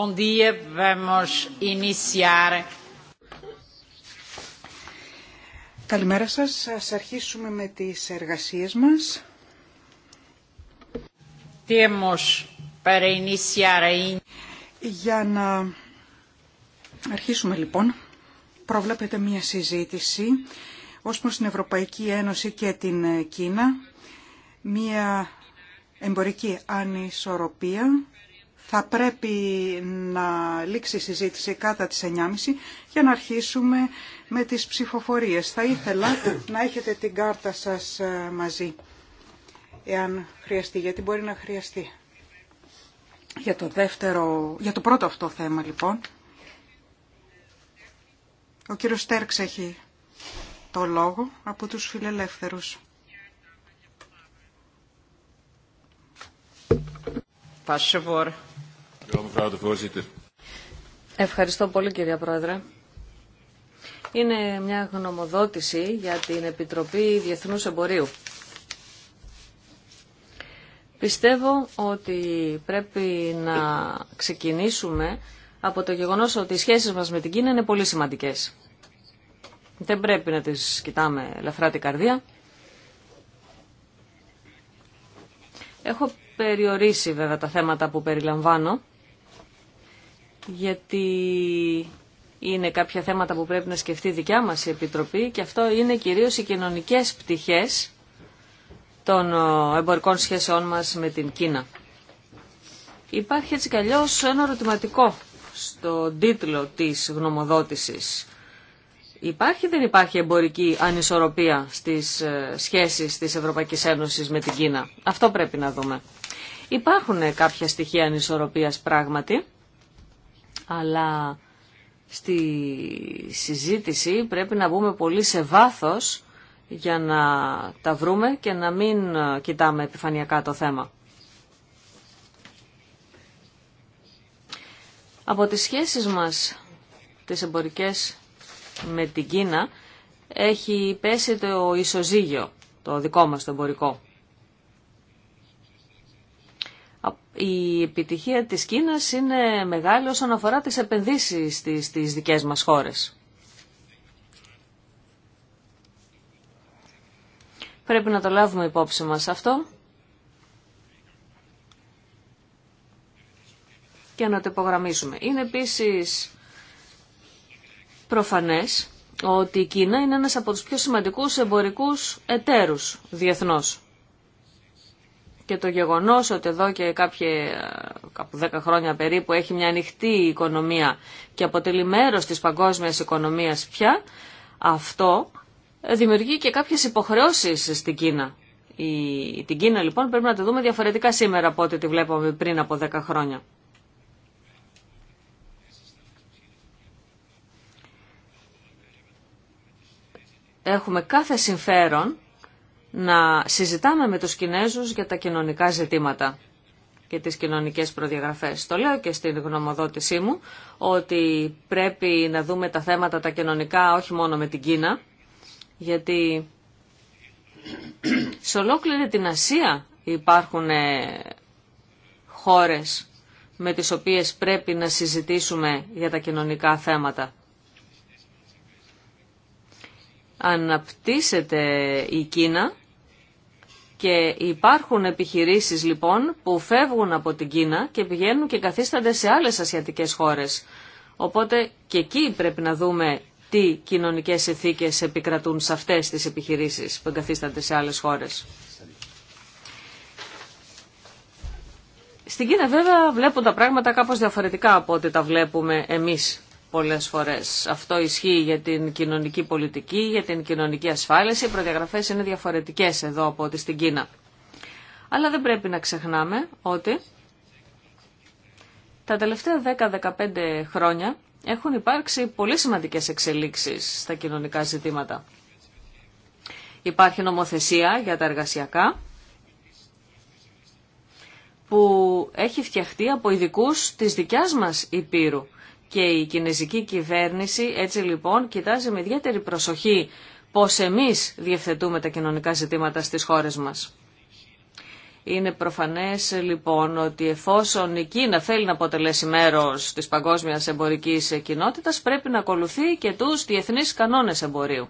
Bom dia, vamos Καλημέρα σας. Ας αρχίσουμε με τις εργασίες μας. Temos para Για να αρχίσουμε λοιπόν, προβλέπετε μια συζήτηση ως προς την Ευρωπαϊκή Ένωση και την Κίνα, μια εμπορική ανισορροπία θα πρέπει να λήξει η συζήτηση κατά τις 9.30 για να αρχίσουμε με τις ψηφοφορίες. Θα ήθελα να έχετε την κάρτα σας ε, μαζί, εάν χρειαστεί, γιατί μπορεί να χρειαστεί. Για το, δεύτερο, για το πρώτο αυτό θέμα λοιπόν, ο κύριος Στέρξ έχει το λόγο από τους φιλελεύθερους. Ευχαριστώ πολύ κυρία Πρόεδρε. Είναι μια γνωμοδότηση για την Επιτροπή Διεθνούς Εμπορίου. Πιστεύω ότι πρέπει να ξεκινήσουμε από το γεγονός ότι οι σχέσεις μας με την Κίνα είναι πολύ σημαντικές. Δεν πρέπει να τις κοιτάμε ελαφρά την καρδία. Έχω περιορίσει βέβαια τα θέματα που περιλαμβάνω γιατί είναι κάποια θέματα που πρέπει να σκεφτεί δικιά μας η Επιτροπή και αυτό είναι κυρίως οι κοινωνικές πτυχές των ε, εμπορικών σχέσεών μας με την Κίνα. Υπάρχει έτσι κι ένα ερωτηματικό στον τίτλο της γνωμοδότησης. Υπάρχει ή δεν υπάρχει εμπορική ανισορροπία στις ε, σχέσεις της Ευρωπαϊκής Ένωσης με την Κίνα. Αυτό πρέπει να δούμε. Υπάρχουν ε, κάποια στοιχεία ανισορροπίας πράγματι αλλά στη συζήτηση πρέπει να μπούμε πολύ σε βάθος για να τα βρούμε και να μην ε, κοιτάμε επιφανειακά το θέμα. Από τις σχέσεις μας, τις εμπορικές με την Κίνα, έχει πέσει το ισοζύγιο, το δικό μας το εμπορικό η επιτυχία της Κίνας είναι μεγάλη όσον αφορά τις επενδύσεις στις, στις δικές μας χώρες. Πρέπει να το λάβουμε υπόψη μας αυτό και να το υπογραμμίσουμε. Είναι επίσης προφανές ότι η Κίνα είναι ένας από τους πιο σημαντικούς εμπορικούς εταίρους διεθνώς και το γεγονός ότι εδώ και κάποια κάπου 10 χρόνια περίπου έχει μια ανοιχτή οικονομία και αποτελεί μέρος της παγκόσμιας οικονομίας πια, αυτό δημιουργεί και κάποιες υποχρεώσεις στην Κίνα. Η, την Κίνα λοιπόν πρέπει να τη δούμε διαφορετικά σήμερα από ό,τι τη βλέπαμε πριν από 10 χρόνια. Έχουμε κάθε συμφέρον να συζητάμε με τους Κινέζους για τα κοινωνικά ζητήματα και τις κοινωνικές προδιαγραφές. Το λέω και στην γνωμοδότησή μου ότι πρέπει να δούμε τα θέματα τα κοινωνικά όχι μόνο με την Κίνα, γιατί σε ολόκληρη την Ασία υπάρχουν ε, χώρες με τις οποίες πρέπει να συζητήσουμε για τα κοινωνικά θέματα. Αναπτύσσεται η Κίνα και υπάρχουν επιχειρήσεις λοιπόν που φεύγουν από την Κίνα και πηγαίνουν και καθίστανται σε άλλες ασιατικές χώρες. Οπότε και εκεί πρέπει να δούμε τι κοινωνικές ηθίκες επικρατούν σε αυτές τις επιχειρήσεις που καθίστανται σε άλλες χώρες. Στην Κίνα βέβαια βλέπουν τα πράγματα κάπως διαφορετικά από ό,τι τα βλέπουμε εμείς πολλές φορές. Αυτό ισχύει για την κοινωνική πολιτική, για την κοινωνική ασφάλιση. Οι προδιαγραφές είναι διαφορετικές εδώ από ό,τι στην Κίνα. Αλλά δεν πρέπει να ξεχνάμε ότι τα τελευταία 10-15 χρόνια έχουν υπάρξει πολύ σημαντικές εξελίξεις στα κοινωνικά ζητήματα. Υπάρχει νομοθεσία για τα εργασιακά που έχει φτιαχτεί από ειδικού της δικιάς μας Υπήρου και η κινέζικη κυβέρνηση έτσι λοιπόν κοιτάζει με ιδιαίτερη προσοχή πώς εμείς διευθετούμε τα κοινωνικά ζητήματα στις χώρες μας. Είναι προφανές λοιπόν ότι εφόσον η Κίνα θέλει να αποτελέσει μέρος της παγκόσμιας εμπορικής κοινότητας πρέπει να ακολουθεί και τους διεθνείς κανόνες εμπορίου.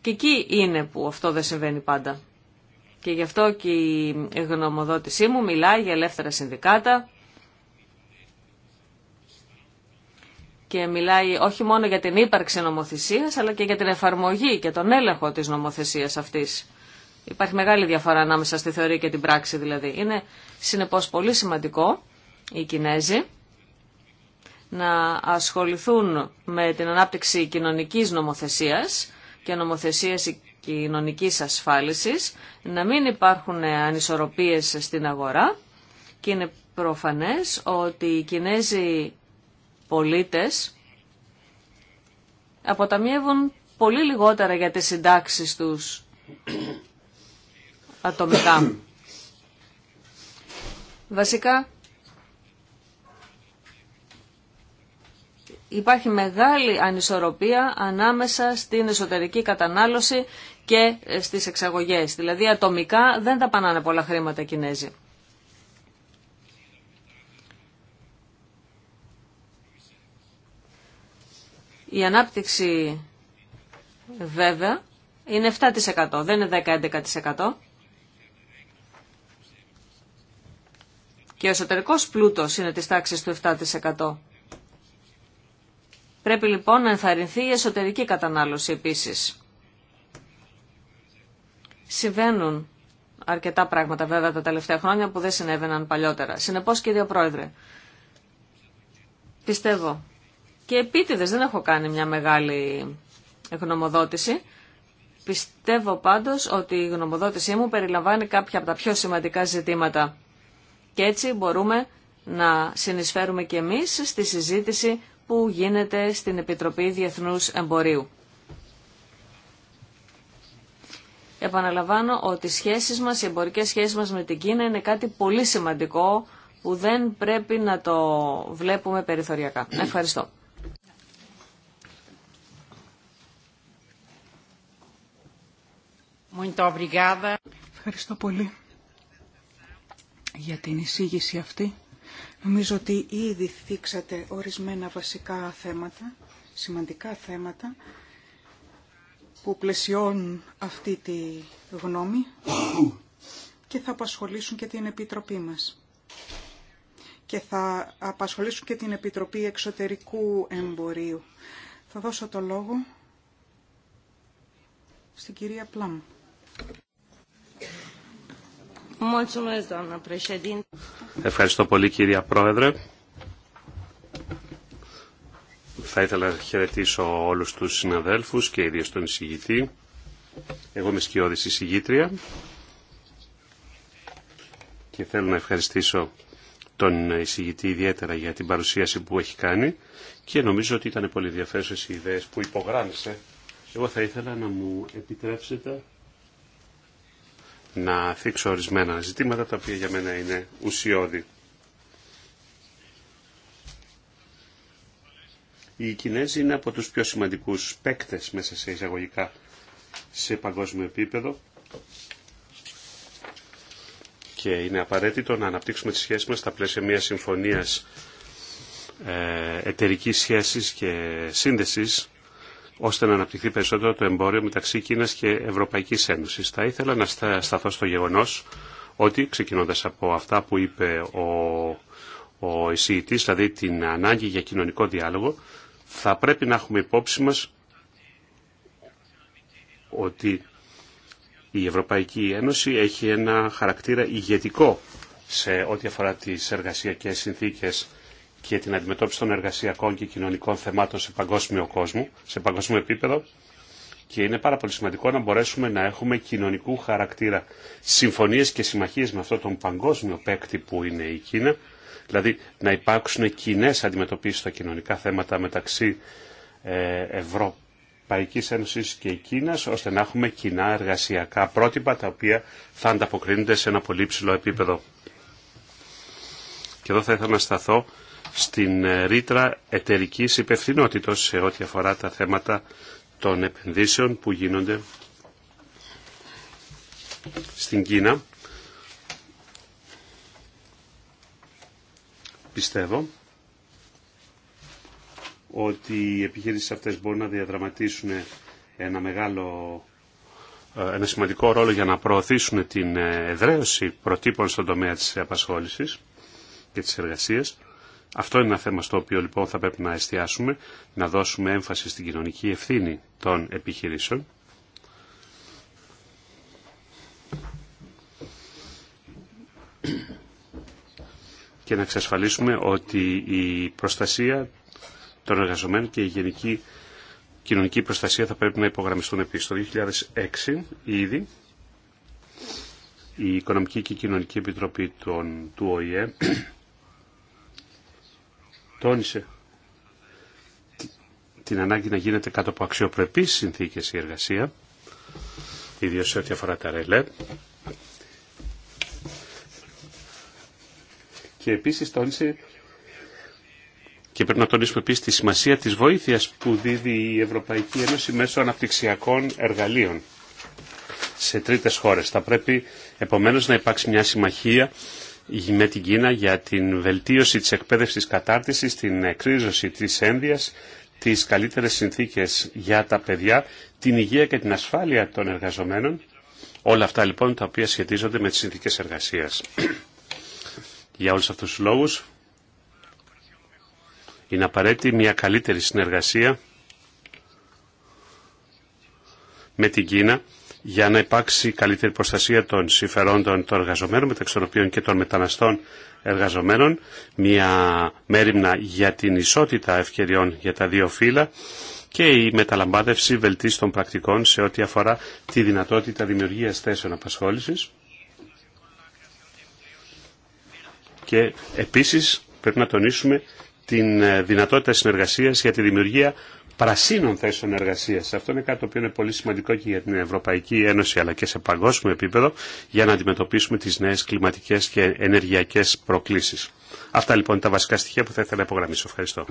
Και εκεί είναι που αυτό δεν συμβαίνει πάντα. Και γι' αυτό και η γνωμοδότησή μου μιλάει για ελεύθερα συνδικάτα, και μιλάει όχι μόνο για την ύπαρξη νομοθεσίας αλλά και για την εφαρμογή και τον έλεγχο της νομοθεσίας αυτής. Υπάρχει μεγάλη διαφορά ανάμεσα στη θεωρία και την πράξη δηλαδή. Είναι συνεπώς πολύ σημαντικό οι Κινέζοι να ασχοληθούν με την ανάπτυξη κοινωνικής νομοθεσίας και νομοθεσίας κοινωνικής ασφάλισης, να μην υπάρχουν ανισορροπίες στην αγορά και είναι προφανές ότι οι Κινέζοι πολίτες αποταμιεύουν πολύ λιγότερα για τις συντάξεις τους ατομικά. Βασικά υπάρχει μεγάλη ανισορροπία ανάμεσα στην εσωτερική κατανάλωση και στις εξαγωγές. Δηλαδή ατομικά δεν τα πανάνε πολλά χρήματα οι Κινέζοι. Η ανάπτυξη βέβαια είναι 7%, δεν είναι 10-11%. Και ο εσωτερικός πλούτος είναι της τάξης του 7%. Πρέπει λοιπόν να ενθαρρυνθεί η εσωτερική κατανάλωση επίσης. Συμβαίνουν αρκετά πράγματα βέβαια τα τελευταία χρόνια που δεν συνέβαιναν παλιότερα. Συνεπώς κύριε Πρόεδρε, πιστεύω και επίτηδε, δεν έχω κάνει μια μεγάλη γνωμοδότηση. Πιστεύω πάντως ότι η γνωμοδότησή μου περιλαμβάνει κάποια από τα πιο σημαντικά ζητήματα. Και έτσι μπορούμε να συνεισφέρουμε και εμείς στη συζήτηση που γίνεται στην Επιτροπή Διεθνούς Εμπορίου. Επαναλαμβάνω ότι οι σχέσεις μας, οι εμπορικές σχέσεις μας με την Κίνα είναι κάτι πολύ σημαντικό που δεν πρέπει να το βλέπουμε περιθωριακά. Ευχαριστώ. Ευχαριστώ πολύ για την εισήγηση αυτή. Νομίζω ότι ήδη θίξατε ορισμένα βασικά θέματα, σημαντικά θέματα, που πλαισιώνουν αυτή τη γνώμη και θα απασχολήσουν και την Επιτροπή μας. Και θα απασχολήσουν και την Επιτροπή Εξωτερικού Εμπορίου. Θα δώσω το λόγο στην κυρία Πλάμ. Ευχαριστώ πολύ κυρία Πρόεδρε. Θα ήθελα να χαιρετήσω όλους τους συναδέλφους και ιδίως τον εισηγητή. Εγώ είμαι σκιώδης εισηγήτρια και θέλω να ευχαριστήσω τον εισηγητή ιδιαίτερα για την παρουσίαση που έχει κάνει και νομίζω ότι ήταν πολύ ενδιαφέρουσες οι ιδέες που υπογράμισε. Εγώ θα ήθελα να μου επιτρέψετε να θίξω ορισμένα ζητήματα τα οποία για μένα είναι ουσιώδη. Οι Κινέζοι είναι από τους πιο σημαντικούς παίκτες μέσα σε εισαγωγικά σε παγκόσμιο επίπεδο και είναι απαραίτητο να αναπτύξουμε τις σχέσεις μας στα πλαίσια μιας συμφωνίας ε, εταιρικής σχέσης και σύνδεσης ώστε να αναπτυχθεί περισσότερο το εμπόριο μεταξύ Κίνας και Ευρωπαϊκής Ένωση. Θα ήθελα να σταθώ στο γεγονός ότι, ξεκινώντα από αυτά που είπε ο, ο εισηγητής, δηλαδή την ανάγκη για κοινωνικό διάλογο, θα πρέπει να έχουμε υπόψη μα ότι η Ευρωπαϊκή Ένωση έχει ένα χαρακτήρα ηγετικό σε ό,τι αφορά τις εργασιακές συνθήκες και την αντιμετώπιση των εργασιακών και κοινωνικών θεμάτων σε παγκόσμιο κόσμο, σε παγκόσμιο επίπεδο. Και είναι πάρα πολύ σημαντικό να μπορέσουμε να έχουμε κοινωνικού χαρακτήρα συμφωνίε και συμμαχίε με αυτόν τον παγκόσμιο παίκτη που είναι η Κίνα. Δηλαδή να υπάρξουν κοινέ αντιμετωπίσει στα κοινωνικά θέματα μεταξύ ε, Ευρωπαϊκή Ένωση και Κίνα, ώστε να έχουμε κοινά εργασιακά πρότυπα τα οποία θα ανταποκρίνονται σε ένα πολύ ψηλό επίπεδο. Και εδώ θα ήθελα να σταθώ στην ε, ρήτρα εταιρική υπευθυνότητα σε ό,τι αφορά τα θέματα των επενδύσεων που γίνονται στην Κίνα. Πιστεύω ότι οι επιχείρησεις αυτές μπορούν να διαδραματίσουν ένα μεγάλο ε, ένα σημαντικό ρόλο για να προωθήσουν την ε, εδραίωση προτύπων στον τομέα της απασχόλησης και της εργασίας αυτό είναι ένα θέμα στο οποίο λοιπόν θα πρέπει να εστιάσουμε, να δώσουμε έμφαση στην κοινωνική ευθύνη των επιχειρήσεων. και να εξασφαλίσουμε ότι η προστασία των εργαζομένων και η γενική κοινωνική προστασία θα πρέπει να υπογραμμιστούν επίσης. Το 2006 ήδη η Οικονομική και Κοινωνική Επιτροπή των, του ΟΗΕ τόνισε την ανάγκη να γίνεται κάτω από αξιοπρεπείς συνθήκες η εργασία, ιδίως σε ό,τι αφορά τα ρελέ. Και επίσης τόνισε και πρέπει να τονίσουμε επίσης τη σημασία της βοήθειας που δίδει η Ευρωπαϊκή Ένωση μέσω αναπτυξιακών εργαλείων σε τρίτες χώρες. Θα πρέπει επομένως να υπάρξει μια συμμαχία με την Κίνα για την βελτίωση της εκπαίδευσης κατάρτισης, την εκρίζωση της ένδυας, τις καλύτερες συνθήκες για τα παιδιά, την υγεία και την ασφάλεια των εργαζομένων. Όλα αυτά λοιπόν τα οποία σχετίζονται με τις συνθήκες εργασίας. για όλους αυτούς τους λόγους είναι απαραίτητη μια καλύτερη συνεργασία με την Κίνα για να υπάρξει καλύτερη προστασία των συμφερόντων των εργαζομένων, μεταξύ των οποίων και των μεταναστών εργαζομένων, μια μέρημνα για την ισότητα ευκαιριών για τα δύο φύλλα και η μεταλαμπάδευση βελτίστων πρακτικών σε ό,τι αφορά τη δυνατότητα δημιουργίας θέσεων απασχόλησης. Και επίσης πρέπει να τονίσουμε την ε, δυνατότητα συνεργασίας για τη δημιουργία πρασίνων θέσεων εργασίας. Αυτό είναι κάτι το οποίο είναι πολύ σημαντικό και για την Ευρωπαϊκή Ένωση αλλά και σε παγκόσμιο επίπεδο για να αντιμετωπίσουμε τις νέες κλιματικές και ενεργειακές προκλήσεις. Αυτά λοιπόν είναι τα βασικά στοιχεία που θα ήθελα να υπογραμμίσω. Ευχαριστώ.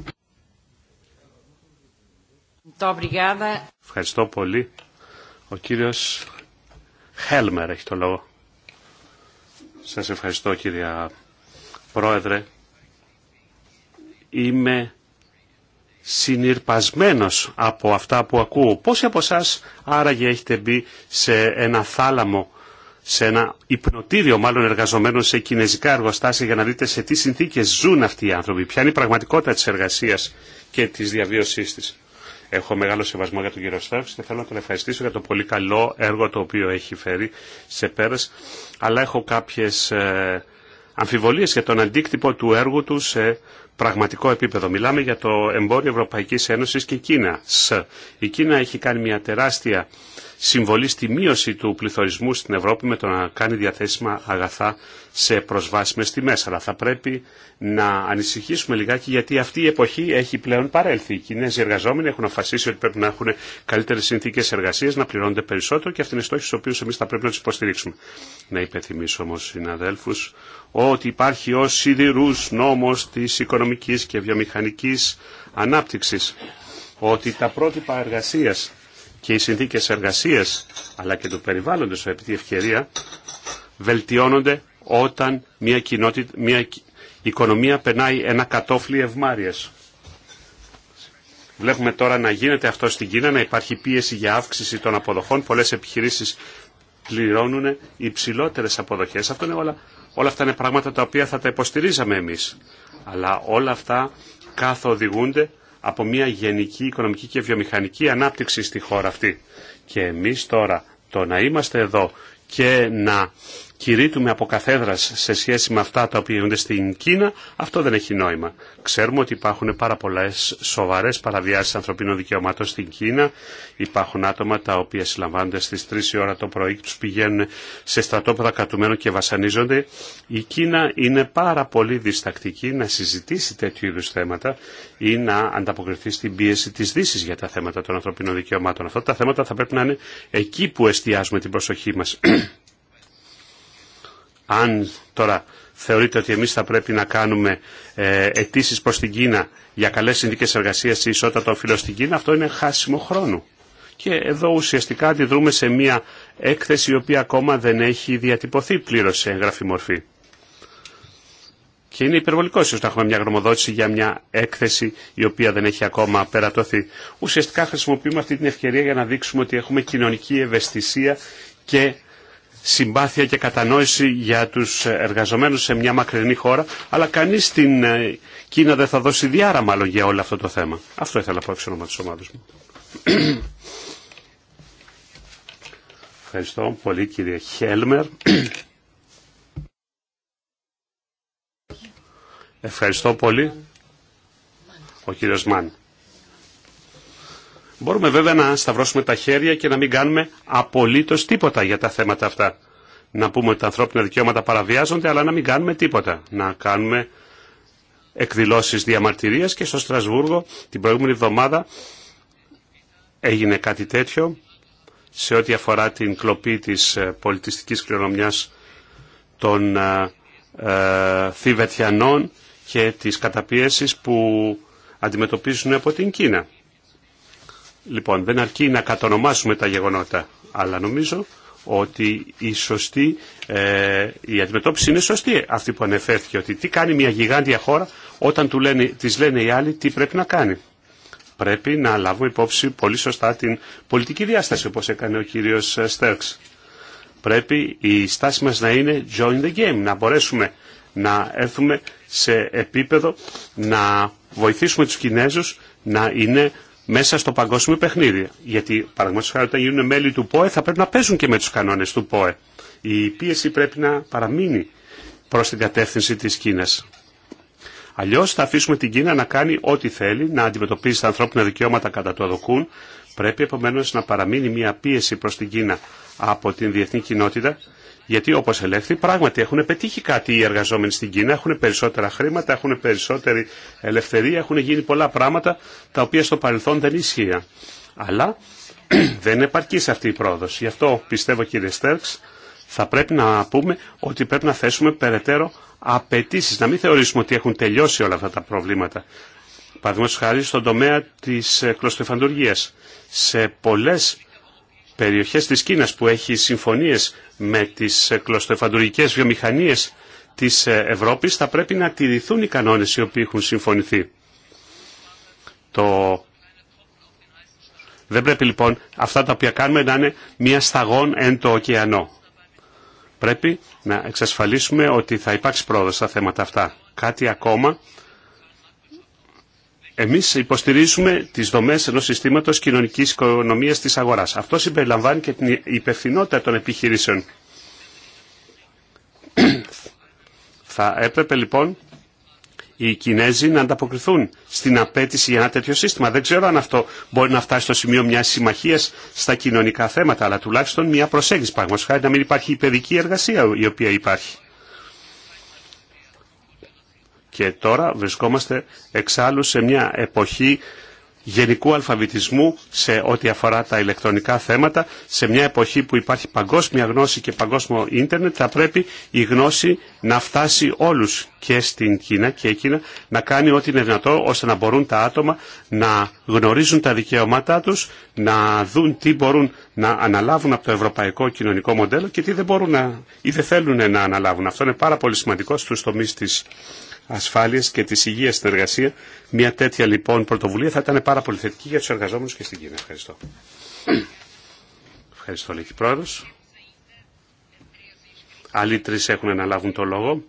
Ευχαριστώ πολύ. Ο κύριος Χέλμερ έχει το λόγο. Σας ευχαριστώ κύριε Πρόεδρε. Είμαι συνειρπασμένος από αυτά που ακούω. Πόσοι από εσά άραγε έχετε μπει σε ένα θάλαμο, σε ένα υπνοτήριο μάλλον εργαζομένο σε κινέζικα εργοστάσια για να δείτε σε τι συνθήκες ζουν αυτοί οι άνθρωποι, ποια είναι η πραγματικότητα της εργασίας και της διαβίωσής της. Έχω μεγάλο σεβασμό για τον κύριο Στέρξ και θέλω να τον ευχαριστήσω για το πολύ καλό έργο το οποίο έχει φέρει σε πέρας, αλλά έχω κάποιες ε, αμφιβολίες για τον αντίκτυπο του έργου του σε πραγματικό επίπεδο. Μιλάμε για το εμπόριο Ευρωπαϊκής Ένωσης και Κίνα. Η Κίνα έχει κάνει μια τεράστια συμβολή στη μείωση του πληθωρισμού στην Ευρώπη με το να κάνει διαθέσιμα αγαθά σε προσβάσιμες τιμές. Αλλά θα πρέπει να ανησυχήσουμε λιγάκι γιατί αυτή η εποχή έχει πλέον παρέλθει. Οι Κινέζοι εργαζόμενοι έχουν αποφασίσει ότι πρέπει να έχουν καλύτερες συνθήκες εργασίας, να πληρώνονται περισσότερο και αυτή είναι η στόχη στους οποίους εμείς θα πρέπει να τους υποστηρίξουμε. Να υπενθυμίσω όμως συναδέλφους ότι υπάρχει ο σιδηρούς νόμος της οικονομικής και βιομηχανικής ανάπτυξης ότι τα πρότυπα εργασίας και οι συνθήκες εργασίας αλλά και του περιβάλλοντος επί τη ευκαιρία βελτιώνονται όταν μια, κοινότητα, μια οικονομία περνάει ένα κατόφλι ευμάρειας. Βλέπουμε τώρα να γίνεται αυτό στην Κίνα, να υπάρχει πίεση για αύξηση των αποδοχών. Πολλές επιχειρήσεις πληρώνουν υψηλότερες αποδοχές. Αυτό είναι όλα, όλα αυτά είναι πράγματα τα οποία θα τα υποστηρίζαμε εμείς. Αλλά όλα αυτά καθοδηγούνται από μια γενική οικονομική και βιομηχανική ανάπτυξη στη χώρα αυτή. Και εμείς τώρα το να είμαστε εδώ και να κηρύττουμε από καθέδρα σε σχέση με αυτά τα οποία γίνονται στην Κίνα, αυτό δεν έχει νόημα. Ξέρουμε ότι υπάρχουν πάρα πολλέ σοβαρέ παραβιάσεις ανθρωπίνων δικαιωμάτων στην Κίνα. Υπάρχουν άτομα τα οποία συλλαμβάνονται στι 3 η ώρα το πρωί, και του πηγαίνουν σε στρατόπεδα κατουμένων και βασανίζονται. Η Κίνα είναι πάρα πολύ διστακτική να συζητήσει τέτοιου είδου θέματα ή να ανταποκριθεί στην πίεση τη δύση για τα θέματα των ανθρωπίνων δικαιωμάτων. Αυτά τα θέματα θα πρέπει να είναι εκεί που εστιάζουμε την προσοχή μα. Αν τώρα θεωρείτε ότι εμείς θα πρέπει να κάνουμε ε, αιτήσει προς την Κίνα για καλές συνδίκες εργασίας ή ισότητα των φίλων στην Κίνα, αυτό είναι χάσιμο χρόνο. Και εδώ ουσιαστικά αντιδρούμε σε μια έκθεση η οποία ακόμα δεν έχει διατυπωθεί πλήρως σε έγγραφη μορφή. Και είναι υπερβολικό ίσω να έχουμε μια γνωμοδότηση για μια έκθεση η οποία δεν έχει ακόμα περατωθεί. Ουσιαστικά χρησιμοποιούμε αυτή την ευκαιρία για να δείξουμε ότι έχουμε κοινωνική ευαισθησία και συμπάθεια και κατανόηση για τους εργαζομένους σε μια μακρινή χώρα, αλλά κανείς στην ε, Κίνα δεν θα δώσει διάραμα μάλλον για όλο αυτό το θέμα. Αυτό ήθελα να πω εξ όνομα της ομάδας μου. Ευχαριστώ πολύ κύριε Χέλμερ. Ευχαριστώ πολύ. Ο κύριος Μάν. Μπορούμε βέβαια να σταυρώσουμε τα χέρια και να μην κάνουμε απολύτως τίποτα για τα θέματα αυτά. Να πούμε ότι τα ανθρώπινα δικαιώματα παραβιάζονται, αλλά να μην κάνουμε τίποτα. Να κάνουμε εκδηλώσεις διαμαρτυρίας και στο Στρασβούργο την προηγούμενη εβδομάδα έγινε κάτι τέτοιο σε ό,τι αφορά την κλοπή της ε, πολιτιστικής κληρονομιάς των ε, ε και της καταπίεσης που αντιμετωπίζουν από την Κίνα. Λοιπόν, δεν αρκεί να κατονομάσουμε τα γεγονότα, αλλά νομίζω ότι η, ε, η αντιμετώπιση είναι σωστή αυτή που ανεφέρθηκε, ότι τι κάνει μια γιγάντια χώρα όταν του λένε, της λένε οι άλλοι τι πρέπει να κάνει. Πρέπει να λάβουμε υπόψη πολύ σωστά την πολιτική διάσταση, όπως έκανε ο κύριος Στέρξ. Πρέπει η στάση μας να είναι join the game, να μπορέσουμε να έρθουμε σε επίπεδο να βοηθήσουμε τους Κινέζους να είναι μέσα στο παγκόσμιο παιχνίδι. Γιατί παραδείγματο χάρη όταν γίνουν μέλη του ΠΟΕ θα πρέπει να παίζουν και με του κανόνε του ΠΟΕ. Η πίεση πρέπει να παραμείνει προ την κατεύθυνση τη Κίνα. Αλλιώ θα αφήσουμε την Κίνα να κάνει ό,τι θέλει, να αντιμετωπίζει τα ανθρώπινα δικαιώματα κατά το αδοκούν. Πρέπει επομένω να παραμείνει μια πίεση προ την Κίνα από την διεθνή κοινότητα γιατί όπω ελέγχθη πράγματι έχουν πετύχει κάτι οι εργαζόμενοι στην Κίνα, έχουν περισσότερα χρήματα, έχουν περισσότερη ελευθερία, έχουν γίνει πολλά πράγματα τα οποία στο παρελθόν δεν ισχύαν. Αλλά δεν είναι επαρκή αυτή η πρόοδος. Γι' αυτό πιστεύω κύριε Στέρξ θα πρέπει να πούμε ότι πρέπει να θέσουμε περαιτέρω απαιτήσει, να μην θεωρήσουμε ότι έχουν τελειώσει όλα αυτά τα προβλήματα. Παραδείγματο χάρη στον τομέα τη ε, κλωστοφαντουργία. Σε πολλέ περιοχές της Κίνας που έχει συμφωνίες με τις ε, κλωστοεφαντουργικές βιομηχανίες της ε, Ευρώπης θα πρέπει να τηρηθούν οι κανόνες οι οποίοι έχουν συμφωνηθεί. Δεν πρέπει λοιπόν αυτά τα οποία κάνουμε να είναι μια σταγόν εν το ωκεανό. Πρέπει να εξασφαλίσουμε ότι θα υπάρξει πρόοδος στα θέματα αυτά. Κάτι ακόμα Εμεί υποστηρίζουμε τις δομές ενός συστήματος κοινωνικής οικονομίας τη αγορά. Αυτό συμπεριλαμβάνει και την υπευθυνότητα των επιχειρήσεων. Θα έπρεπε λοιπόν οι Κινέζοι να ανταποκριθούν στην απέτηση για ένα τέτοιο σύστημα. Δεν ξέρω αν αυτό μπορεί να φτάσει στο σημείο μια συμμαχία στα κοινωνικά θέματα, αλλά τουλάχιστον μια προσέγγιση. Παραδείγματο χάρη να μην υπάρχει η παιδική εργασία η οποία υπάρχει. Και τώρα βρισκόμαστε εξάλλου σε μια εποχή γενικού αλφαβητισμού σε ό,τι αφορά τα ηλεκτρονικά θέματα. Σε μια εποχή που υπάρχει παγκόσμια γνώση και παγκόσμιο ίντερνετ θα πρέπει η γνώση να φτάσει όλους και στην Κίνα και εκείνα να κάνει ό,τι είναι δυνατό ώστε να μπορούν τα άτομα να γνωρίζουν τα δικαιώματά τους, να δουν τι μπορούν να αναλάβουν από το ευρωπαϊκό κοινωνικό μοντέλο και τι δεν μπορούν να, ή δεν θέλουν να αναλάβουν. Αυτό είναι πάρα πολύ σημαντικό στους τομείς της Ασφάλεια και τη υγεία στην εργασία. Μια τέτοια λοιπόν πρωτοβουλία θα ήταν πάρα πολύ θετική για του εργαζόμενους και στην Κίνα. Ευχαριστώ. Ευχαριστώ λέει πρόεδρος. Άλλοι τρει έχουν να λάβουν το λόγο.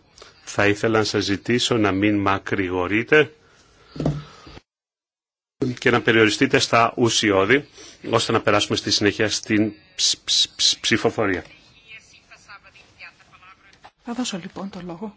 Θα ήθελα να σα ζητήσω να μην μακρηγορείτε και να περιοριστείτε στα ουσιώδη, ώστε να περάσουμε στη συνέχεια στην ψηφοφορία. Θα δώσω λοιπόν το λόγο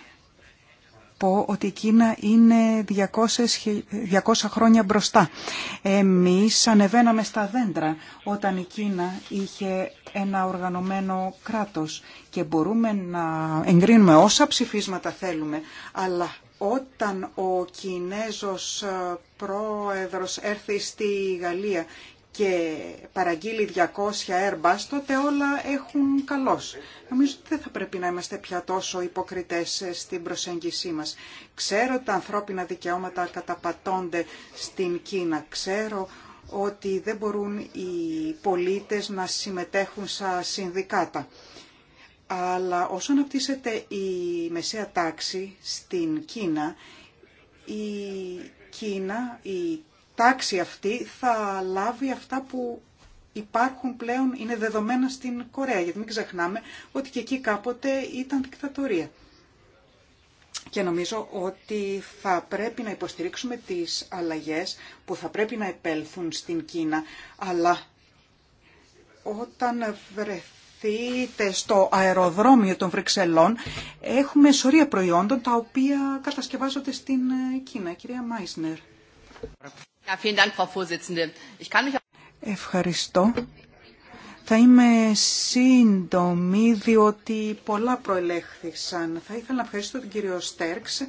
πω ότι η Κίνα είναι 200, 200 χρόνια μπροστά. Εμείς ανεβαίναμε στα δέντρα όταν η Κίνα είχε ένα οργανωμένο κράτος και μπορούμε να εγκρίνουμε όσα ψηφίσματα θέλουμε, αλλά όταν ο Κινέζος ε, πρόεδρος έρθει στη Γαλλία και παραγγείλει 200 Airbus, τότε όλα έχουν καλώς. Νομίζω ότι δεν θα πρέπει να είμαστε πια τόσο υποκριτές ε, στην προσέγγισή μας. Ξέρω ότι τα ανθρώπινα δικαιώματα καταπατώνται στην Κίνα. Ξέρω ότι δεν μπορούν οι πολίτες να συμμετέχουν στα συνδικάτα. Αλλά όσο αναπτύσσεται η μεσαία τάξη στην Κίνα, η Κίνα, η τάξη αυτή θα λάβει αυτά που υπάρχουν πλέον, είναι δεδομένα στην Κορέα. Γιατί μην ξεχνάμε ότι και εκεί κάποτε ήταν δικτατορία. Και νομίζω ότι θα πρέπει να υποστηρίξουμε τις αλλαγές που θα πρέπει να επέλθουν στην Κίνα. Αλλά όταν βρεθείτε στο αεροδρόμιο των Βρυξελών, έχουμε σωρία προϊόντων τα οποία κατασκευάζονται στην Κίνα. Κυρία Μάισνερ. Ευχαριστώ. Θα είμαι σύντομη διότι πολλά προελέχθησαν. Θα ήθελα να ευχαριστώ τον κύριο Στέρξ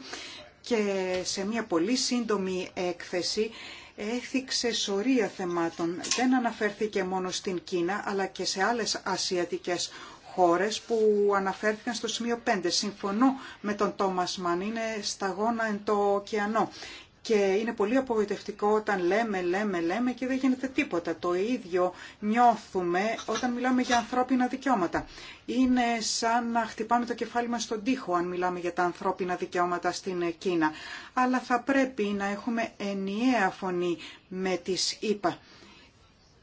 και σε μια πολύ σύντομη έκθεση έθιξε σωρία θεμάτων. Δεν αναφέρθηκε μόνο στην Κίνα αλλά και σε άλλες ασιατικές χώρες που αναφέρθηκαν στο σημείο 5. Συμφωνώ με τον Τόμας Μαν, είναι σταγόνα εν το ωκεανό. Και είναι πολύ απογοητευτικό όταν λέμε, λέμε, λέμε και δεν γίνεται τίποτα. Το ίδιο νιώθουμε όταν μιλάμε για ανθρώπινα δικαιώματα. Είναι σαν να χτυπάμε το κεφάλι μας στον τοίχο αν μιλάμε για τα ανθρώπινα δικαιώματα στην Κίνα. Αλλά θα πρέπει να έχουμε ενιαία φωνή με τις ΗΠΑ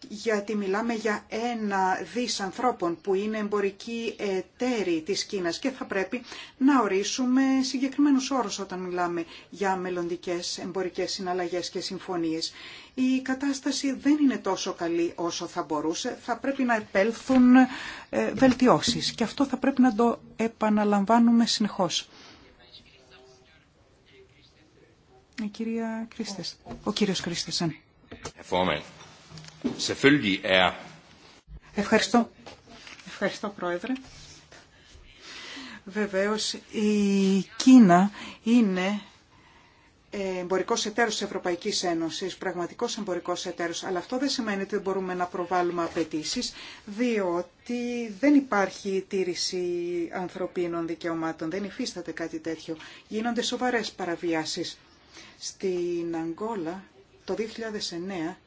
γιατί μιλάμε για ένα δις ανθρώπων που είναι εμπορικοί εταίροι της Κίνας και θα πρέπει να ορίσουμε συγκεκριμένους όρους όταν μιλάμε για μελλοντικές εμπορικές συναλλαγές και συμφωνίες. Η κατάσταση δεν είναι τόσο καλή όσο θα μπορούσε, θα πρέπει να επέλθουν ε, βελτιώσεις και αυτό θα πρέπει να το επαναλαμβάνουμε συνεχώς. Η κυρία Κρίστες, ο κύριος Er- Ευχαριστώ. Ευχαριστώ, Πρόεδρε. Βεβαίως, η Κίνα είναι εμπορικός εταίρος της Ευρωπαϊκής Ένωσης, πραγματικός εμπορικός εταίρος, αλλά αυτό δεν σημαίνει ότι δεν μπορούμε να προβάλλουμε απαιτήσει, διότι δεν υπάρχει τήρηση ανθρωπίνων δικαιωμάτων, δεν υφίσταται κάτι τέτοιο. Γίνονται σοβαρές παραβιάσεις. Στην Αγγόλα το 2009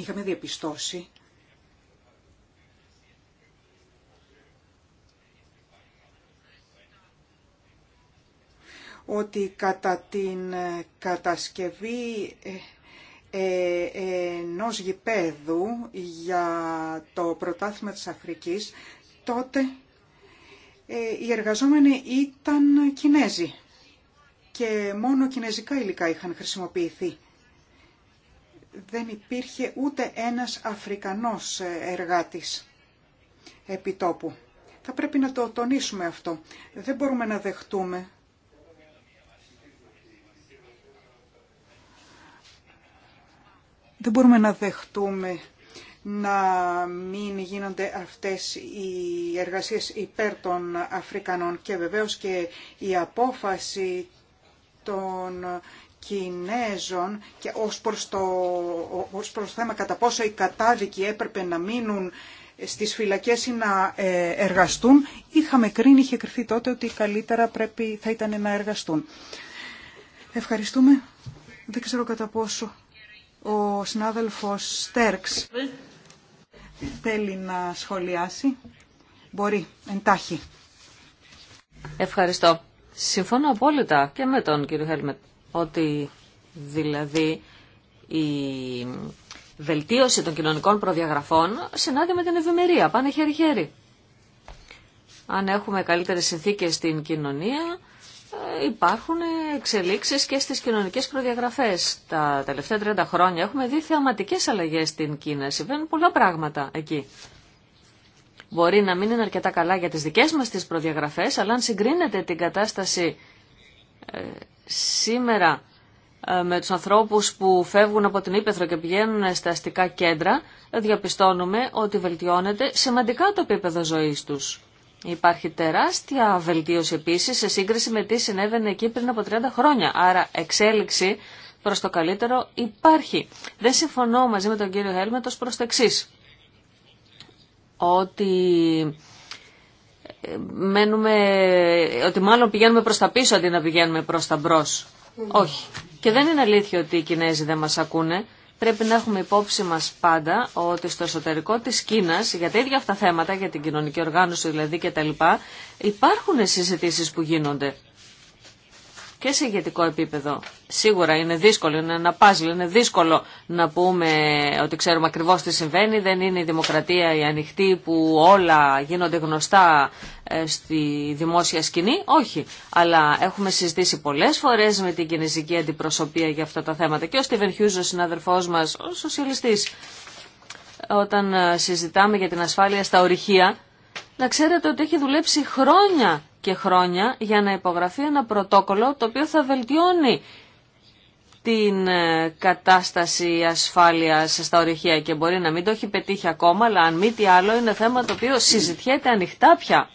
είχαμε διαπιστώσει ότι κατά την ε, κατασκευή ε, ε, ενός γηπέδου για το πρωτάθλημα της Αφρικής, τότε ε, οι εργαζόμενοι ήταν Κινέζοι και μόνο κινέζικα υλικά είχαν χρησιμοποιηθεί δεν υπήρχε ούτε ένας Αφρικανός ε, εργάτης επιτόπου. Θα πρέπει να το τονίσουμε αυτό. Δεν μπορούμε να δεχτούμε Δεν μπορούμε να δεχτούμε να μην γίνονται αυτές οι εργασίες υπέρ των Αφρικανών και βεβαίως και η απόφαση των Κινέζων και ως προς το, ως προς το θέμα κατά πόσο οι κατάδικοι έπρεπε να μείνουν στις φυλακές ή να ε, εργαστούν, είχαμε κρίνει, είχε κρυφθεί τότε ότι καλύτερα πρέπει, θα ήταν να εργαστούν. Ευχαριστούμε. Δεν ξέρω κατά πόσο ο συνάδελφος Στέρξ θέλει να σχολιάσει. Μπορεί, εντάχει. Ευχαριστώ. Συμφωνώ απόλυτα και με τον κύριο Χέλμετ ότι δηλαδή η βελτίωση των κοινωνικών προδιαγραφών συνάδει με την ευημερία, πάνε χέρι-χέρι. Αν έχουμε καλύτερες συνθήκες στην κοινωνία, ε, υπάρχουν εξελίξεις και στις κοινωνικές προδιαγραφές. Τα τελευταία 30 χρόνια έχουμε δει θεαματικές αλλαγές στην Κίνα. Συμβαίνουν πολλά πράγματα εκεί. Μπορεί να μην είναι αρκετά καλά για τις δικές μας τις προδιαγραφές, αλλά αν συγκρίνεται την κατάσταση ε, σήμερα ε, με τους ανθρώπους που φεύγουν από την Ήπεθρο και πηγαίνουν στα αστικά κέντρα, διαπιστώνουμε ότι βελτιώνεται σημαντικά το επίπεδο ζωής τους. Υπάρχει τεράστια βελτίωση επίσης σε σύγκριση με τι συνέβαινε εκεί πριν από 30 χρόνια. Άρα εξέλιξη προς το καλύτερο υπάρχει. Δεν συμφωνώ μαζί με τον κύριο Χέλμετος προς το Ότι μένουμε, ότι μάλλον πηγαίνουμε προς τα πίσω αντί να πηγαίνουμε προς τα μπρος. Όχι. Και δεν είναι αλήθεια ότι οι Κινέζοι δεν μας ακούνε. Πρέπει να έχουμε υπόψη μας πάντα ότι στο εσωτερικό της Κίνας, για τα ίδια αυτά θέματα, για την κοινωνική οργάνωση δηλαδή λοιπά υπάρχουν συζητήσεις που γίνονται και σε ηγετικό επίπεδο. Σίγουρα είναι δύσκολο, είναι ένα πάζλ, είναι δύσκολο να πούμε ότι ξέρουμε ακριβώς τι συμβαίνει, δεν είναι η δημοκρατία η ανοιχτή που όλα γίνονται γνωστά ε, στη δημόσια σκηνή, όχι. Αλλά έχουμε συζητήσει πολλές φορές με την κινέζικη αντιπροσωπεία για αυτά τα θέματα και ο Στίβεν Χιούζ, ο συνάδελφός μας, ο σοσιαλιστής, όταν ε, συζητάμε για την ασφάλεια στα ορυχεία, να ξέρετε ότι έχει δουλέψει χρόνια και χρόνια για να υπογραφεί ένα πρωτόκολλο το οποίο θα βελτιώνει την ε, κατάσταση ασφάλειας στα ορυχεία και μπορεί να μην το έχει πετύχει ακόμα, αλλά αν μη τι άλλο είναι θέμα το οποίο συζητιέται ανοιχτά πια.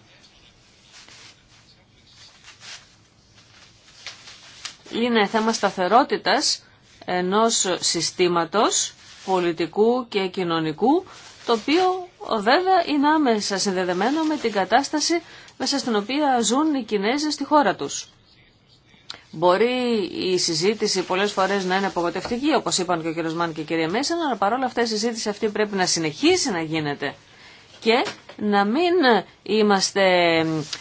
Είναι θέμα σταθερότητας ενός συστήματος πολιτικού και κοινωνικού, το οποίο βέβαια είναι άμεσα συνδεδεμένο με την κατάσταση μέσα στην οποία ζουν οι Κινέζοι στη χώρα τους. Μπορεί η συζήτηση πολλές φορές να είναι απογοτευτική όπως είπαν και ο κ. Μάν και η κυρία Μέσσα, αλλά παρόλα αυτά η συζήτηση αυτή πρέπει να συνεχίσει να γίνεται και να μην είμαστε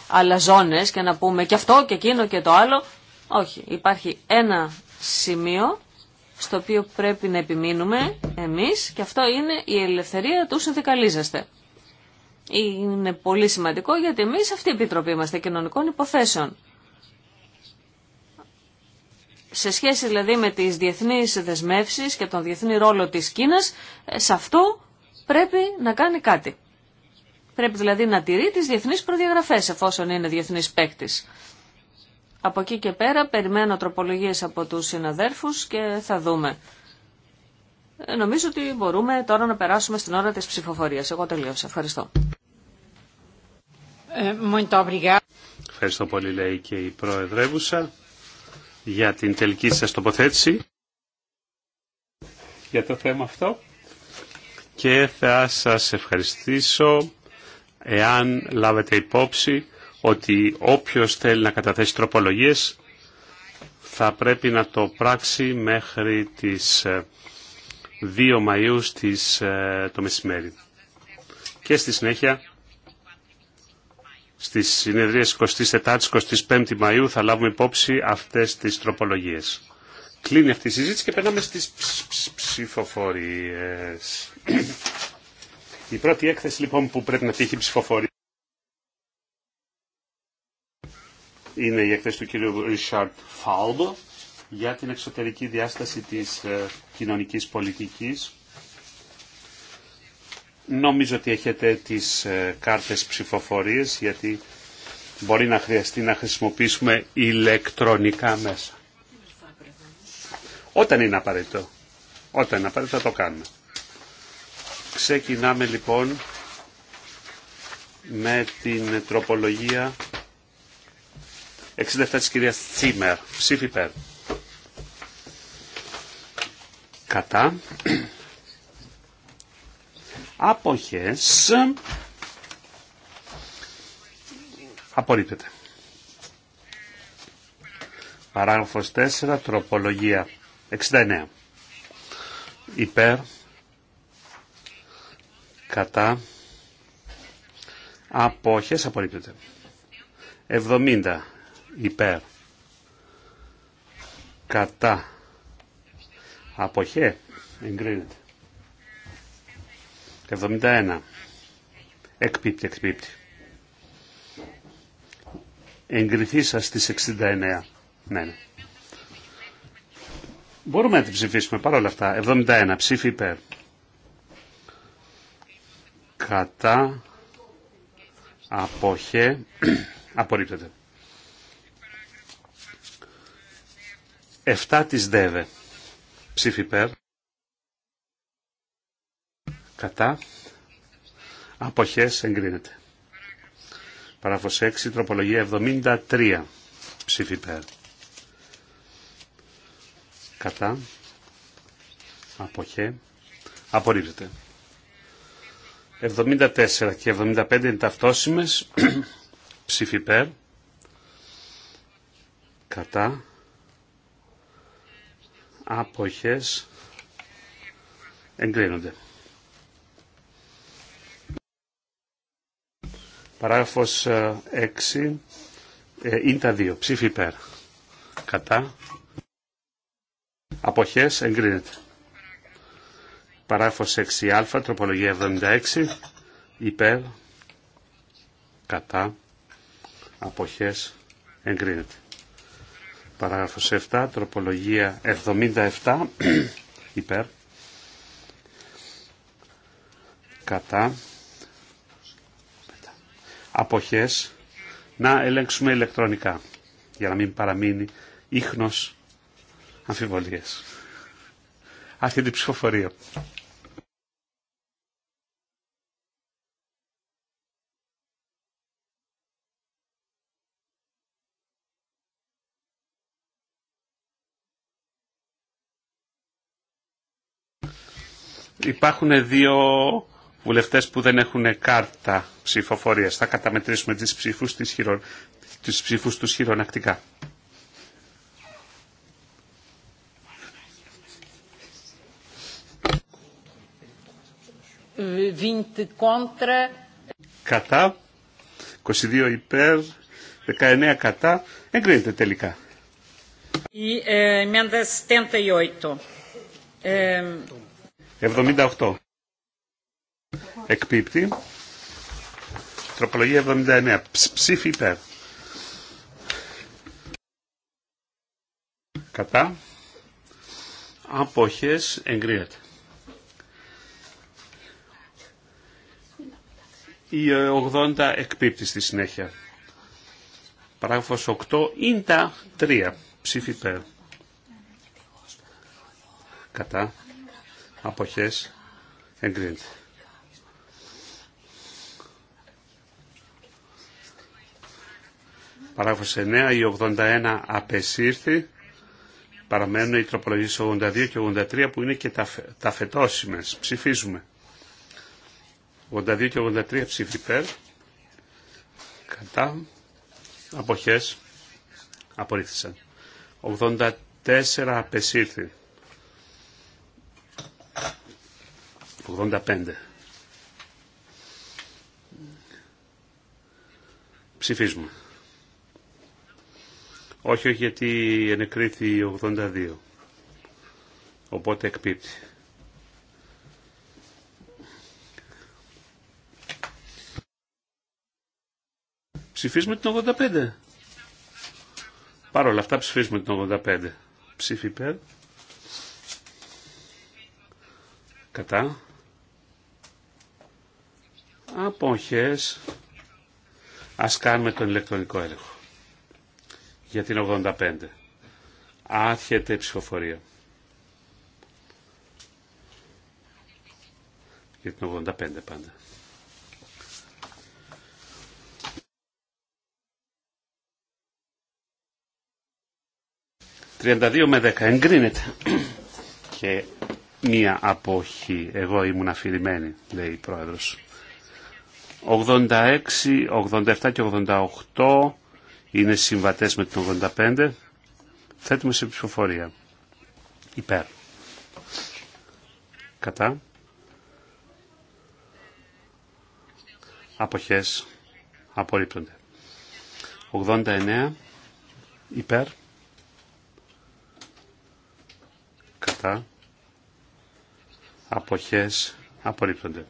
αλαζόνες και να πούμε και αυτό και εκείνο και το άλλο. Όχι, υπάρχει ένα σημείο στο οποίο πρέπει να επιμείνουμε εμείς και αυτό είναι η ελευθερία του συνδικαλίζεστε. Είναι πολύ σημαντικό γιατί εμείς αυτή η Επιτροπή είμαστε κοινωνικών υποθέσεων. Σε σχέση δηλαδή με τις διεθνείς δεσμεύσεις και τον διεθνή ρόλο της Κίνας, ε, σε αυτό πρέπει να κάνει κάτι. Πρέπει δηλαδή να τηρεί τις διεθνείς προδιαγραφές εφόσον είναι διεθνής παίκτη. Από εκεί και πέρα περιμένω τροπολογίες από τους συναδέρφους και θα δούμε. Ε, νομίζω ότι μπορούμε τώρα να περάσουμε στην ώρα της ψηφοφορίας. Εγώ τελείωσα. Ευχαριστώ. Ε, Ευχαριστώ πολύ λέει και η Προεδρεύουσα για την τελική σας τοποθέτηση για το θέμα αυτό και θα σας ευχαριστήσω εάν λάβετε υπόψη ότι όποιος θέλει να καταθέσει τροπολογίες θα πρέπει να το πράξει μέχρι τις 2 ε, Μαΐου στις, ε, το μεσημέρι. Και στη συνέχεια στις συνεδρίες 24-25 Μαΐου θα λάβουμε υπόψη αυτές τις τροπολογίες. Κλείνει αυτή η συζήτηση και περνάμε στις ψηφοφορίες. Η πρώτη έκθεση λοιπόν που πρέπει να τύχει ψηφοφορία είναι η έκθεση του κυρίου Ρίσσαρτ Φάουμπο για την εξωτερική διάσταση της ε, κοινωνικής πολιτικής. Νομίζω ότι έχετε τις ε, κάρτες ψηφοφορίες γιατί μπορεί να χρειαστεί να χρησιμοποιήσουμε ηλεκτρονικά μέσα. Όταν είναι απαραίτητο. Όταν είναι απαραίτητο θα το κάνουμε. Ξεκινάμε λοιπόν με την τροπολογία 67 της κυρίας Τσίμερ. Ψήφι υπέρ. Κατά. Αποχές. Απορρίπτεται. Παράγραφος 4, τροπολογία 69. Υπέρ, κατά, απόχες, απορρίπτεται. 70 υπέρ κατά αποχέ εγκρίνεται 71 εκπίπτει εκπίπτει εγκριθεί σα στι 69 ναι, μπορούμε να την ψηφίσουμε παρόλα αυτά 71 ψήφι υπέρ κατά αποχέ απορρίπτεται 7 της ΔΕΒΕ. Ψήφι υπέρ. Κατά. Αποχές εγκρίνεται. Παράγραφος 6, τροπολογία 73. Ψήφι υπέρ. Κατά. Αποχέ. Απορρίπτεται. 74 και 75 είναι ταυτόσιμες. Ψήφι υπέρ. Κατά αποχές εγκρίνονται. Παράγραφος 6 ε, ε, είναι τα δύο. Ψήφι υπέρ. Κατά. Αποχές εγκρίνεται. Παράγραφος 6α, τροπολογία 76, υπέρ, κατά, αποχές εγκρίνεται. Παράγραφος 7, τροπολογία 77, υπέρ, κατά, αποχές, να ελέγξουμε ηλεκτρονικά, για να μην παραμείνει ίχνος αμφιβολίες. Αυτή την ψηφοφορία. Υπάρχουν δύο βουλευτέ που δεν έχουν κάρτα ψηφοφορία. Θα καταμετρήσουμε τις ψηφού τις, χειρο... τις τους χειρονακτικά. Κατά, 22 υπέρ, 19 κατά, εγκρίνεται τελικά. Η ε, 78. 78. Εκπίπτει. Τροπολογία 79. Ψήφι υπέρ. Κατά. Αποχές εγκρίνεται. Η 80 εκπίπτει στη συνέχεια. Παράγραφος 8. Ίντα 3. Ψήφι υπέρ. Κατά αποχές εγκρίνεται. Παράγραφος 9, η 81 απεσύρθη, παραμένουν οι τροπολογίες 82 και 83 που είναι και τα, τα φετώσιμες. Ψηφίζουμε. 82 και 83 ψήφι υπέρ, κατά, αποχές, απορρίφθησαν. 84 απεσύρθη. 85. Ψηφίζουμε. Όχι, όχι, γιατί ενεκρίθη 82. Οπότε εκπίπτει. Ψηφίζουμε την 85. Παρ' όλα αυτά ψηφίζουμε την 85. Ψήφι Κατά. Αποχές. Ας κάνουμε τον ηλεκτρονικό έλεγχο. Για την 85. Άρχεται η ψηφοφορία. Για την 85 πάντα. «32 με 10 εγκρίνεται» και μία απόχη «εγώ ήμουν αφηρημένη» λέει η πρόεδρος. 86, 87 και 88 είναι συμβατές με την 85. Θέτουμε σε ψηφοφορία. Υπέρ. Κατά. Αποχές. Απορρίπτονται. 89. Υπέρ. Κατά. Αποχές. Απορρίπτονται.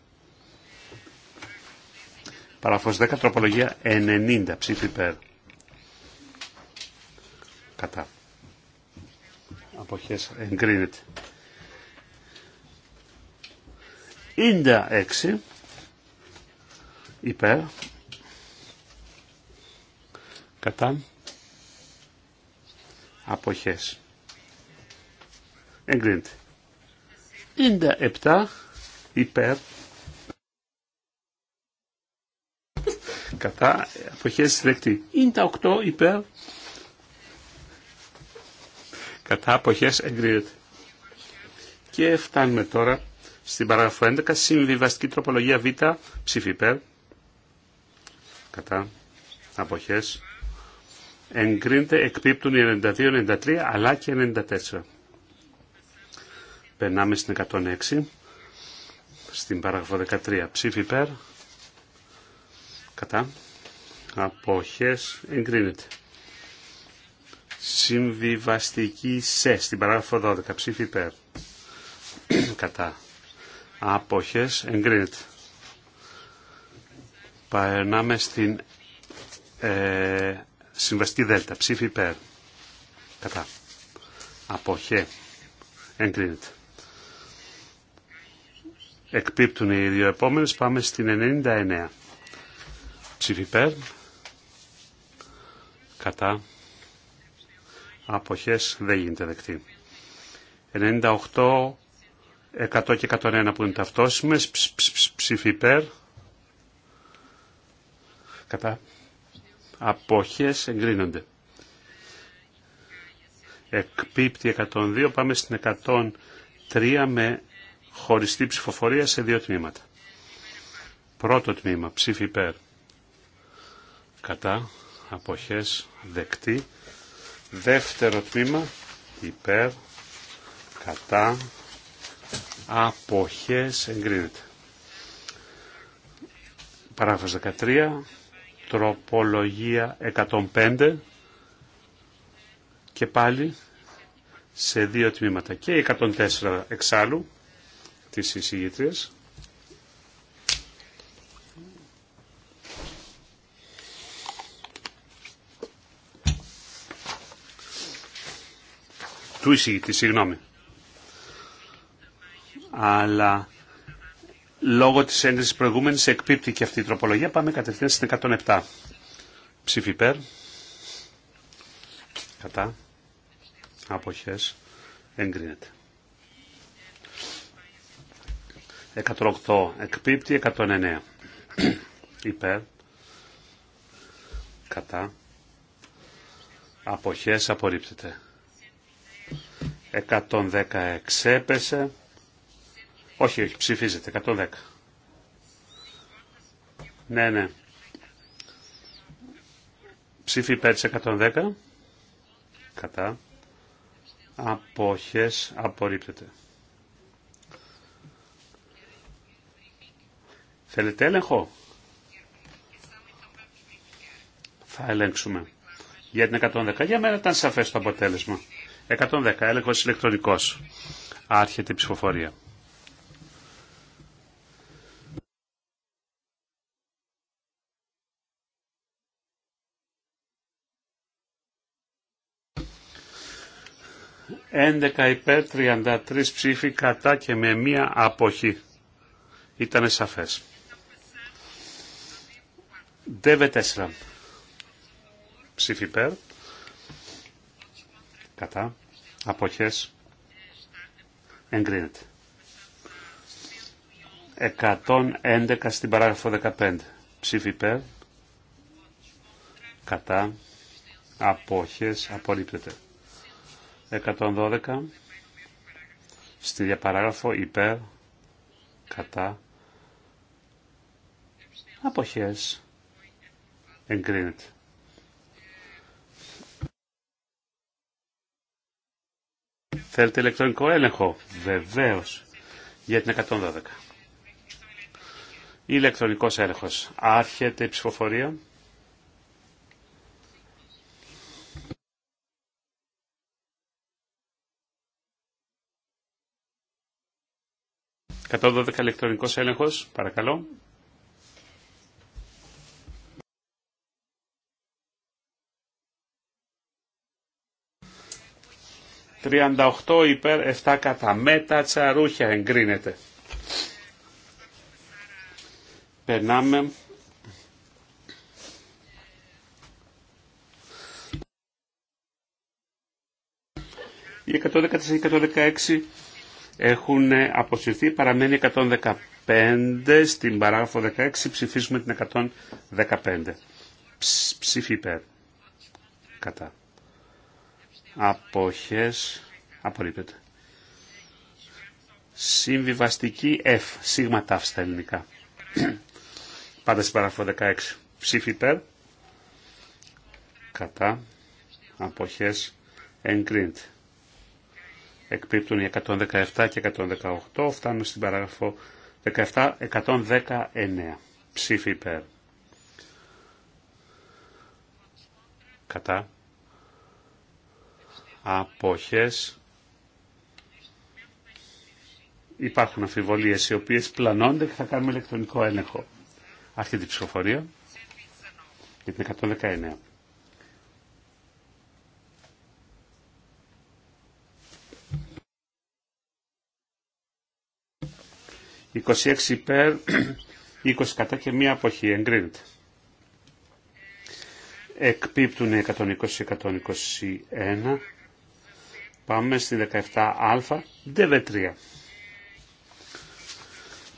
Παράφος 10, τροπολογία 90, ψήφι υπέρ. Κατά. Αποχές εγκρίνεται. 96, υπέρ. Κατά. Αποχές. Εγκρίνεται. 97, υπέρ. κατά αποχές δεκτή. Είναι τα 8 υπέρ κατά αποχές εγκρίνεται. Και φτάνουμε τώρα στην παράγραφο 11, συμβιβαστική τροπολογία Β, ψήφι υπέρ, κατά, αποχές, εγκρίνεται, εκπίπτουν οι 92, 93, αλλά και 94. Περνάμε στην 106, στην παράγραφο 13, ψήφι υπέρ, κατά αποχές εγκρίνεται. Συμβιβαστική σε στην παράγραφο 12 ψήφι υπέρ κατά αποχές εγκρίνεται. Παρνάμε στην ε, συμβαστική δέλτα ψήφι υπέρ κατά αποχέ εγκρίνεται. Εκπίπτουν οι δύο επόμενες, πάμε στην 99 Ψήφι Κατά. Αποχές δεν γίνεται δεκτή. 98, 100 και 101 που είναι ταυτόσιμες. Ψήφι Κατά. Αποχές εγκρίνονται. Εκπίπτει 102. Πάμε στην 103 με χωριστή ψηφοφορία σε δύο τμήματα. Πρώτο τμήμα. Ψήφι κατά αποχές δεκτή δεύτερο τμήμα υπέρ κατά αποχές εγκρίνεται παράγραφος 13 τροπολογία 105 και πάλι σε δύο τμήματα και 104 εξάλλου της εισηγήτριας του εισηγητή, συγγνώμη. Αλλά λόγω της έγκρισης προηγούμενης εκπίπτει και αυτή η τροπολογία. Πάμε κατευθείαν στην 107. Ψήφι υπέρ. Κατά. Αποχές. Εγκρίνεται. 108 εκπίπτει, 109 υπέρ, κατά, αποχές απορρίπτεται. 110 εξέπεσε. Όχι, όχι, ψηφίζεται. 110. Ναι, ναι. Ψήφι υπέρ 110. Κατά. Απόχες. Απορρίπτεται. Θέλετε έλεγχο. Θα ελέγξουμε. Για την 110. Για μένα ήταν σαφές το αποτέλεσμα. 110. Έλεγχος ηλεκτρονικό. Άρχεται η ψηφοφορία. Έντεκα υπέρ 33 ψήφοι κατά και με μία αποχή. Ήτανε σαφές. ΔΕΒΕ 4. Ψήφι υπέρ κατά αποχές εγκρίνεται. 111 στην παράγραφο 15 ψήφι υπέρ κατά απόχες απορρίπτεται. 112 στη διαπαράγραφο υπέρ κατά αποχές εγκρίνεται. Θέλετε ηλεκτρονικό έλεγχο. Βεβαίως. Για την 112. Ηλεκτρονικός έλεγχος. Άρχεται η ψηφοφορία. 112 12 ηλεκτρονικός έλεγχος. Παρακαλώ. 38 υπέρ 7 κατά. Με τα τσαρούχια εγκρίνεται. Περνάμε. Οι 114 και 116 έχουν αποσυρθεί, παραμένει 115, στην παράγραφο 16 ψηφίσουμε την 115. Ψήφι υπέρ. Κατά αποχές απορρίπτεται. Συμβιβαστική F, σίγμα τάφ στα ελληνικά. Πάντα στην παράγραφο 16. Ψήφι υπέρ, κατά, αποχές, εγκρίνεται. Εκπίπτουν οι 117 και 118, φτάνουμε στην παράγραφο 17, 119. Ψήφι υπέρ. Κατά αποχές υπάρχουν αφιβολίες οι οποίες πλανώνται και θα κάνουμε ηλεκτρονικό έλεγχο. Αυτή την ψηφοφορία για την 119. «26 υπέρ, 20 κατά και μία αποχή. Εγκρίνεται». Εκπίπτουν 120-121 Πάμε στη 17α, δβ 3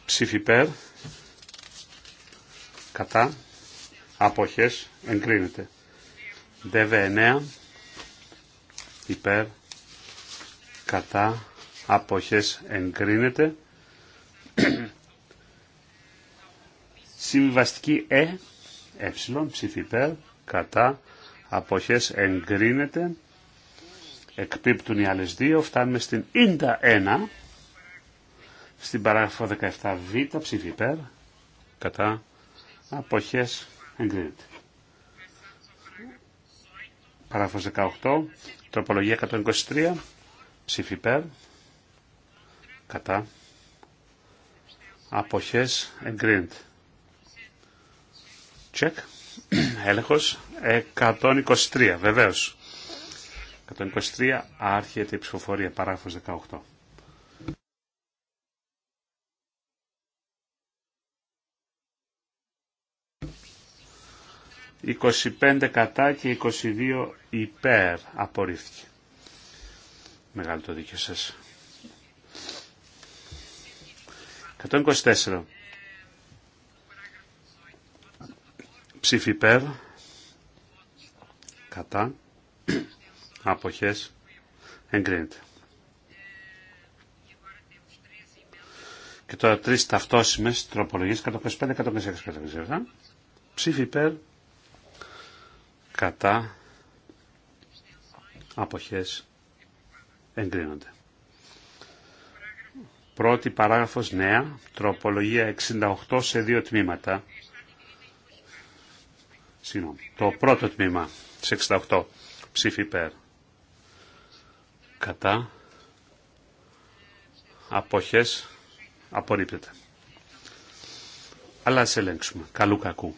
Ψήφι κατά, αποχές, εγκρίνεται. DV9, υπέρ, κατά, αποχές, εγκρίνεται. Συμβαστική ε, ε, ψήφι κατά, αποχές, εγκρίνεται εκπίπτουν οι άλλες δύο. Φτάνουμε στην ίντα 1, στην παράγραφο 17β, ψήφι υπέρ, κατά αποχές εγκρίνεται. Παράγραφος 18, τροπολογία 123, ψήφι υπέρ, κατά αποχές εγκρίνεται. Check. Έλεγχος 123, βεβαίως. 123 άρχεται η ψηφοφορία παράγραφος 18. «25 κατά και 22 υπέρ» απορρίφθηκε. Μεγάλο το δίκιο σας. 124. Ψήφι υπέρ. Κατά αποχές εγκρίνεται. Και τώρα τρεις ταυτόσιμες τροπολογίες 125, 126, Ψήφι υπέρ, κατά, αποχές εγκρίνονται. Πρώτη παράγραφος νέα, τροπολογία 68 σε δύο τμήματα. Συγγνώμη, το πρώτο τμήμα σε 68 ψήφι υπέρ κατά αποχές απορρίπτεται. Αλλά ας ελέγξουμε. Καλού κακού.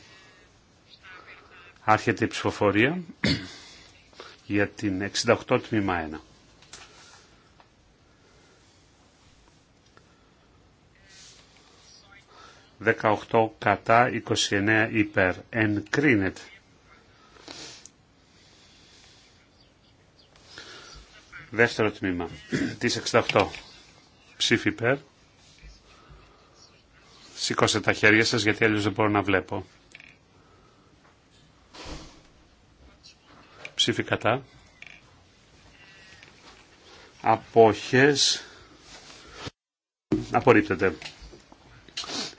Άρχεται η ψηφοφορία για την 68 τμήμα 1. 18 κατά, 29 υπέρ. κρίνεται Δεύτερο τμήμα της 68. Ψήφι υπέρ. Σήκωσε τα χέρια σας γιατί αλλιώς δεν μπορώ να βλέπω. Ψήφι κατά. Απόχες. Απορρίπτεται.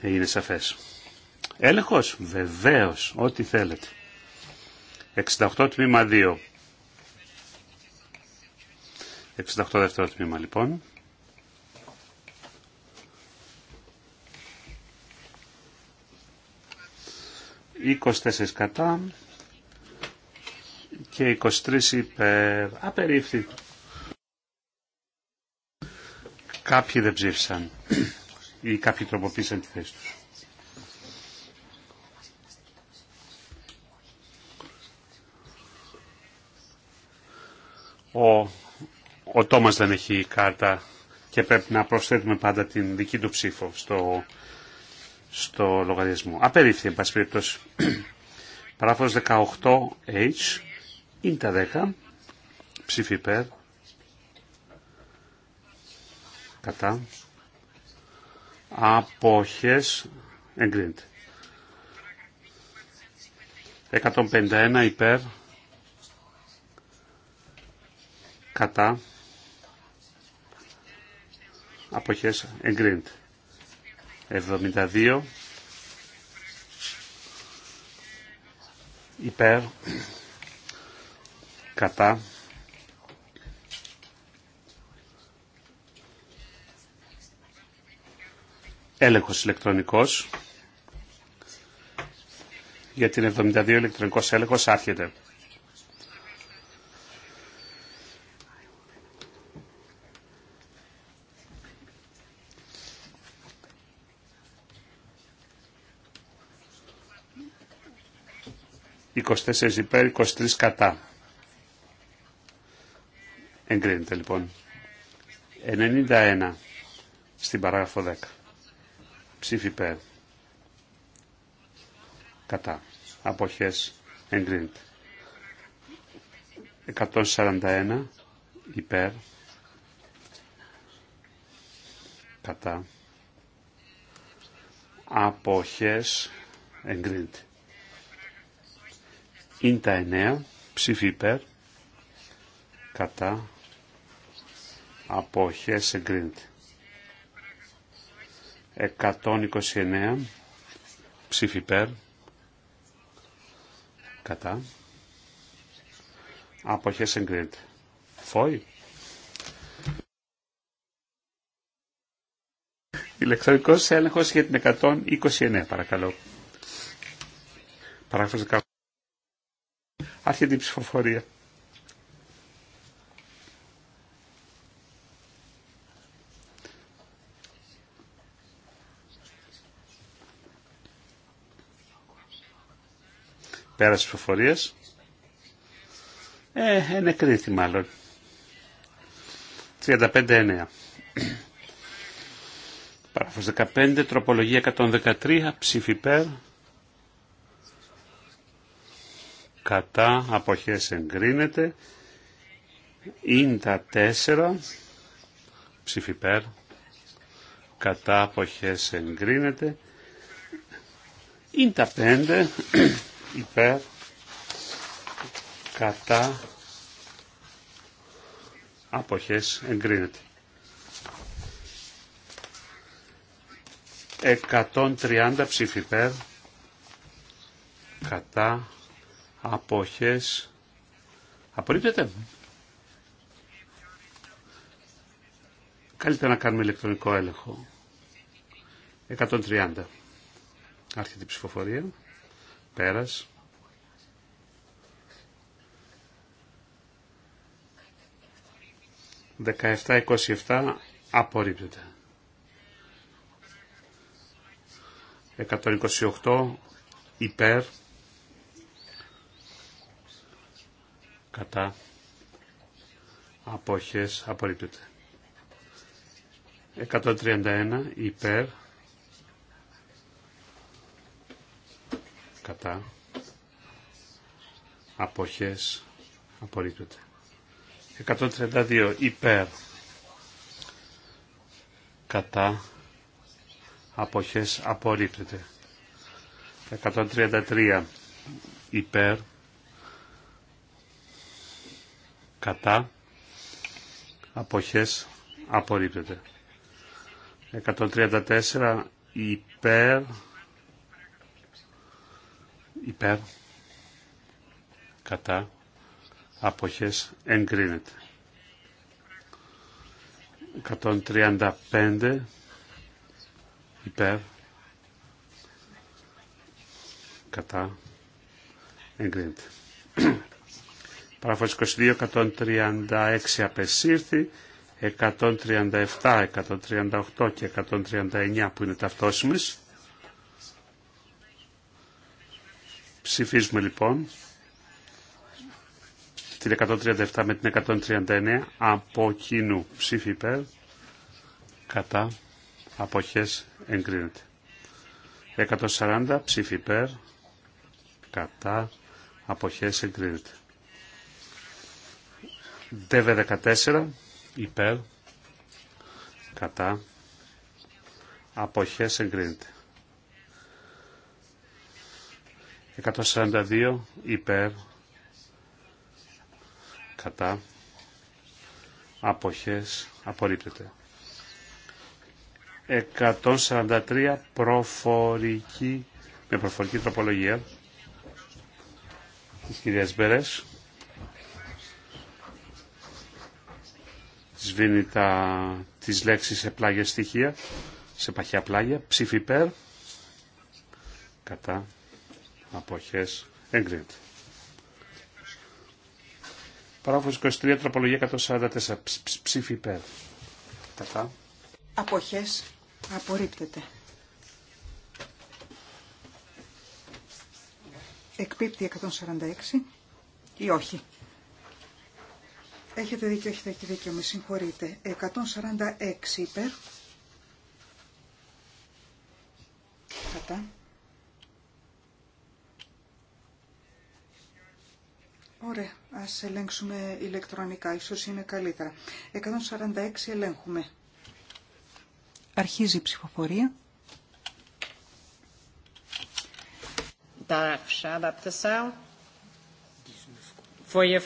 Έγινε σαφές. Έλεγχος. Βεβαίως. Ό,τι θέλετε. 68 τμήμα 2. 68 δεύτερο τμήμα λοιπόν. «24 κατά και 23 υπέρ». Απερίφθη. Κάποιοι δεν ψήφισαν ή κάποιοι τροποποίησαν τη θέση τους. Ο ο Τόμας δεν έχει κάρτα και πρέπει να προσθέτουμε πάντα την δική του ψήφο στο, στο λογαριασμό. Απερίφθη, εν πάση Παράφος 18H είναι τα 10 ψήφι υπέρ κατά απόχες εγκρίνεται 151 υπέρ κατά αποχές εγκρίνεται. 72 υπέρ κατά έλεγχος ηλεκτρονικός για την 72 ηλεκτρονικός έλεγχος άρχεται. 24 υπέρ, 23 κατά. Εγκρίνεται λοιπόν. 91 στην παράγραφο 10. Ψήφι υπέρ. Κατά. Αποχές εγκρίνεται. 141 υπέρ. Κατά. Αποχές εγκρίνεται. Είναι τα εννέα. Ψήφι υπέρ. Κατά. Αποχές εγκρίνεται. 129. Ψήφι υπέρ. Κατά. Αποχές εγκρίνεται. Φόη. Ηλεκτρονικός έλεγχος για την 129, παρακαλώ. Άρχεται η ψηφοφορία. Πέρασε ψηφοφορίας. Ε, είναι μαλλον μάλλον. 35-9. Παράφος 15, τροπολογία 113, ψήφι πέρα. κατά αποχές εγκρίνεται. τα 4 ψηφιπέρ κατά αποχές εγκρίνεται. τα 5 υπέρ κατά αποχές εγκρίνεται. 130 ψηφιπέρ κατά αποχές απορρίπτεται. Καλύτερα να κάνουμε ηλεκτρονικό έλεγχο. 130. Άρχεται η ψηφοφορία. Πέρας. Δεκαεφτά, απορρίπτεται. 128 υπέρ κατά αποχές απορρίπτεται. 131 υπέρ κατά αποχές απορρίπτεται. 132 υπέρ κατά αποχές απορρίπτεται. 133 υπέρ κατά αποχές απορρίπτεται. 134 υπέρ υπέρ κατά αποχές εγκρίνεται. 135 υπέρ κατά εγκρίνεται. Παράφορες 22, 136 απεσύρθη, 137, 138 και 139 που είναι ταυτόσιμες. Ψηφίζουμε λοιπόν την 137 με την 139 από κοινού ψήφι υπέρ κατά αποχές εγκρίνεται. 140 ψήφι υπέρ κατά αποχές εγκρίνεται. ΔΒ14 υπέρ κατά αποχές εγκρίνεται. 142 υπέρ κατά αποχές απορρίπτεται. 143 προφορική με προφορική τροπολογία της κυρίας Μπερές σβήνει τα, τις λέξεις σε πλάγια στοιχεία, σε παχιά πλάγια, ψήφι περ κατά, αποχές, εγκρίνεται. Παράγραφος 23, τροπολογία 144, ψήφι περ κατά. Αποχές, απορρίπτεται. Εκπίπτει 146 ή όχι. Έχετε δίκιο, έχετε δίκιο, με συγχωρείτε. 146 υπέρ. Κατά. Ωραία, ας ελέγξουμε ηλεκτρονικά, ίσως είναι καλύτερα. 146 ελέγχουμε. Αρχίζει η ψηφοφορία. E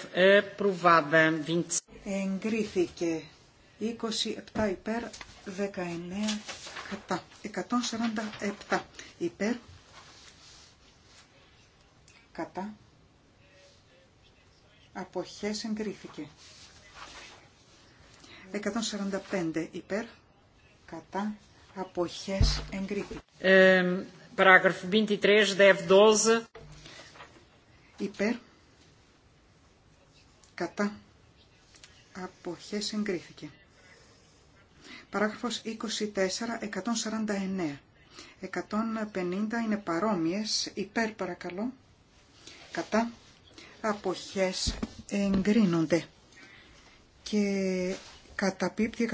εγκρίθηκε 27 υπέρ, 19 κατά. 147 υπέρ, κατά. Αποχές εγκρίθηκε. 145 υπέρ, κατά. Αποχές εγκρίθηκε. Ε, παράγραφο 23, δεύτερο 12. Υπέρ, κατά αποχές εγκρίθηκε. Παράγραφος 24, 149. 150 είναι παρόμοιες, υπέρ παρακαλώ, κατά αποχές εγκρίνονται. Και καταπίπτει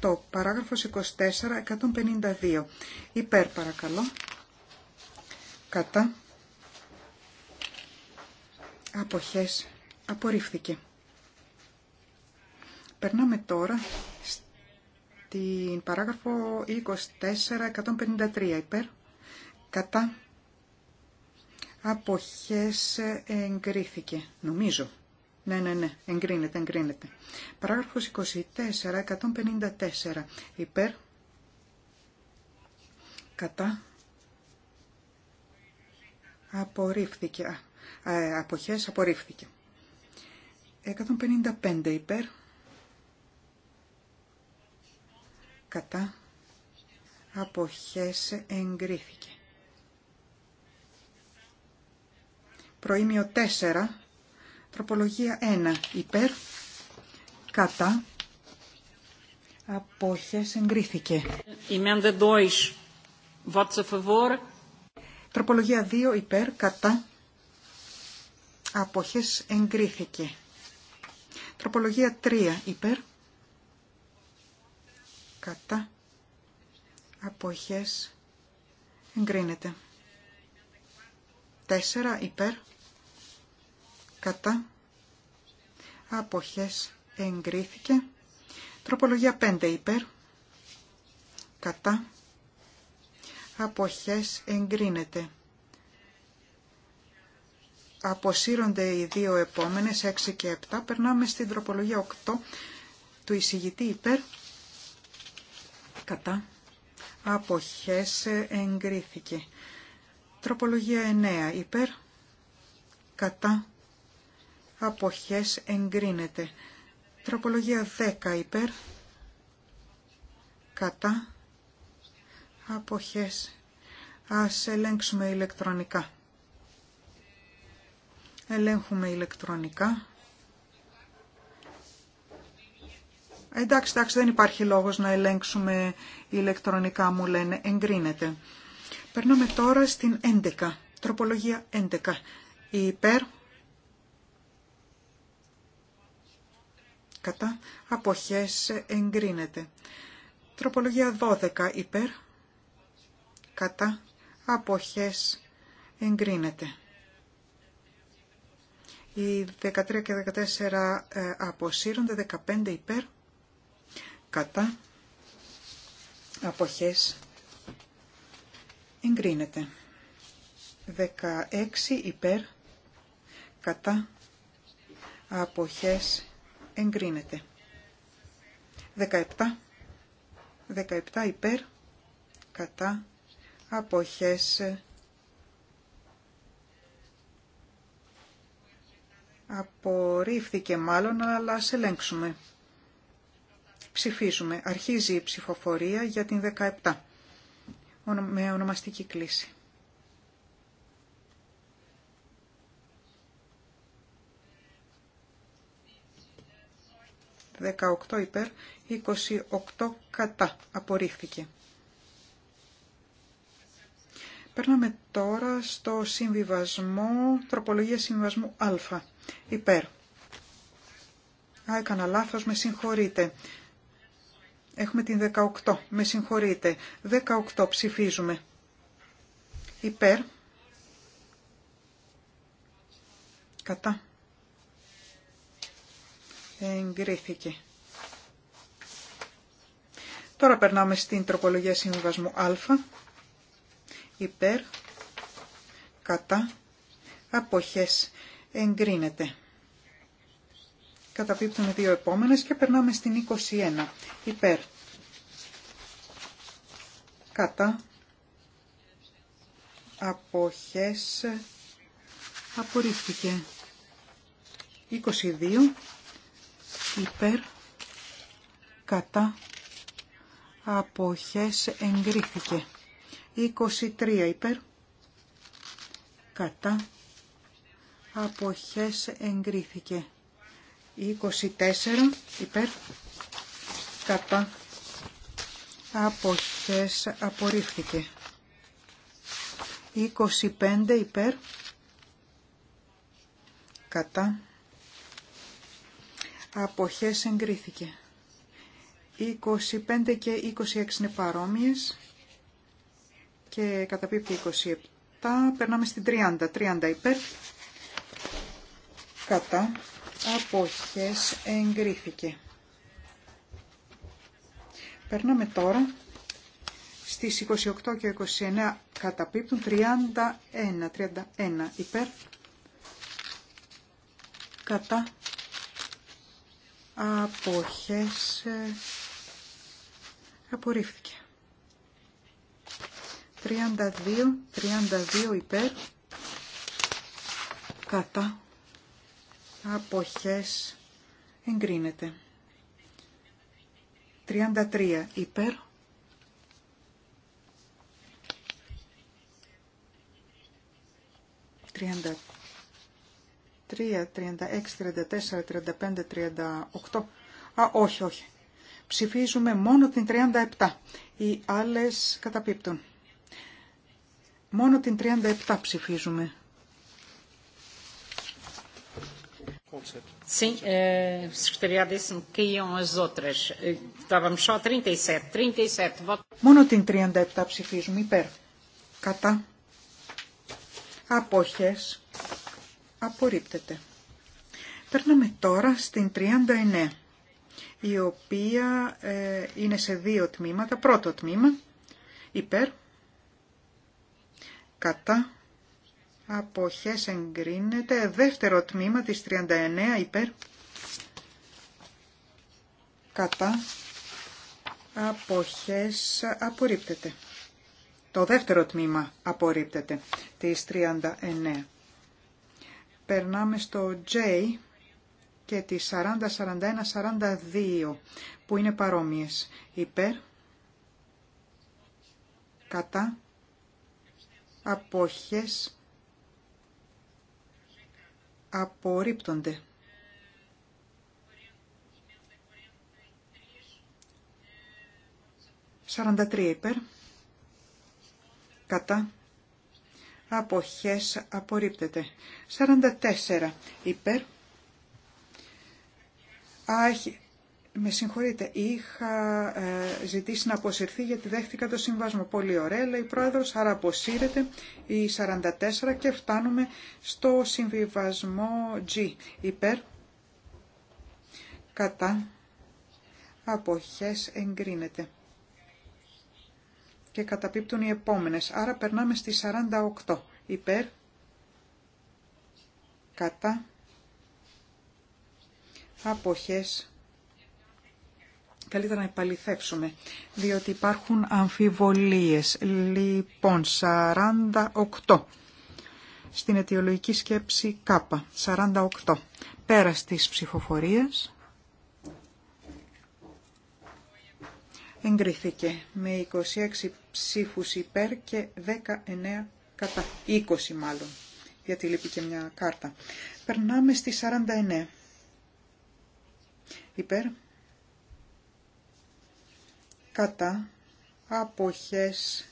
148, παράγραφος 24, 152. Υπέρ παρακαλώ, κατά αποχές Απορρίφθηκε. Περνάμε τώρα στην παραγραφο 24153 υπέρ. Κατά αποχές ε, εγκρίθηκε. Νομίζω. Ναι, ναι, ναι. Εγκρίνεται, εγκρίνεται. 24154 υπέρ. Κατά απορρίφθηκε. Α, ε, αποχές απορρίφθηκε. 155 υπέρ. Κατά. Αποχές εγκρίθηκε. Προήμιο 4. Τροπολογία 1 υπέρ. Κατά. Απόχες εγκρίθηκε. Τροπολογία 2 υπέρ κατά. Απόχες εγκρίθηκε. Τροπολογία 3 υπέρ. Κατά. Αποχές. Εγκρίνεται. 4 υπέρ. Κατά. Αποχές. Εγκρίθηκε. Τροπολογία 5 υπέρ. Κατά. Αποχές εγκρίνεται. Αποσύρονται οι δύο επόμενες, 6 και 7. Περνάμε στην τροπολογία 8 του εισηγητή υπέρ. Κατά. Αποχές ε, εγκρίθηκε. Τροπολογία 9 υπέρ. Κατά. Αποχές εγκρίνεται. Τροπολογία 10 υπέρ. Κατά. Αποχές. Ας ελέγξουμε ηλεκτρονικά. Ελέγχουμε ηλεκτρονικά. Εντάξει, εντάξει, δεν υπάρχει λόγος να ελέγξουμε ηλεκτρονικά, μου λένε. Εγκρίνεται. Περνάμε τώρα στην 11. Τροπολογία 11. Η Υπέρ. Κατά. Αποχές εγκρίνεται. Τροπολογία 12. Υπέρ. Κατά. Αποχές εγκρίνεται. Οι 13 και 14 ε, αποσύρονται, 15 υπέρ, κατά, αποχές, εγκρίνεται. 16 υπέρ, κατά, αποχές, εγκρίνεται. 17, 17 υπέρ, κατά, αποχές, εγκρίνεται Απορρίφθηκε μάλλον, αλλά ας ελέγξουμε. Ψηφίζουμε. Αρχίζει η ψηφοφορία για την 17. Με ονομαστική κλίση. «18 υπέρ, 28 κατά». Απορρίφθηκε. Περνάμε τώρα στο συμβιβασμό, τροπολογία συμβιβασμού α. Υπέρ. Α, έκανα λάθος, με συγχωρείτε. Έχουμε την 18, με συγχωρείτε. 18 ψηφίζουμε. Υπέρ. Κατά. Εγκρίθηκε. Τώρα περνάμε στην τροπολογία συμβιβασμού α. Υπέρ. Κατά. Αποχές εγκρίνεται. Καταπίπτουν δύο επόμενες και περνάμε στην 21. Υπέρ. Κατά. Αποχές. Απορρίφθηκε. 22. Υπέρ. Κατά. Αποχές εγκρίθηκε. 23 υπέρ. Κατά αποχές εγκρίθηκε. 24 υπέρ κατά αποχές απορρίφθηκε. 25 υπέρ κατά αποχές εγκρίθηκε. 25 και 26 είναι παρόμοιες και καταπίπτει 27. Περνάμε στην 30. 30 υπέρ κατά αποχές εγκρίθηκε. Περνάμε τώρα στις 28 και 29 καταπίπτουν 31, 31 υπέρ κατά αποχές ε, απορρίφθηκε. 32, 32 υπέρ κατά αποχές εγκρίνεται. 33 υπέρ. Τριάντα 33, 36, 34, 35, 38. Α, όχι, όχι. Ψηφίζουμε μόνο την 37. Οι άλλες καταπίπτουν. Μόνο την 37 ψηφίζουμε. Sim, Secretaria disse-me que iam as outras. Eh, estávamos só 37. 37 e e votos. Μόνο την 37 ψηφίζουμε υπέρ. Κατά. Απόχες. Απορρίπτεται. Περνάμε τώρα στην 39, η οποία ε, είναι σε δύο τμήματα. Πρώτο τμήμα, υπέρ, κατά, αποχές εγκρίνεται. Δεύτερο τμήμα της 39 υπέρ κατά αποχές απορρίπτεται. Το δεύτερο τμήμα απορρίπτεται της 39. Περνάμε στο J και τη 40, 41, 42 που είναι παρόμοιες. Υπέρ, κατά, απόχες, απορρίπτονται. 43 τρία υπέρ. Κατά. Αποχές απορρίπτεται. 44 υπέρ. Α, με συγχωρείτε, είχα ε, ζητήσει να αποσυρθεί γιατί δέχτηκα το συμβάσμα. Πολύ ωραία, λέει η πρόεδρος, άρα αποσύρεται η 44 και φτάνουμε στο συμβιβασμό G. Υπέρ, κατά, αποχές εγκρίνεται. Και καταπίπτουν οι επόμενες, άρα περνάμε στη 48. Υπέρ, κατά, αποχές καλύτερα να επαληθεύσουμε, διότι υπάρχουν αμφιβολίες. Λοιπόν, 48 στην αιτιολογική σκέψη Κ, 48. Πέρας της ψηφοφορίας εγκρίθηκε με 26 ψήφους υπέρ και 19 κατά, 20 μάλλον, γιατί λείπει και μια κάρτα. Περνάμε στη 49. Υπέρ, κατά αποχές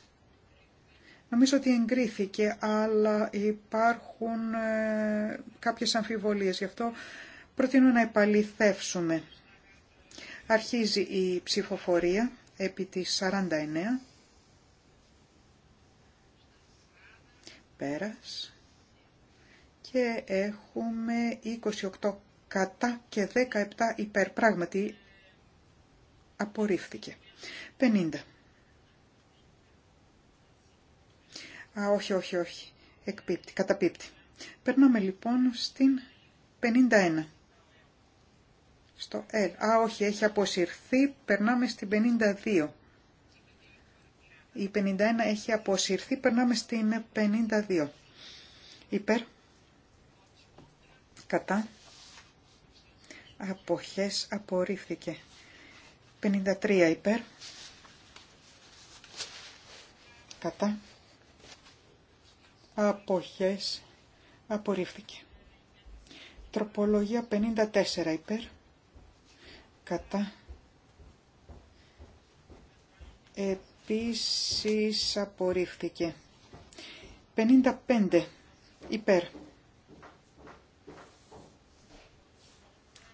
Νομίζω ότι εγκρίθηκε, αλλά υπάρχουν ε, κάποιες αμφιβολίες. Γι' αυτό προτείνω να επαληθεύσουμε. Αρχίζει η ψηφοφορία επί της 49. Πέρας. Και έχουμε 28 κατά και 17 υπέρ. Πράγματι απορρίφθηκε. 50. Α, όχι, όχι, όχι. Εκπίπτει, καταπίπτει. Περνάμε λοιπόν στην 51. Στο L. Α, όχι, έχει αποσυρθεί. Περνάμε στην 52. Η 51 έχει αποσυρθεί. Περνάμε στην 52. Υπέρ. Κατά. Αποχές απορρίφθηκε. 53 υπέρ κατά αποχές απορρίφθηκε. Τροπολογία 54 υπέρ κατά επίσης απορρίφθηκε. 55 υπέρ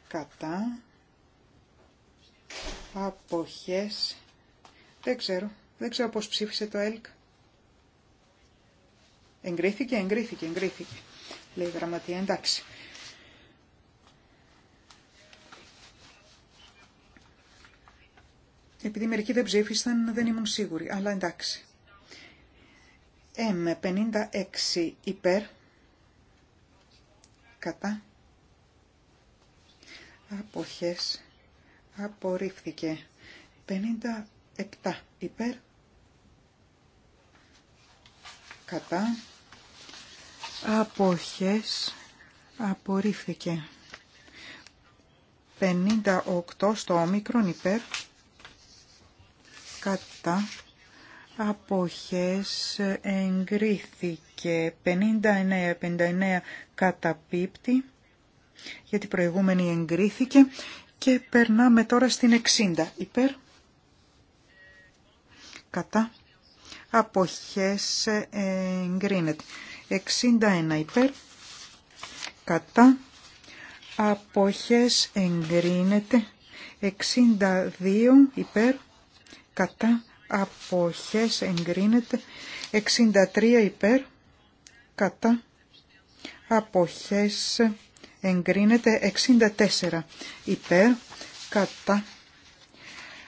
κατά αποχές δεν ξέρω. Δεν ξέρω πώς ψήφισε το ΕΛΚ. Εγκρίθηκε, εγκρίθηκε, εγκρίθηκε. Λέει η γραμματεία, εντάξει. Επειδή μερικοί δεν ψήφισαν, δεν ήμουν σίγουρη, αλλά εντάξει. M56 υπέρ, κατά, αποχές, απορρίφθηκε. 57 υπέρ, κατά, Αποχές απορρίφθηκε. 58 στο όμικρον υπέρ κατά αποχές εγκρίθηκε 59-59 καταπίπτει γιατί προηγούμενη εγκρίθηκε και περνάμε τώρα στην 60 υπέρ κατά αποχές εγκρίνεται 61 υπέρ, κατά, αποχές εγκρίνεται, 62 υπέρ, κατά, αποχές εγκρίνεται, 63 υπέρ, κατά, αποχές εγκρίνεται, 64 υπέρ, κατά,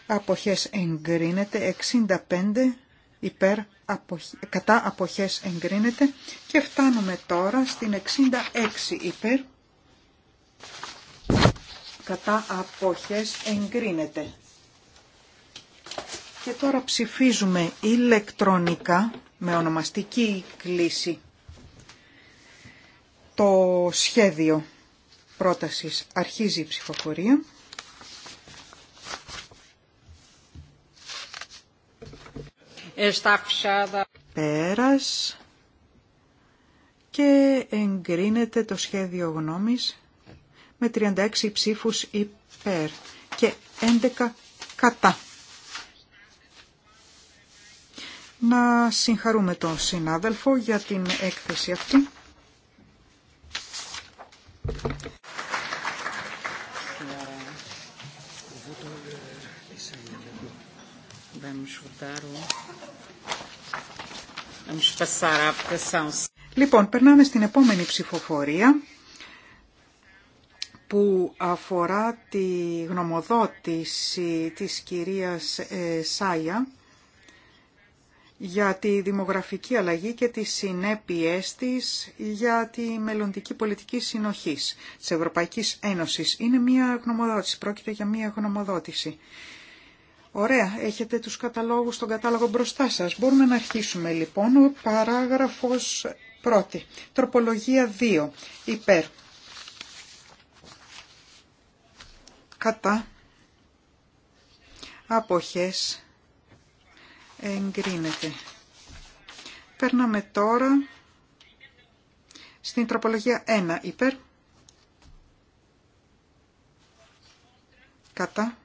αποχές εγκρίνεται, 65 υπέρ, κατά αποχές εγκρίνεται και φτάνουμε τώρα στην 66 υπέρ κατά αποχές εγκρίνεται. Και τώρα ψηφίζουμε ηλεκτρονικά με ονομαστική κλίση το σχέδιο πρότασης αρχίζει η ψηφοφορία. Πέρας και εγκρίνεται το σχέδιο γνώμης με 36 ψήφους υπέρ και 11 κατά. Να συγχαρούμε τον συνάδελφο για την έκθεση αυτή. Λοιπόν, περνάμε στην επόμενη ψηφοφορία που αφορά τη γνωμοδότηση της κυρίας ε, Σάια για τη δημογραφική αλλαγή και τις συνέπειές της για τη μελλοντική πολιτική συνοχής της Ευρωπαϊκής Ένωσης. Είναι μια γνωμοδότηση, πρόκειται για μια γνωμοδότηση. Ωραία, έχετε τους καταλόγους στον κατάλογο μπροστά σας. Μπορούμε να αρχίσουμε λοιπόν. ο Παράγραφος πρώτη, Τροπολογία 2. Υπέρ. Κατά. Αποχές. Εγκρίνεται. Περνάμε τώρα στην τροπολογία 1. Υπέρ. Κατά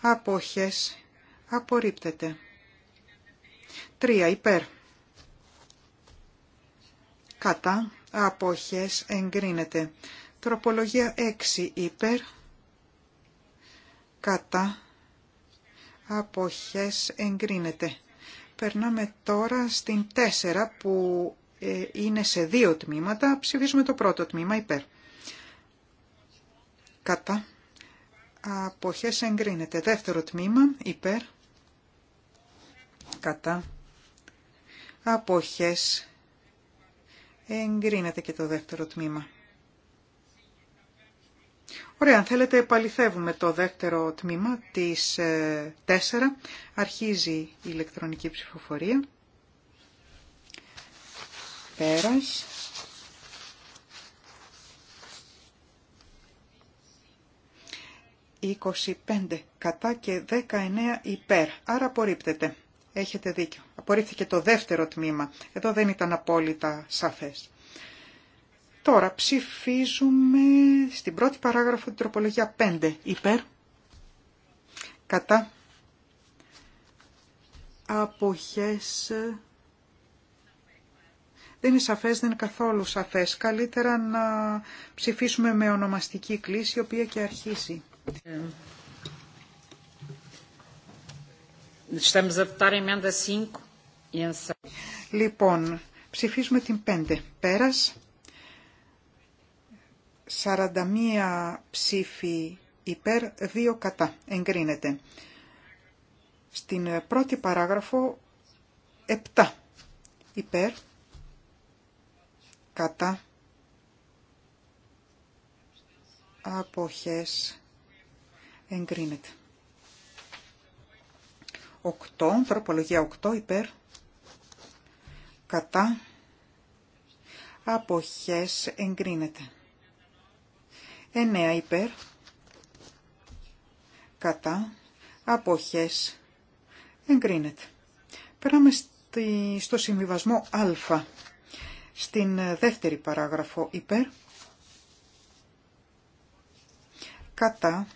απόχες, απορρίπτεται. Τρία, Υπέρ. Κατά. Απόχες. Εγκρίνεται. Τροπολογία έξι, Υπέρ. Κατά. Απόχες. Εγκρίνεται. Περνάμε τώρα στην τέσσερα που ε, είναι σε δύο τμήματα. Ψηφίζουμε το πρώτο τμήμα. Υπέρ. Κατά. Αποχές εγκρίνεται. Δεύτερο τμήμα υπέρ. Κατά. Αποχές εγκρίνεται και το δεύτερο τμήμα. Ωραία, αν θέλετε επαληθεύουμε το δεύτερο τμήμα της 4. Ε, Αρχίζει η ηλεκτρονική ψηφοφορία. Πέρας. 25 κατά και 19 υπέρ. Άρα απορρίπτεται. Έχετε δίκιο. Απορρίφθηκε το δεύτερο τμήμα. Εδώ δεν ήταν απόλυτα σαφές. Τώρα ψηφίζουμε στην πρώτη παράγραφο την τροπολογία 5 υπέρ. Κατά. Αποχές. Δεν είναι σαφές, δεν είναι καθόλου σαφές. Καλύτερα να ψηφίσουμε με ονομαστική κλίση, η οποία και αρχίσει. E λοιπόν, ψηφίζουμε την 5. Πέρας. 41 ψήφοι υπέρ, 2 κατά. Εγκρίνεται. Στην πρώτη παράγραφο 7 υπέρ, κατά, αποχές, εγκρίνεται. 8, τροπολογία 8 υπέρ, κατά, αποχές εγκρίνεται. 9 υπέρ, κατά, αποχές εγκρίνεται. Περάμε στη, στο συμβιβασμό α, στην δεύτερη παράγραφο υπέρ, κατά,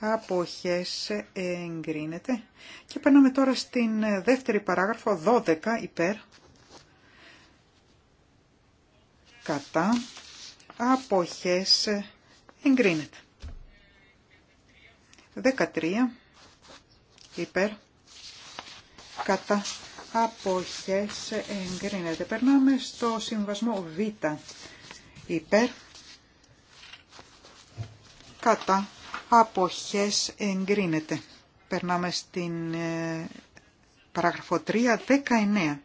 αποχές εγκρίνεται. Και περνάμε τώρα στην δεύτερη παράγραφο, 12 υπέρ, κατά, αποχές εγκρίνεται. 13 υπέρ, κατά, αποχές εγκρίνεται. Περνάμε στο συμβασμό Β υπέρ, κατά, αποχές εγκρίνεται. Περνάμε στην ε, παράγραφο 3, 19.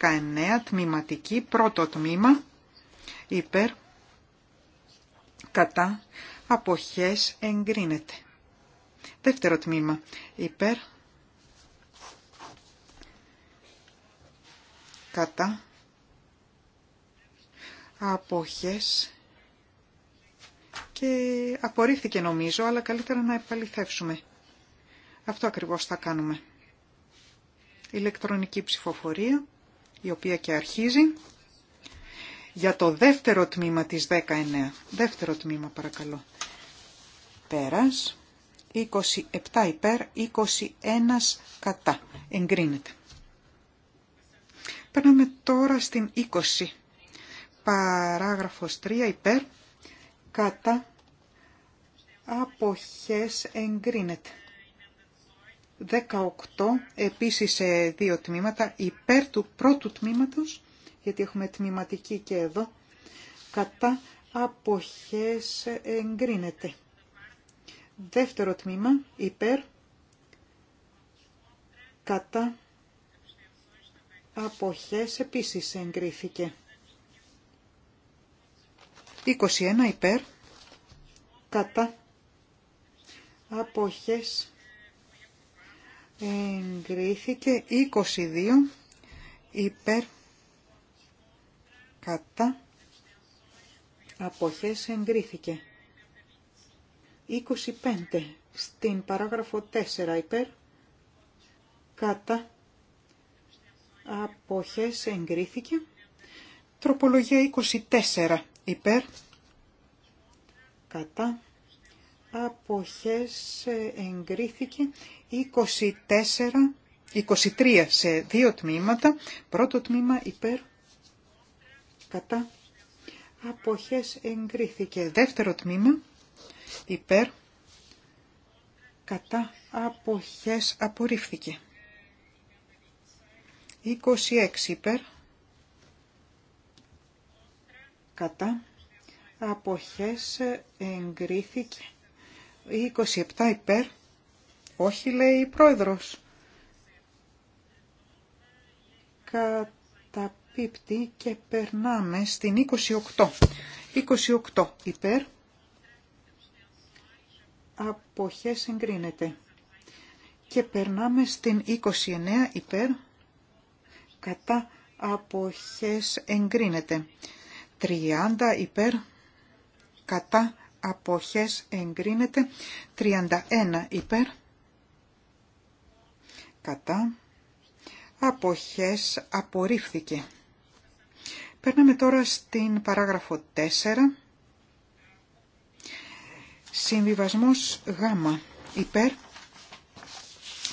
19, τμήματική, πρώτο τμήμα, υπέρ, κατά, αποχές εγκρίνεται. Δεύτερο τμήμα, υπέρ, κατά, αποχές και απορρίφθηκε νομίζω, αλλά καλύτερα να επαληθεύσουμε. Αυτό ακριβώς θα κάνουμε. Ηλεκτρονική ψηφοφορία, η οποία και αρχίζει, για το δεύτερο τμήμα της 19. Δεύτερο τμήμα παρακαλώ. Πέρας, 27 υπέρ, 21 κατά. Εγκρίνεται. Περνάμε τώρα στην 20. Παράγραφος 3 υπέρ, κατά αποχές εγκρίνεται. 18 επίσης σε δύο τμήματα υπέρ του πρώτου τμήματος γιατί έχουμε τμηματική και εδώ κατά αποχές εγκρίνεται. Δεύτερο τμήμα υπέρ κατά αποχές επίσης εγκρίθηκε. 21 υπέρ κατά αποχές εγκρίθηκε 22 υπέρ κατά αποχές εγκρίθηκε 25 στην παράγραφο 4 υπέρ κατά αποχές εγκρίθηκε τροπολογία 24 υπέρ κατά αποχές ε, εγκρίθηκε 24, 23 σε δύο τμήματα. Πρώτο τμήμα υπέρ, κατά, αποχές εγκρίθηκε. Δεύτερο τμήμα υπέρ, κατά, αποχές απορρίφθηκε. 26 υπέρ, κατά, αποχές εγκρίθηκε. 27 υπέρ. Όχι λέει η πρόεδρος. Καταπίπτει και περνάμε στην 28. 28 υπέρ. Αποχές εγκρίνεται. Και περνάμε στην 29 υπέρ. Κατά αποχές εγκρίνεται. 30 υπέρ. Κατά αποχές εγκρίνεται 31 υπέρ κατά αποχές απορρίφθηκε. Περνάμε τώρα στην παράγραφο 4 Συμβιβασμός Γ υπέρ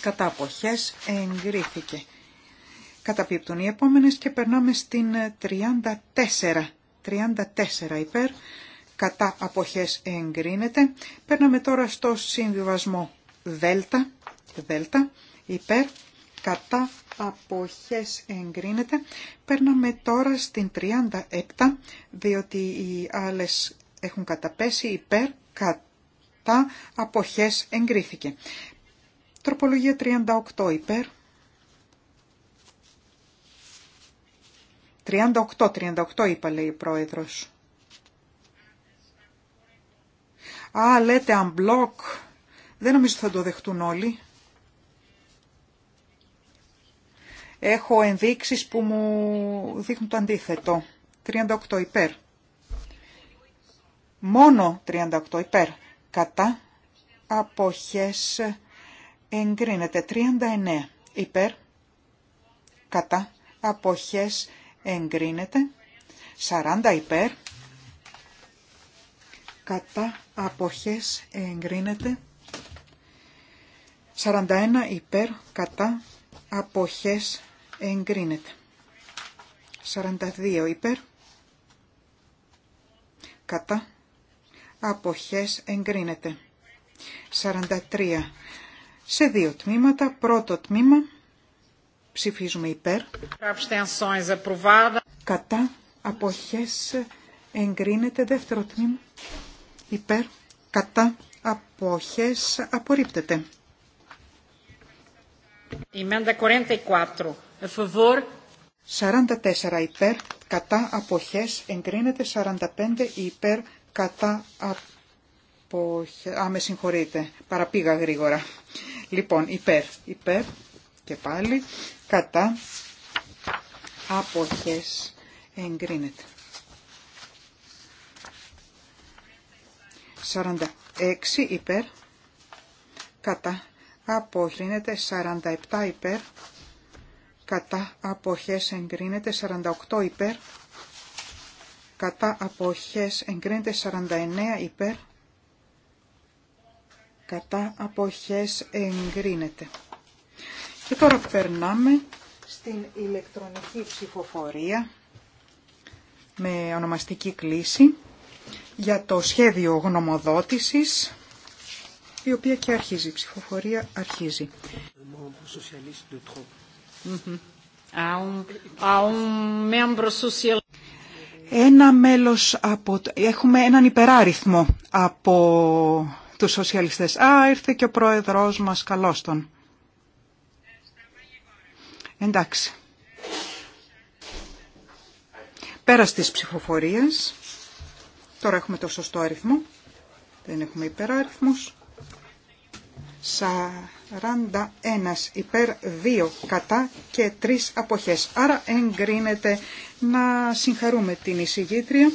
κατά αποχές εγκρίθηκε. Καταπίπτουν οι επόμενες και περνάμε στην 34. 34 υπέρ κατά αποχές εγκρίνεται. Παίρναμε τώρα στο συμβιβασμό δέλτα, δέλτα υπέρ, κατά αποχές εγκρίνεται. Παίρναμε τώρα στην 37, διότι οι άλλες έχουν καταπέσει υπέρ, κατά αποχές εγκρίθηκε. Τροπολογία 38 υπέρ. 38, 38 είπα λέει ο πρόεδρος. Α, λέτε unblock. Δεν νομίζω θα το δεχτούν όλοι. Έχω ενδείξεις που μου δείχνουν το αντίθετο. 38 υπέρ. Μόνο 38 υπέρ. Κατά αποχές εγκρίνεται. 39 υπέρ. Κατά αποχές εγκρίνεται. 40 υπέρ κατά αποχές εγκρίνεται 41 υπέρ κατά αποχές εγκρίνεται 42 υπέρ κατά αποχές εγκρίνεται 43 σε δύο τμήματα πρώτο τμήμα ψηφίζουμε υπέρ κατά αποχές εγκρίνεται δεύτερο τμήμα υπέρ κατά αποχές απορρίπτεται. 44. 44 υπέρ κατά αποχές εγκρίνεται 45 υπέρ κατά αποχές. Α, με συγχωρείτε, παραπήγα γρήγορα. Λοιπόν, υπέρ, υπέρ και πάλι κατά αποχές εγκρίνεται. 46 υπέρ κατά γίνεται 47 υπέρ κατά αποχές εγκρίνεται 48 υπέρ κατά αποχές εγκρίνεται 49 υπέρ κατά αποχές εγκρίνεται και τώρα περνάμε στην ηλεκτρονική ψηφοφορία με ονομαστική κλίση για το σχέδιο γνωμοδότησης, η οποία και αρχίζει, η ψηφοφορία αρχίζει. Ένα μέλος από... Έχουμε έναν υπεράριθμο από τους σοσιαλιστές. Α, ήρθε και ο πρόεδρός μας, καλώς τον. Εντάξει. Πέρας της ψηφοφορίας... Τώρα έχουμε το σωστό αριθμό. Δεν έχουμε υπεράριθμους. 41 υπέρ 2 κατά και 3 αποχές. Άρα εγκρίνεται να συγχαρούμε την εισηγήτρια.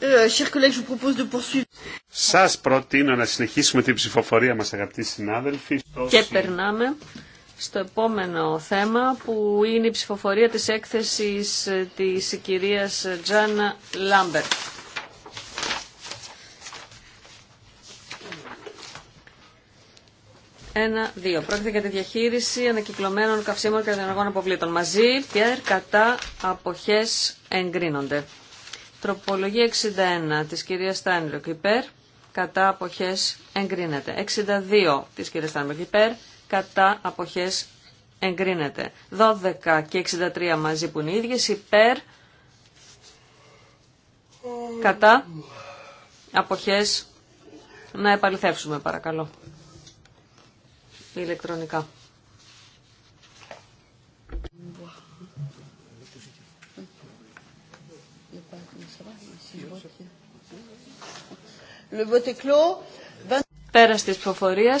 Euh, Σας προτείνω να συνεχίσουμε την ψηφοφορία μας αγαπητοί συνάδελφοι. Και περνάμε στο επόμενο θέμα που είναι η ψηφοφορία της έκθεσης της κυρίας Τζάνα Λάμπερτ. 1-2. Πρόκειται για τη διαχείριση ανακυκλωμένων καυσίμων και ενεργών αποβλήτων. Μαζί, πιέρ, κατά, αποχές, εγκρίνονται. Τροπολογία 61 της κυρίας Στάνιλοκ υπέρ, κατά, αποχές, εγκρίνεται. 62 της κυρίας Στάνιλοκ υπέρ, κατά, αποχές, εγκρίνεται. 12 και 63 μαζί που είναι οι ίδιες, υπέρ, κατά, αποχές, να επαληθεύσουμε παρακαλώ ηλεκτρονικά. Πέρα τη ψηφοφορία,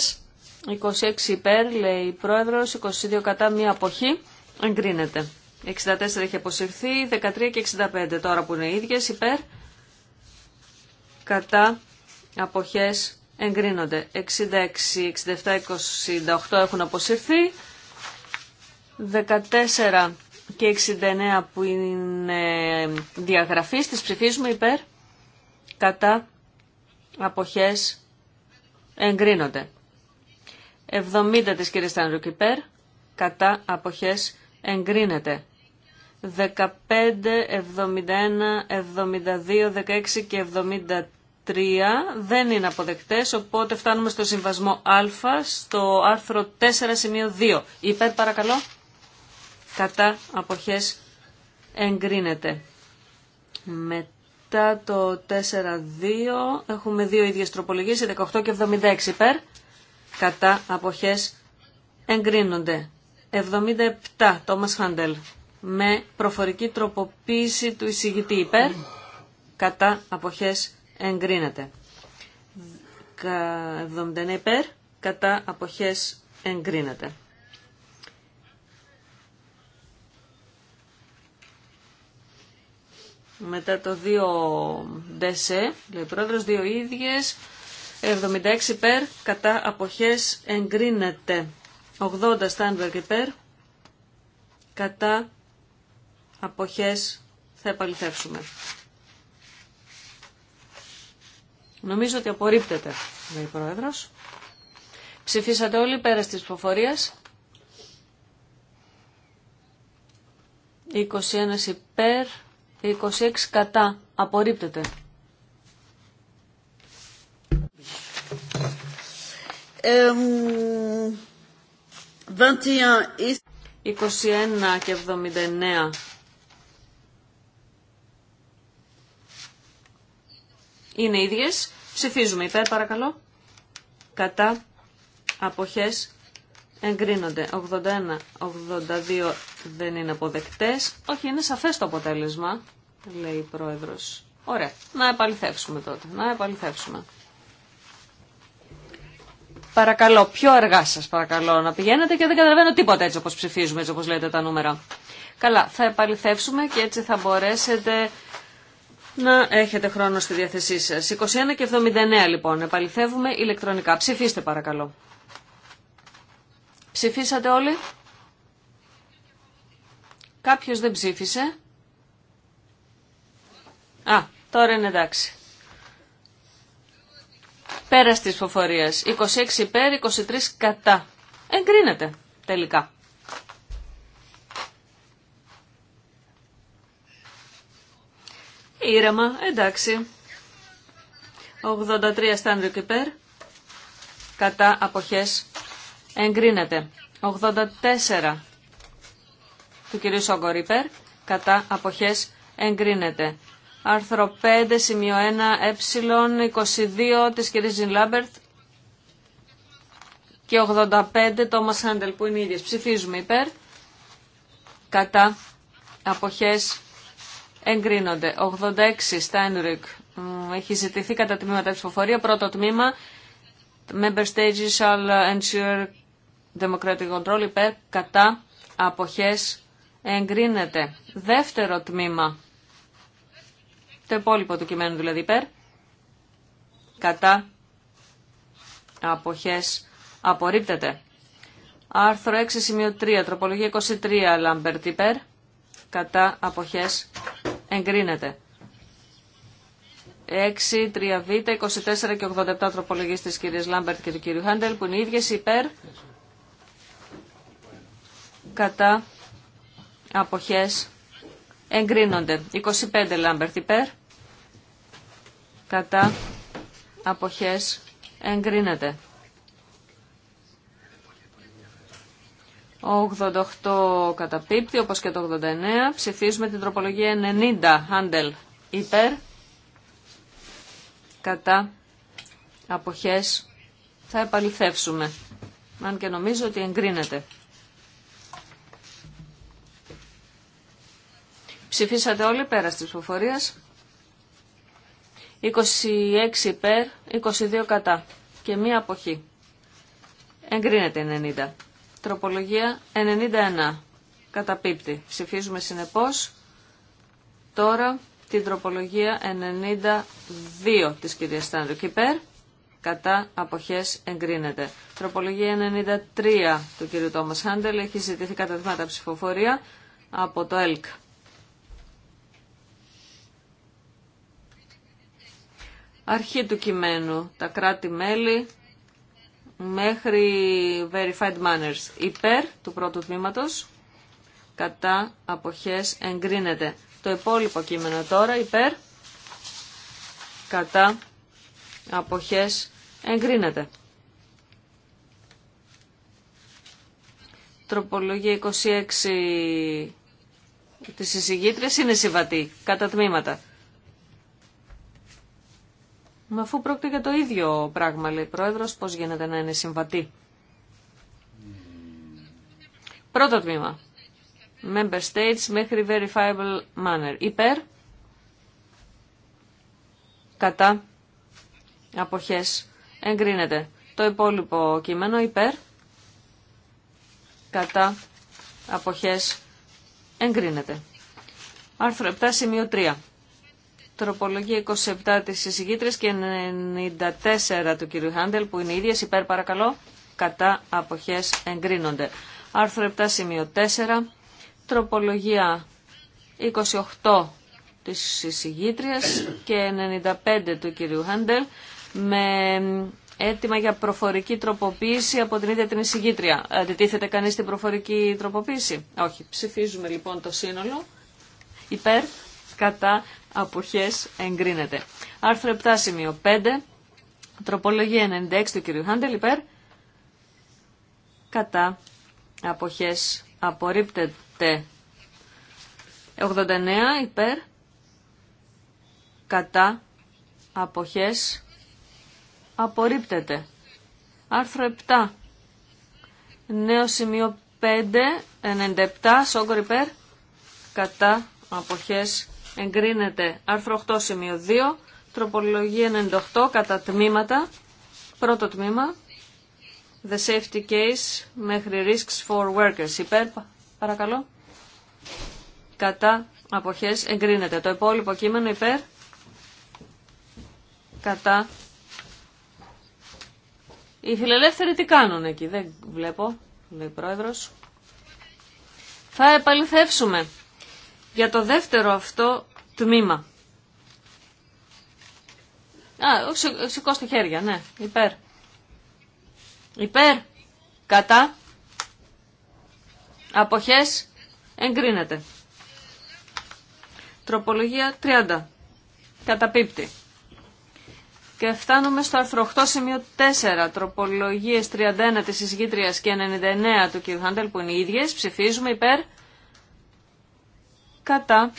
26 υπέρ, λέει η πρόεδρο, 22 κατά, μία αποχή, εγκρίνεται. 64 έχει αποσυρθεί, 13 και 65 τώρα που είναι ίδιες, υπέρ, κατά, αποχές, εγκρίνονται. 66, 67, 28 έχουν αποσυρθεί. 14 και 69 που είναι διαγραφή τις ψηφίζουμε υπέρ, κατά, αποχές, εγκρίνονται. 70 της κυρίας Στάνρουκ υπέρ, κατά, αποχές, εγκρίνεται. 15, 71, 72, 16 και 73 3 δεν είναι αποδεκτές, οπότε φτάνουμε στο συμβασμό Α, στο άρθρο 4 σημείο 2. Υπέρ παρακαλώ, κατά αποχές εγκρίνεται. Μετά το 4-2 έχουμε δύο ίδιες τροπολογίες, 18 και 76 υπέρ, κατά αποχές εγκρίνονται. 77, Τόμας Χάντελ, με προφορική τροποποίηση του εισηγητή υπέρ, κατά αποχές εγκρίνονται εγκρίνεται. 79 υπέρ, κατά αποχές εγκρίνεται. Μετά το 2 δεσέ, λέει πρόεδρος, δύο ίδιες, 76 υπέρ, κατά αποχές εγκρίνεται. 80 Στάνβερκ υπέρ, κατά αποχές θα επαληθεύσουμε. Νομίζω ότι απορρίπτεται, λέει η Πρόεδρος. Ψηφίσατε όλοι πέρα τη ψηφοφορίας. 21 υπέρ, 26 κατά. Απορρίπτεται. 21 και 79 είναι ίδιες. Ψηφίζουμε υπέρ παρακαλώ. Κατά αποχές εγκρίνονται. 81, 82 δεν είναι αποδεκτές. Όχι, είναι σαφές το αποτέλεσμα, λέει η πρόεδρος. Ωραία. Να επαληθεύσουμε τότε. Να επαληθεύσουμε. Παρακαλώ, πιο αργά σας παρακαλώ να πηγαίνετε και δεν καταλαβαίνω τίποτα έτσι όπως ψηφίζουμε, έτσι όπως λέτε τα νούμερα. Καλά, θα επαληθεύσουμε και έτσι θα μπορέσετε να έχετε χρόνο στη διάθεσή σας. 21 και 79 λοιπόν. Επαληθεύουμε ηλεκτρονικά. Ψηφίστε παρακαλώ. Ψηφίσατε όλοι. Κάποιος δεν ψήφισε. Α, τώρα είναι εντάξει. Πέρα τη φοφορίας. 26 υπέρ, 23 κατά. Εγκρίνεται τελικά. Ήρεμα, εντάξει. 83 στάνδριο υπέρ. Κατά αποχές εγκρίνεται. 84 του κυρίου Σόγκορ υπέρ. Κατά αποχές εγκρίνεται. Άρθρο 5, σημείο 1, ε22 της κυρίας Ζιν και 85 τόμα Χάντελ που είναι ίδιες. Ψηφίζουμε υπέρ. Κατά αποχές εγκρίνονται. 86 Steinrück έχει ζητηθεί κατά τμήματα ψηφοφορία. Πρώτο τμήμα, member stages shall ensure democratic control υπέρ κατά αποχές εγκρίνεται. Δεύτερο τμήμα, το υπόλοιπο του κειμένου δηλαδή υπέρ, κατά αποχές απορρίπτεται. Άρθρο 6 σημείο 3, τροπολογία 23, Λάμπερτ υπέρ, κατά αποχές εγκρίνεται. 6, 3β, 24 και 87 τροπολογίες της κυρίας Λάμπερτ και του κυρίου Χάντελ που είναι οι ίδιες υπέρ κατά αποχές εγκρίνονται. 25 Λάμπερτ υπέρ κατά αποχές εγκρίνεται. 88 καταπίπτει, όπως και το 89. Ψηφίζουμε την τροπολογία 90, Handel, υπέρ, κατά, αποχές. Θα επαληθεύσουμε, αν και νομίζω ότι εγκρίνεται. Ψηφίσατε όλοι πέρα στις υποφορία. 26 υπέρ, 22 κατά και μία αποχή. Εγκρίνεται 90. Τροπολογία 91. Καταπίπτει. Ψηφίζουμε συνεπώς τώρα την τροπολογία 92 της κυρίας Στάνδρου. Κιπέρ. κατά αποχές εγκρίνεται. Τροπολογία 93 του κυρίου Τόμας Χάντελ έχει ζητηθεί κατά τμήματα ψηφοφορία από το ΕΛΚ. Αρχή του κειμένου. Τα κράτη-μέλη μέχρι verified manners. Υπέρ του πρώτου τμήματος, κατά αποχές εγκρίνεται. Το υπόλοιπο κείμενο τώρα υπέρ, κατά αποχές εγκρίνεται. Τροπολογία 26 της συζυγήτρες είναι συμβατή, κατά τμήματα. Μα αφού πρόκειται για το ίδιο πράγμα, λέει πρόεδρος, πώς γίνεται να είναι συμβατή. Πρώτο τμήμα. Member States μέχρι verifiable manner. Υπέρ. Κατά. Αποχές. Εγκρίνεται. Το υπόλοιπο κείμενο υπέρ. Κατά. Αποχές. Εγκρίνεται. Άρθρο 7 σημείο 3. Τροπολογία 27 της εισηγήτρες και 94 του κυρίου Χάντελ που είναι ίδιες υπέρ παρακαλώ κατά αποχές εγκρίνονται. Άρθρο 7 σημείο 4. Τροπολογία 28 της εισηγήτριας και 95 του κυρίου Χάντελ με έτοιμα για προφορική τροποποίηση από την ίδια την εισηγήτρια. Αντιτίθεται κανείς την προφορική τροποποίηση. Όχι. Ψηφίζουμε λοιπόν το σύνολο υπέρ κατά αποχές εγκρίνεται. Άρθρο 7 σημείο 5, τροπολογία 96 του κ. Χάντελ υπέρ, κατά αποχές απορρίπτεται 89 υπέρ, κατά αποχές απορρίπτεται. Άρθρο 7, νέο σημείο 5, 97, σόγκορ υπέρ, κατά αποχές εγκρίνεται άρθρο 8 σημείο 2, τροπολογία 98 κατά τμήματα, πρώτο τμήμα, the safety case μέχρι risks for workers. Υπέρ, παρακαλώ, κατά αποχές εγκρίνεται. Το υπόλοιπο κείμενο υπέρ, κατά. Οι φιλελεύθεροι τι κάνουν εκεί, δεν βλέπω, λέει πρόεδρος. Θα επαληθεύσουμε για το δεύτερο αυτό τμήμα. Α, σηκ, σηκώστε χέρια, ναι, υπέρ. Υπέρ, κατά, αποχές, εγκρίνεται. Τροπολογία 30, καταπίπτει. Και φτάνουμε στο άρθρο 8 σημείο 4, τροπολογίες 31 της εισηγήτριας και 99 του κ. Χάντελ που είναι οι ίδιες, ψηφίζουμε υπέρ, κατά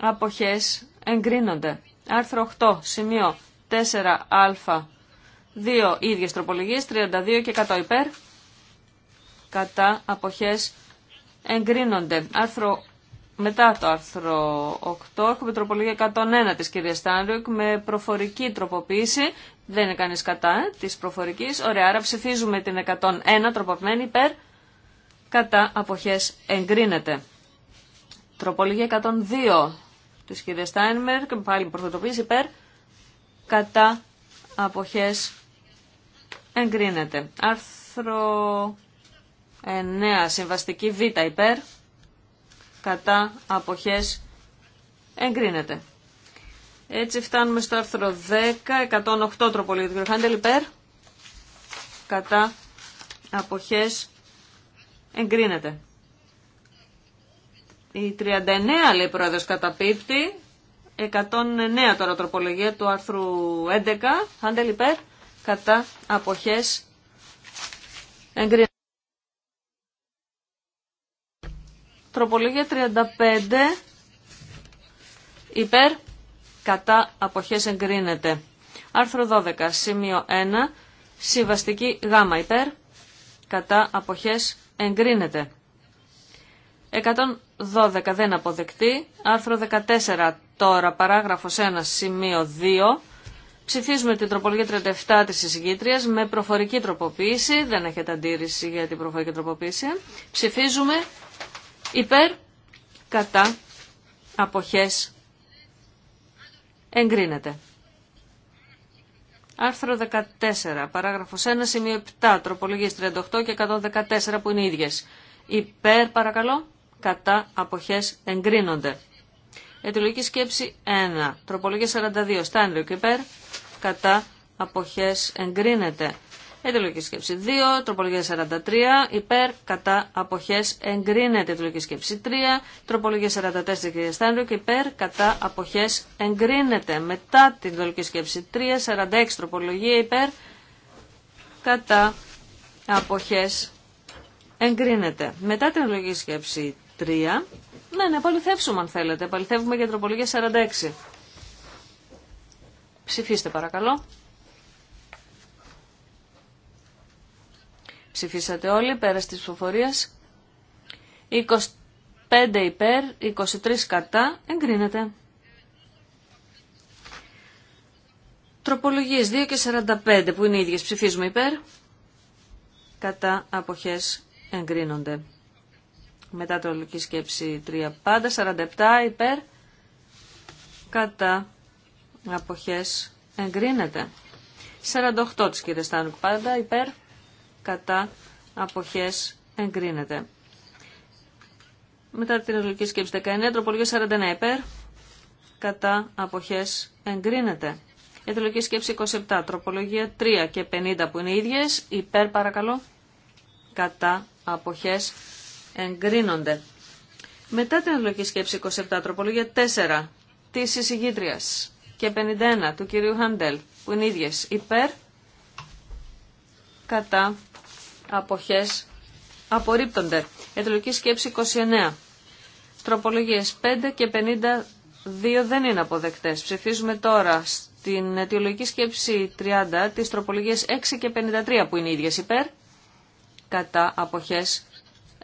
αποχές εγκρίνονται. Άρθρο 8, σημείο 4α, 2 ίδιες τροπολογίες, 32 και 100 υπέρ, κατά αποχές εγκρίνονται. Άρθρο μετά το άρθρο 8 έχουμε τροπολογία 101 της κυρίας Στάνριουκ με προφορική τροποποίηση. Δεν είναι κανείς κατά ε, της προφορικής. Ωραία, άρα ψηφίζουμε την 101 τροποποιημένη υπέρ κατά αποχές εγκρίνεται. Τροπολογία 102 της κυρίας Στάινμερ και πάλι προσφατοποίηση υπέρ κατά αποχές εγκρίνεται. Άρθρο 9 συμβαστική β υπέρ κατά αποχές εγκρίνεται. Έτσι φτάνουμε στο άρθρο 10, 108 τροπολογία του Χάντελ υπέρ κατά αποχές εγκρίνεται. Η 39 λέει πρόεδρο καταπίπτει. 109 τώρα τροπολογία του άρθρου 11. άντελ υπέρ. Κατά αποχές εγκρίνεται. Τροπολογία 35 υπέρ. Κατά αποχές εγκρίνεται. Άρθρο 12 σημείο 1. Συμβαστική γάμα υπέρ. Κατά αποχές εγκρίνεται. 112 δεν αποδεκτεί. Άρθρο 14 τώρα, παράγραφος 1, σημείο 2. Ψηφίζουμε την τροπολογία 37 της εισηγήτριας με προφορική τροποποίηση. Δεν έχετε αντίρρηση για την προφορική τροποποίηση. Ψηφίζουμε υπέρ, κατά, αποχές, εγκρίνεται. Άρθρο 14, παράγραφος 1, σημείο 7, τροπολογίες 38 και 114 που είναι ίδιες. Υπέρ, παρακαλώ κατά αποχές εγκρίνονται. Ετυλογική σκέψη 1. Τροπολογία 42. Στάνριο και υπέρ. Κατά αποχές εγκρίνεται. Ετυλογική σκέψη 2. Τροπολογία 43. Υπέρ. Κατά αποχές εγκρίνεται. Ετυλογική σκέψη 3. Τροπολογία 44. Κυρία Στάνριο και υπέρ. Κατά αποχές εγκρίνεται. Μετά την ετυλογική σκέψη 3. 46. Τροπολογία υπέρ. Κατά αποχές εγκρίνεται. Μετά την λογική σκέψη 3. Ναι, να επαληθεύσουμε αν θέλετε. Επαληθεύουμε για τροπολογία 46. Ψηφίστε παρακαλώ. Ψηφίσατε όλοι πέρα της ψηφοφορίας. 25 υπέρ, 23 κατά, εγκρίνεται. Τροπολογίες 2 και 45 που είναι οι ίδιες ψηφίζουμε υπέρ. Κατά αποχές εγκρίνονται μετά το ολική σκέψη 3 πάντα, 47 υπέρ, κατά αποχές εγκρίνεται. 48 της κύριε Στάνουκ πάντα υπέρ, κατά αποχές εγκρίνεται. Μετά την ολική σκέψη 19, τροπολογία 49 υπέρ, κατά αποχές εγκρίνεται. Ετρολογική σκέψη 27, τροπολογία 3 και 50 που είναι ίδιες, υπέρ παρακαλώ, κατά αποχές εγκρίνονται. Μετά την αλλογική σκέψη 27, τροπολογία 4 τη εισηγήτριας και 51 του κυρίου Χαντέλ, που είναι ίδιες υπέρ, κατά, αποχές, απορρίπτονται. Ευλογική σκέψη 29, Τροπολογίε 5 και 52 δεν είναι αποδεκτέ. Ψηφίζουμε τώρα στην αιτιολογική σκέψη 30 τις τροπολογίες 6 και 53 που είναι ίδιες υπέρ, κατά, αποχές,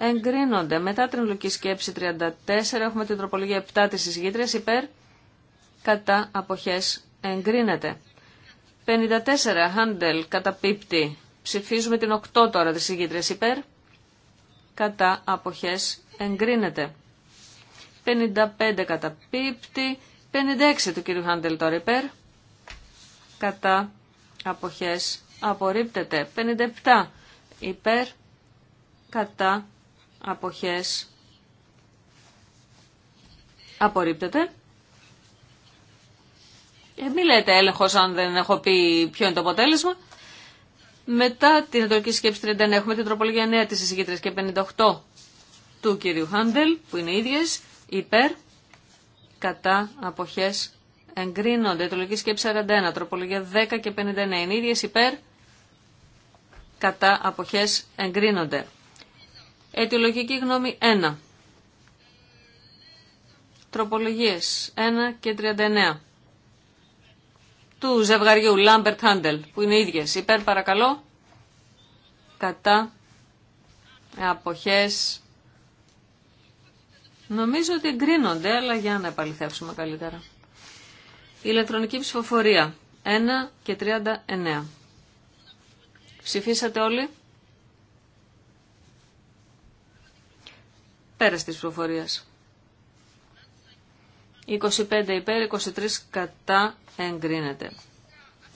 εγκρίνονται. Μετά την λογική σκέψη 34 έχουμε την τροπολογία 7 της εισηγήτριας υπέρ κατά αποχές εγκρίνεται. 54 Handel καταπίπτει. Ψηφίζουμε την 8 τώρα της εισηγήτριας υπέρ κατά αποχές εγκρίνεται. 55 κατά καταπίπτει. 56 του κύριου Χάντελ τώρα υπέρ κατά αποχές απορρίπτεται. 57 υπέρ κατά αποχές απορρίπτεται. Ε, μη λέτε έλεγχος αν δεν έχω πει ποιο είναι το αποτέλεσμα. Μετά την εντολική σκέψη 39 έχουμε την τροπολογία 9 της εισηγήτρες και 58 του κυρίου Χάντελ που είναι ίδιες υπέρ κατά αποχές εγκρίνονται. Εντολική σκέψη 41, τροπολογία 10 και 59 είναι ίδιες υπέρ κατά αποχές εγκρίνονται. Αιτιολογική γνώμη 1. Τροπολογίες 1 και 39. Του ζευγαριού Λάμπερτ Χάντελ που είναι ίδιες. Υπέρ παρακαλώ. Κατά. Αποχές. Νομίζω ότι εγκρίνονται, αλλά για να επαληθεύσουμε καλύτερα. Ηλεκτρονική ψηφοφορία 1 και 39. Ψηφίσατε όλοι. Πέρας της προφορίας. 25 υπέρ, 23 κατά εγκρίνεται.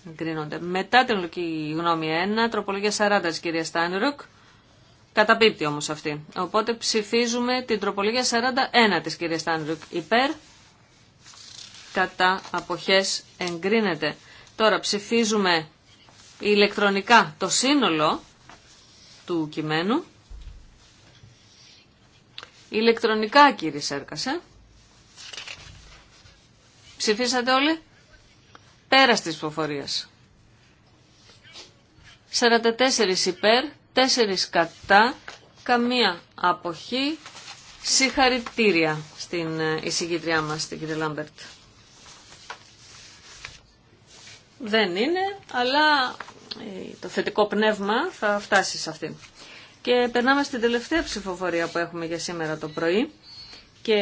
Εγκρίνονται. Μετά την λογική γνώμη 1, τροπολογία 40 της κυρίας Στάνιρουκ. Καταπίπτει όμως αυτή. Οπότε ψηφίζουμε την τροπολογία 41 της κυρίας Στάνιρουκ. Υπέρ, κατά αποχές εγκρίνεται. Τώρα ψηφίζουμε ηλεκτρονικά το σύνολο του κειμένου. Ηλεκτρονικά κύριε Σέρκας, Ψηφίσατε όλοι. Πέρα της ψηφοφορίας. 44 υπέρ, 4 κατά, καμία αποχή. Συγχαρητήρια στην ε, εισηγήτριά μας, την κύριε Λάμπερτ. Δεν είναι, αλλά ε, το θετικό πνεύμα θα φτάσει σε αυτήν. Και περνάμε στην τελευταία ψηφοφορία που έχουμε για σήμερα το πρωί και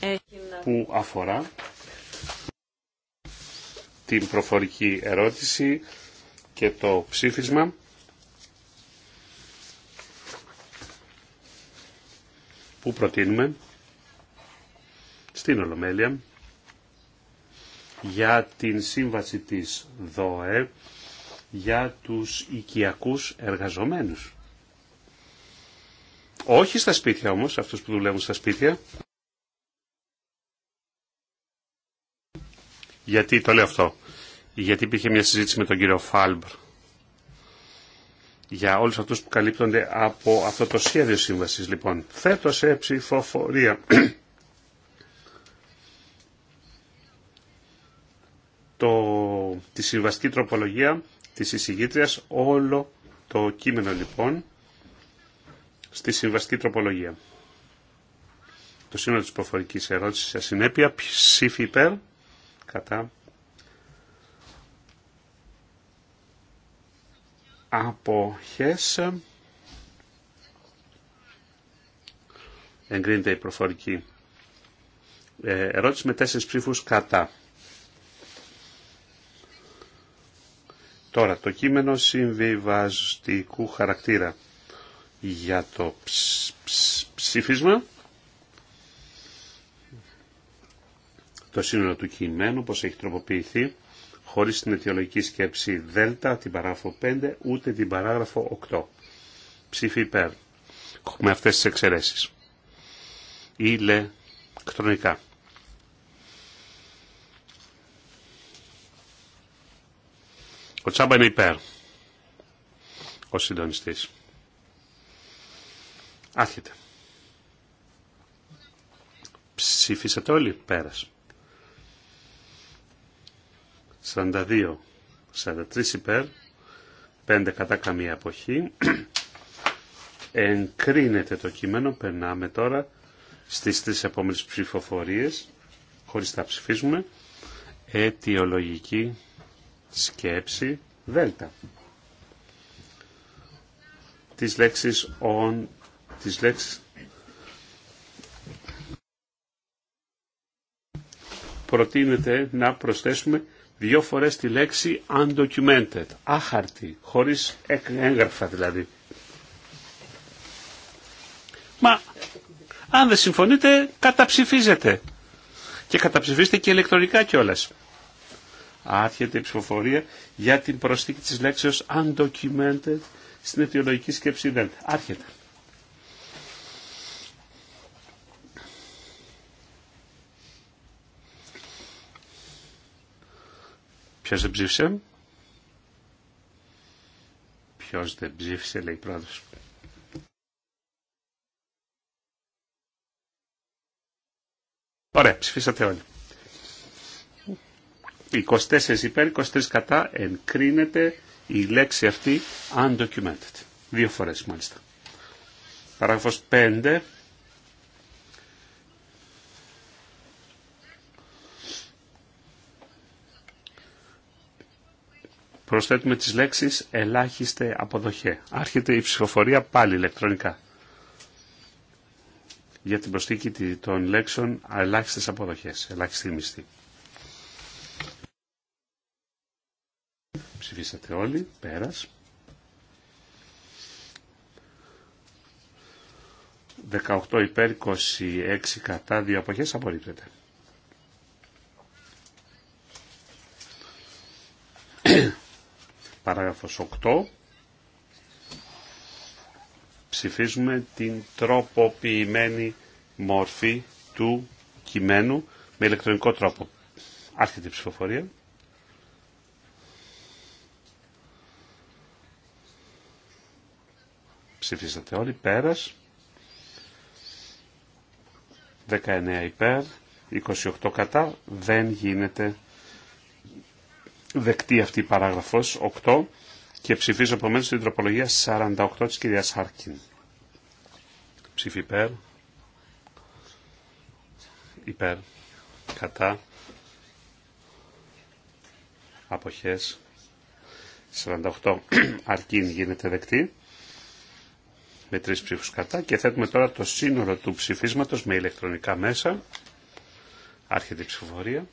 έχει που αφορά την προφορική ερώτηση και το ψήφισμα που προτείνουμε στην Ολομέλεια για την σύμβαση της ΔΟΕ για τους οικιακούς εργαζομένους. Όχι στα σπίτια όμως, αυτούς που δουλεύουν στα σπίτια. Γιατί το λέω αυτό. Γιατί υπήρχε μια συζήτηση με τον κύριο Φάλμπρ για όλους αυτούς που καλύπτονται από αυτό το σχέδιο σύμβασης. Λοιπόν, θέτω σε ψηφοφορία. το, τη συμβαστική τροπολογία της εισηγήτριας όλο το κείμενο λοιπόν στη συμβαστική τροπολογία. Το σύνολο της προφορικής ερώτησης σε συνέπεια ψήφι υπέρ κατά αποχές εγκρίνεται η προφορική ε, ερώτηση με τέσσερις ψήφους κατά. Τώρα, το κείμενο συμβιβαστικού χαρακτήρα για το ψήφισμα. Το σύνολο του κειμένου, όπως έχει τροποποιηθεί, χωρίς την αιτιολογική σκέψη Δέλτα, την παράγραφο 5, ούτε την παράγραφο 8. Ψήφι υπέρ. Με αυτές τις εξαιρέσεις. Ηλεκτρονικά. Ο Τσάμπα είναι υπέρ. Ο συντονιστής. Άρχεται. Ψήφισατε όλοι. Πέρας. 42. 43 υπέρ. 5 κατά καμία αποχή. Εγκρίνεται το κείμενο. Περνάμε τώρα στις τρεις επόμενες ψηφοφορίες. Χωρίς τα ψηφίζουμε. Αιτιολογική σκέψη δέλτα. Τις λέξεις on τις λέξεις προτείνεται να προσθέσουμε δύο φορές τη λέξη undocumented, άχαρτη, χωρίς έγγραφα δηλαδή. Μα αν δεν συμφωνείτε καταψηφίζετε και καταψηφίστε και ηλεκτρονικά κιόλας. Άρχεται η ψηφοφορία για την προσθήκη της λέξεως undocumented στην αιτιολογική σκέψη δεν. Άρχεται. Ποιο δεν ψήφισε. Ποιο δεν ψήφισε λέει η Ωραία, ψηφίσατε όλοι. 24 υπέρ, 23 κατά, εγκρίνεται η λέξη αυτή undocumented. Δύο φορές μάλιστα. Παράγραφος 5, προσθέτουμε τις λέξεις ελάχιστε αποδοχέ. Άρχεται η ψηφοφορία πάλι ηλεκτρονικά για την προσθήκη των λέξεων ελάχιστες αποδοχές, ελάχιστη μισθή. Ψηφίσατε όλοι, πέρας. 18 υπέρ, 26 κατά, 2 αποχές απορρίπτεται. Παράγραφος 8. Ψηφίζουμε την τροποποιημένη μορφή του κειμένου με ηλεκτρονικό τρόπο. Άρχεται η ψηφοφορία. Ψηφίσατε όλοι. Πέρας. 19 υπέρ, 28 κατά. Δεν γίνεται δεκτή αυτή η παράγραφος 8 και ψηφίζω επομένως την τροπολογία 48 της κυρίας Άρκιν. Ψήφι υπέρ. Υπέρ. Κατά. Αποχές. 48 Άρκιν γίνεται δεκτή με τρεις ψήφους κατά και θέτουμε τώρα το σύνολο του ψηφίσματος με ηλεκτρονικά μέσα. Άρχεται η ψηφοφορία.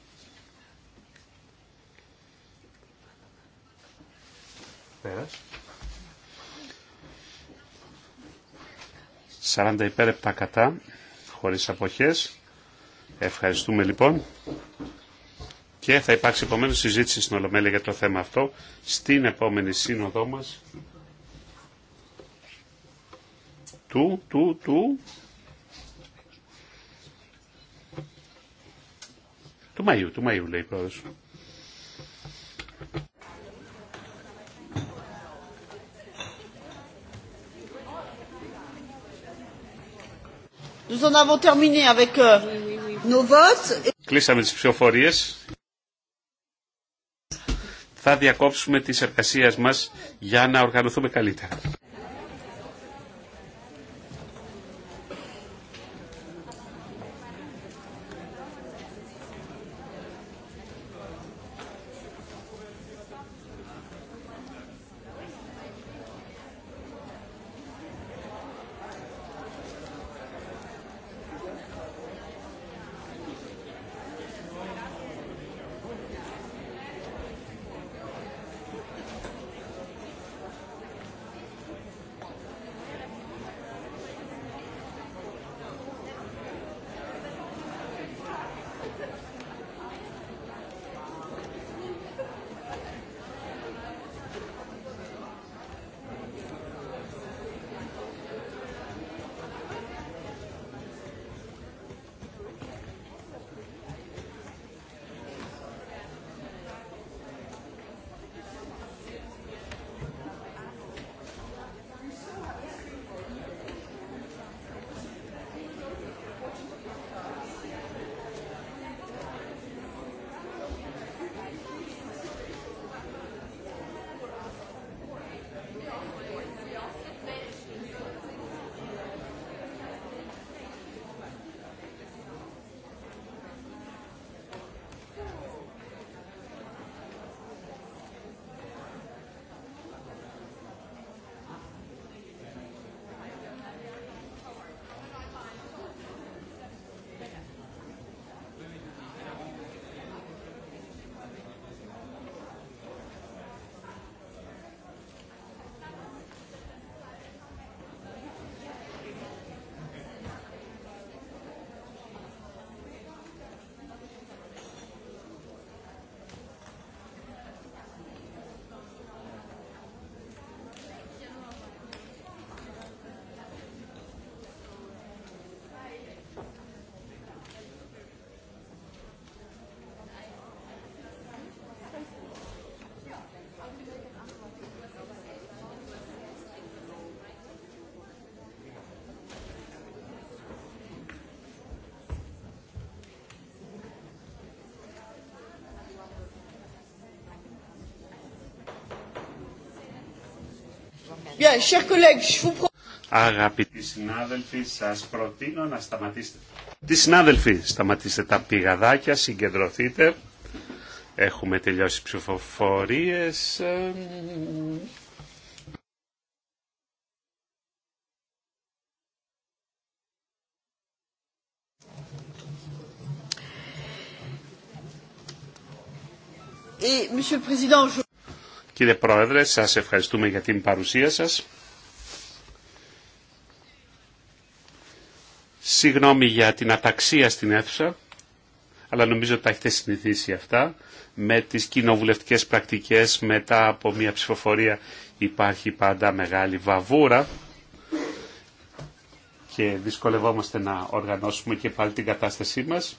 Πέρας. 40 υπέρ κατά, χωρίς αποχές. Ευχαριστούμε λοιπόν. Και θα υπάρξει επομένως συζήτηση στην Ολομέλεια για το θέμα αυτό στην επόμενη σύνοδό μας του, του, του, του Μαΐου, του Μαΐου λέει η Euh, Κλείσαμε τις ψηφοφορίες. Θα διακόψουμε τις εργασίες μας για να οργανωθούμε καλύτερα. Αγαπητοί συνάδελφοι, σας προτείνω να σταματήσετε. Τι συνάδελφοι, σταματήστε τα πηγαδάκια, συγκεντρωθείτε. Έχουμε τελειώσει ψηφοφορίες. Et, Monsieur le Président, je... Κύριε Πρόεδρε, σας ευχαριστούμε για την παρουσία σας. Συγγνώμη για την αταξία στην αίθουσα, αλλά νομίζω ότι τα έχετε συνηθίσει αυτά. Με τις κοινοβουλευτικές πρακτικές μετά από μια ψηφοφορία υπάρχει πάντα μεγάλη βαβούρα και δυσκολευόμαστε να οργανώσουμε και πάλι την κατάστασή μας.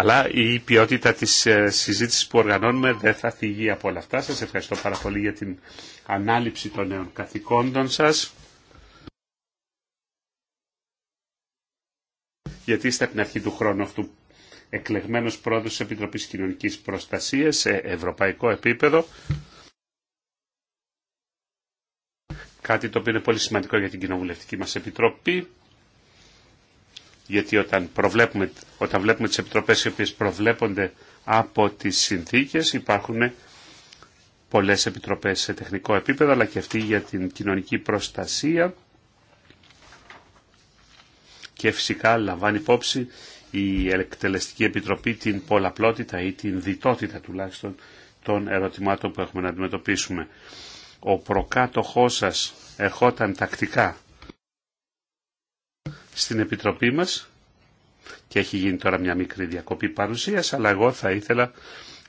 Αλλά η ποιότητα της ε, συζήτησης που οργανώνουμε δεν θα θυγεί από όλα αυτά. Σας ευχαριστώ πάρα πολύ για την ανάληψη των νέων καθηκόντων σας. Γιατί είστε από την αρχή του χρόνου αυτού εκλεγμένος πρόεδρος της Επιτροπής Κοινωνικής Προστασίας σε ευρωπαϊκό επίπεδο. Κάτι το οποίο είναι πολύ σημαντικό για την κοινοβουλευτική μας Επιτροπή γιατί όταν, προβλέπουμε, όταν βλέπουμε τις επιτροπές οι οποίες προβλέπονται από τις συνθήκες υπάρχουν πολλές επιτροπές σε τεχνικό επίπεδο αλλά και αυτή για την κοινωνική προστασία και φυσικά λαμβάνει υπόψη η Εκτελεστική Επιτροπή την πολλαπλότητα ή την διτότητα τουλάχιστον των ερωτημάτων που έχουμε να αντιμετωπίσουμε. Ο προκάτοχός σας ερχόταν τακτικά στην Επιτροπή μας και έχει γίνει τώρα μια μικρή διακοπή παρουσίας, αλλά εγώ θα ήθελα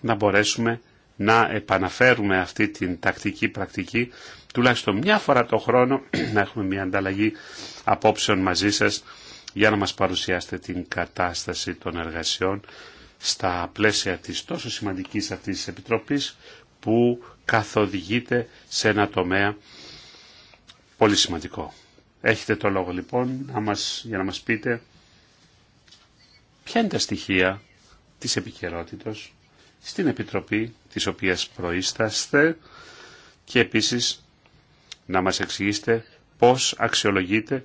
να μπορέσουμε να επαναφέρουμε αυτή την τακτική πρακτική τουλάχιστον μια φορά το χρόνο να έχουμε μια ανταλλαγή απόψεων μαζί σας για να μας παρουσιάσετε την κατάσταση των εργασιών στα πλαίσια της τόσο σημαντικής αυτής της Επιτροπής που καθοδηγείται σε ένα τομέα πολύ σημαντικό. Έχετε το λόγο λοιπόν να μας, για να μας πείτε ποια είναι τα στοιχεία της επικαιρότητα στην Επιτροπή της οποίας προείσταστε και επίσης να μας εξηγήσετε πώς αξιολογείτε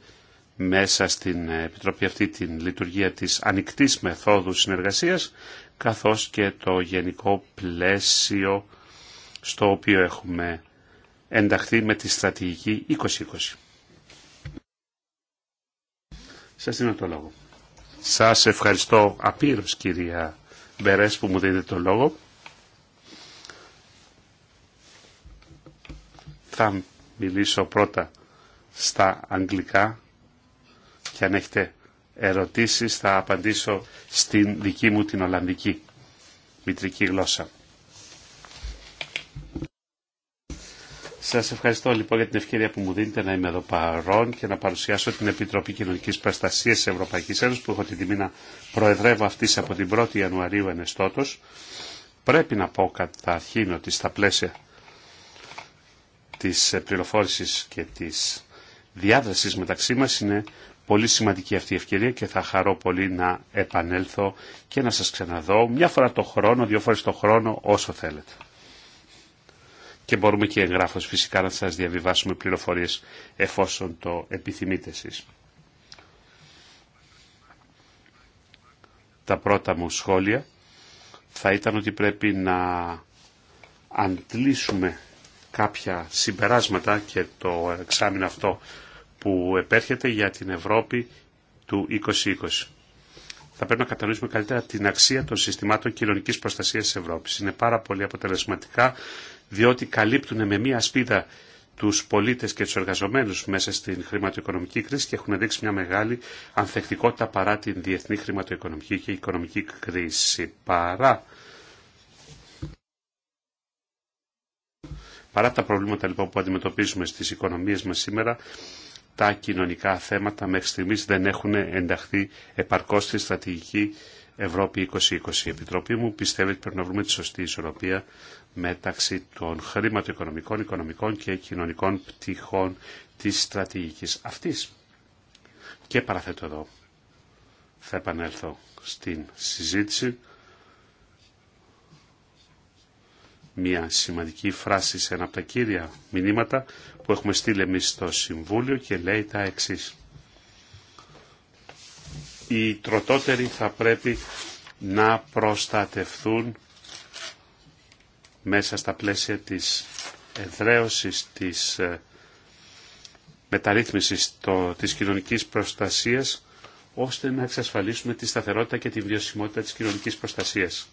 μέσα στην Επιτροπή αυτή την λειτουργία της ανοιχτή μεθόδου συνεργασίας καθώς και το γενικό πλαίσιο στο οποίο έχουμε ενταχθεί με τη στρατηγική 2020. Σας δίνω το λόγο. Σας ευχαριστώ απείρως κυρία Μπερές που μου δίνετε το λόγο. Θα μιλήσω πρώτα στα αγγλικά και αν έχετε ερωτήσεις θα απαντήσω στην δική μου την Ολλανδική μητρική γλώσσα. Σας ευχαριστώ λοιπόν για την ευκαιρία που μου δίνετε να είμαι εδώ παρόν και να παρουσιάσω την Επιτροπή κοινωνική προστασία τη Ευρωπαϊκής Ένωσης που έχω την τιμή να προεδρεύω αυτή από την 1η Ιανουαρίου ενεστώτος. Πρέπει να πω καταρχήν ότι στα πλαίσια τη πληροφόρηση και τη διάδραση μεταξύ μα είναι πολύ σημαντική αυτή η ευκαιρία και θα χαρώ πολύ να επανέλθω και να σας ξαναδώ μια φορά το χρόνο, δύο φορές το χρόνο όσο θέλετε και μπορούμε και εγγράφως φυσικά να σας διαβιβάσουμε πληροφορίες εφόσον το επιθυμείτε εσείς. Τα πρώτα μου σχόλια θα ήταν ότι πρέπει να αντλήσουμε κάποια συμπεράσματα και το εξάμεινο αυτό που επέρχεται για την Ευρώπη του 2020. Θα πρέπει να κατανοήσουμε καλύτερα την αξία των συστημάτων κοινωνική προστασία τη Ευρώπη. Είναι πάρα πολύ αποτελεσματικά διότι καλύπτουν με μία σπίδα τους πολίτες και τους εργαζομένους μέσα στην χρηματοοικονομική κρίση και έχουν δείξει μια μεγάλη ανθεκτικότητα παρά την διεθνή χρηματοοικονομική και οικονομική κρίση. Παρά, τα προβλήματα λοιπόν που αντιμετωπίζουμε στις οικονομίες μας σήμερα, τα κοινωνικά θέματα μέχρι στιγμής δεν έχουν ενταχθεί επαρκώς στη στρατηγική Ευρώπη 2020. Η Επιτροπή μου πιστεύει ότι πρέπει να βρούμε τη σωστή ισορροπία μεταξύ των χρηματοοικονομικών, οικονομικών και κοινωνικών πτυχών της στρατηγικής αυτής. Και παραθέτω εδώ. Θα επανέλθω στην συζήτηση. Μια σημαντική φράση σε ένα από τα κύρια μηνύματα που έχουμε στείλει εμεί στο Συμβούλιο και λέει τα εξής. Οι τροτότεροι θα πρέπει να προστατευθούν μέσα στα πλαίσια της εδραίωσης της ε, μεταρρύθμισης το, της κοινωνικής προστασίας ώστε να εξασφαλίσουμε τη σταθερότητα και τη βιωσιμότητα της κοινωνικής προστασίας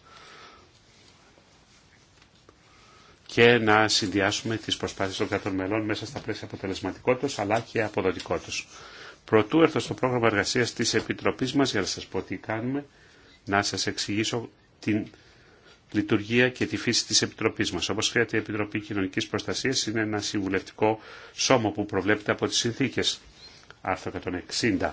και να συνδυάσουμε τις προσπάθειες των κρατών μελών μέσα στα πλαίσια αποτελεσματικότητας αλλά και αποδοτικότητας. Πρωτού έρθω στο πρόγραμμα εργασίας της Επιτροπής μας για να σας πω τι κάνουμε, να σας εξηγήσω την λειτουργία και τη φύση της Επιτροπής μας. Όπως φαίνεται η Επιτροπή Κοινωνική Προστασίας είναι ένα συμβουλευτικό σώμα που προβλέπεται από τις συνθήκε Άρθρο 160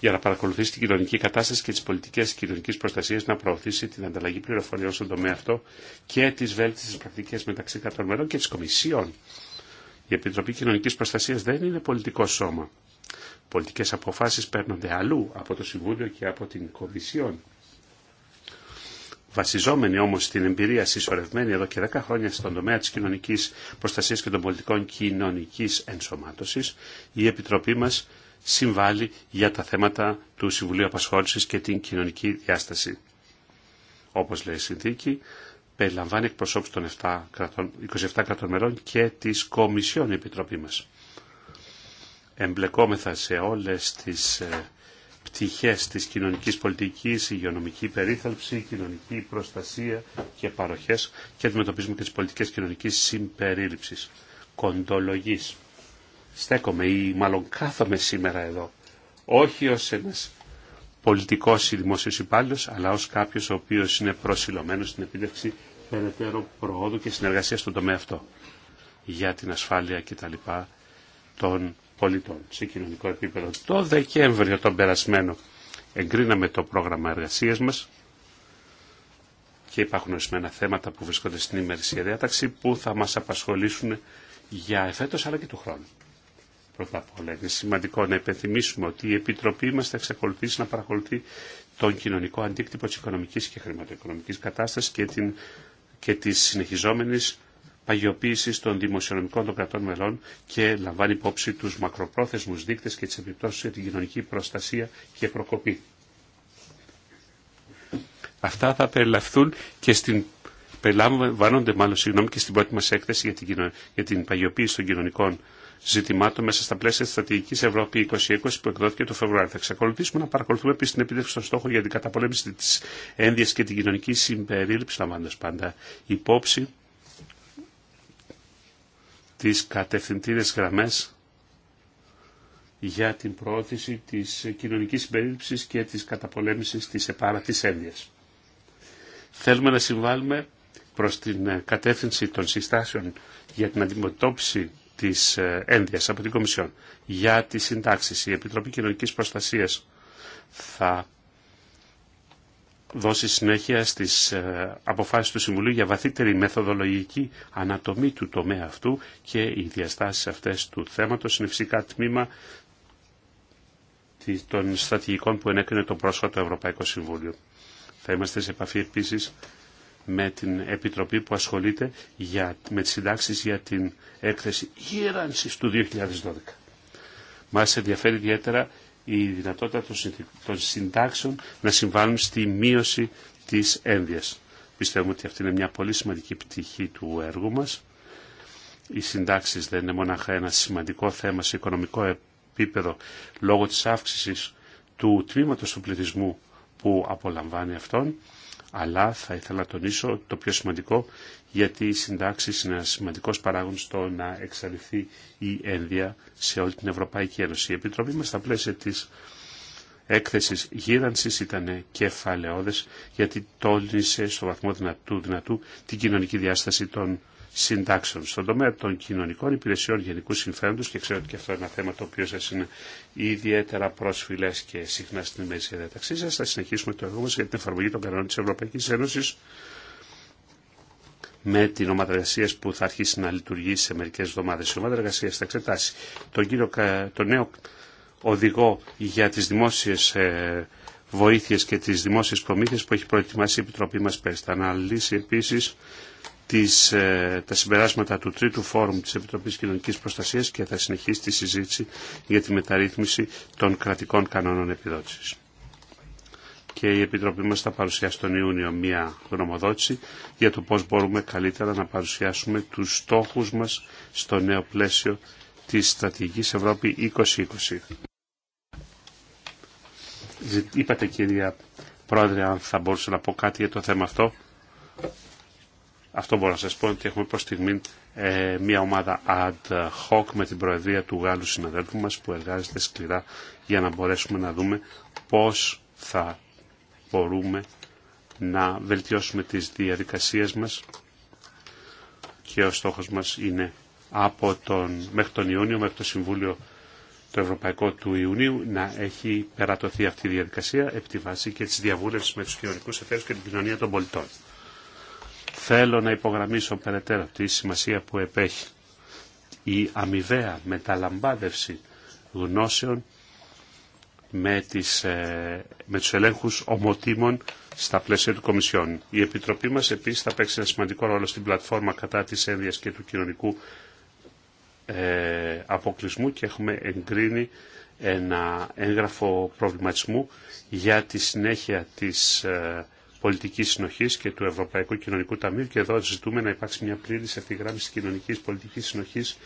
για να παρακολουθήσει την κοινωνική κατάσταση και τι πολιτικέ κοινωνική προστασία, να προωθήσει την ανταλλαγή πληροφοριών στον τομέα αυτό και τι βέλτιστε πρακτικέ μεταξύ κρατών μελών και τη Κομισιόν. Η Επιτροπή Κοινωνική Προστασία δεν είναι πολιτικό σώμα. Πολιτικέ αποφάσει παίρνονται αλλού από το Συμβούλιο και από την Κομισιόν βασιζόμενοι όμως στην εμπειρία συσσωρευμένη εδώ και 10 χρόνια στον τομέα της κοινωνικής προστασίας και των πολιτικών κοινωνικής ενσωμάτωσης, η Επιτροπή μας συμβάλλει για τα θέματα του Συμβουλίου Απασχόλησης και την κοινωνική διάσταση. Όπως λέει η συνθήκη, περιλαμβάνει εκπροσώπους των 7 27 κρατών μερών και της Κομισιόν Επιτροπή μας. Εμπλεκόμεθα σε όλες τις ε, πτυχές της κοινωνικής πολιτικής, υγειονομική περίθαλψη, κοινωνική προστασία και παροχές και αντιμετωπίζουμε και τις πολιτικές κοινωνικής συμπερίληψης, κοντολογής. Στέκομαι ή μάλλον κάθομαι σήμερα εδώ, όχι ως ένας πολιτικός ή δημόσιος υπάλληλος, αλλά ως κάποιος ο οποίος είναι προσιλωμένος στην επίτευξη περαιτέρω προόδου και συνεργασία στον τομέα αυτό για την ασφάλεια κτλ. των πολιτών σε κοινωνικό επίπεδο. Το Δεκέμβριο τον περασμένο εγκρίναμε το πρόγραμμα εργασίας μας και υπάρχουν ορισμένα θέματα που βρίσκονται στην ημερησία διάταξη που θα μας απασχολήσουν για εφέτος αλλά και του χρόνου. Πρώτα απ' όλα είναι σημαντικό να υπενθυμίσουμε ότι η Επιτροπή μας θα εξακολουθήσει να παρακολουθεί τον κοινωνικό αντίκτυπο της οικονομικής και χρηματοοικονομικής κατάστασης και, την, και της συνεχιζόμενης παγιοποίηση των δημοσιονομικών των κρατών μελών και λαμβάνει υπόψη του μακροπρόθεσμου δείκτες και τι επιπτώσει για την κοινωνική προστασία και προκοπή. Αυτά θα περιλαφθούν και στην περιλαμβάνονται μάλλον συγγνώμη και στην πρώτη μας έκθεση για την, για την παγιοποίηση των κοινωνικών ζητημάτων μέσα στα πλαίσια της στρατηγικής Ευρώπη 2020 που εκδόθηκε το Φεβρουάριο. Θα εξακολουθήσουμε να παρακολουθούμε επίση την επίτευξη των στόχων για την καταπολέμηση τη ένδυα και την κοινωνική συμπερίληψη, λαμβάνοντα πάντα υπόψη τις κατευθυντήρες γραμμές για την προώθηση της κοινωνικής συμπερίληψης και της καταπολέμησης της επάρατης ένδυας. Θέλουμε να συμβάλλουμε προς την ε, κατεύθυνση των συστάσεων για την αντιμετώπιση της ε, ένδειας από την Κομισιόν για τις συντάξεις. Η Επιτροπή Κοινωνικής Προστασίας θα δώσει συνέχεια στις ε, αποφάσεις του Συμβουλίου για βαθύτερη μεθοδολογική ανατομή του τομέα αυτού και οι διαστάσεις αυτές του θέματος είναι φυσικά τμήμα των στρατηγικών που ενέκρινε το πρόσφατο Ευρωπαϊκό Συμβούλιο. Θα είμαστε σε επαφή επίσης με την Επιτροπή που ασχολείται για, με τις συντάξεις για την έκθεση γύρανσης του 2012. Μας ενδιαφέρει ιδιαίτερα η δυνατότητα των συντάξεων να συμβάλλουν στη μείωση της ένδυας. Πιστεύουμε ότι αυτή είναι μια πολύ σημαντική πτυχή του έργου μας. Οι συντάξεις δεν είναι μονάχα ένα σημαντικό θέμα σε οικονομικό επίπεδο λόγω της αύξησης του τμήματος του πληθυσμού που απολαμβάνει αυτόν, αλλά θα ήθελα να τονίσω το πιο σημαντικό γιατί οι συντάξει είναι ένα σημαντικό παράγον στο να εξαλειφθεί η ένδια σε όλη την Ευρωπαϊκή Ένωση. Η Επιτροπή μα στα πλαίσια τη έκθεση γύρανση ήταν κεφαλαιόδε, γιατί τόλμησε στο βαθμό δυνατού, δυνατού την κοινωνική διάσταση των συντάξεων. Στον τομέα των κοινωνικών υπηρεσιών γενικού συμφέροντος και ξέρω ότι και αυτό είναι ένα θέμα το οποίο σας είναι ιδιαίτερα πρόσφυλες και συχνά στην μέση διαταξή σα, Θα συνεχίσουμε το έργο μας για την εφαρμογή των κανόνων της Ευρωπαϊκής Ένωσης με την ομάδα εργασία που θα αρχίσει να λειτουργεί σε μερικέ εβδομάδε. Η ομάδα εργασία θα εξετάσει τον, κύριο, νέο οδηγό για τι δημόσιε βοήθειε και τι δημόσιε προμήθειε που έχει προετοιμάσει η Επιτροπή μα πέρυσι. Θα αναλύσει επίση τις, ε, τα συμπεράσματα του τρίτου φόρουμ τη Επιτροπής Κοινωνικής Προστασία και θα συνεχίσει τη συζήτηση για τη μεταρρύθμιση των κρατικών κανόνων επιδότηση και η Επιτροπή μας θα παρουσιάσει τον Ιούνιο μία γνωμοδότηση για το πώς μπορούμε καλύτερα να παρουσιάσουμε τους στόχους μας στο νέο πλαίσιο της Στρατηγικής Ευρώπη 2020. Είπατε κυρία Πρόεδρε αν θα μπορούσα να πω κάτι για το θέμα αυτό. Αυτό μπορώ να σας πω ότι έχουμε προς στιγμή ε, μια ομάδα ad hoc με την προεδρία του Γάλλου συναδέλφου μας που εργάζεται σκληρά για να μπορέσουμε να δούμε πώς θα μπορούμε να βελτιώσουμε τις διαδικασίες μας και ο στόχος μας είναι από τον, μέχρι τον Ιούνιο, μέχρι το Συμβούλιο το Ευρωπαϊκό του Ιουνίου να έχει περατωθεί αυτή η διαδικασία επί τη βάση και της διαβούλευσης με τους κοινωνικούς εταίρους και την κοινωνία των πολιτών. Θέλω να υπογραμμίσω περαιτέρω τη σημασία που επέχει η αμοιβαία μεταλαμπάδευση γνώσεων με, τις, ε, με τους ελέγχους ομοτήμων στα πλαίσια του Κομισιόν. Η Επιτροπή μας επίσης θα παίξει ένα σημαντικό ρόλο στην πλατφόρμα κατά της ένδυας και του κοινωνικού ε, αποκλεισμού και έχουμε εγκρίνει ένα έγγραφο προβληματισμού για τη συνέχεια της ε, πολιτικής συνοχής και του Ευρωπαϊκού Κοινωνικού Ταμείου και εδώ ζητούμε να υπάρξει μια πλήρης ευθυγράμμιση κοινωνικής πολιτικής συνοχής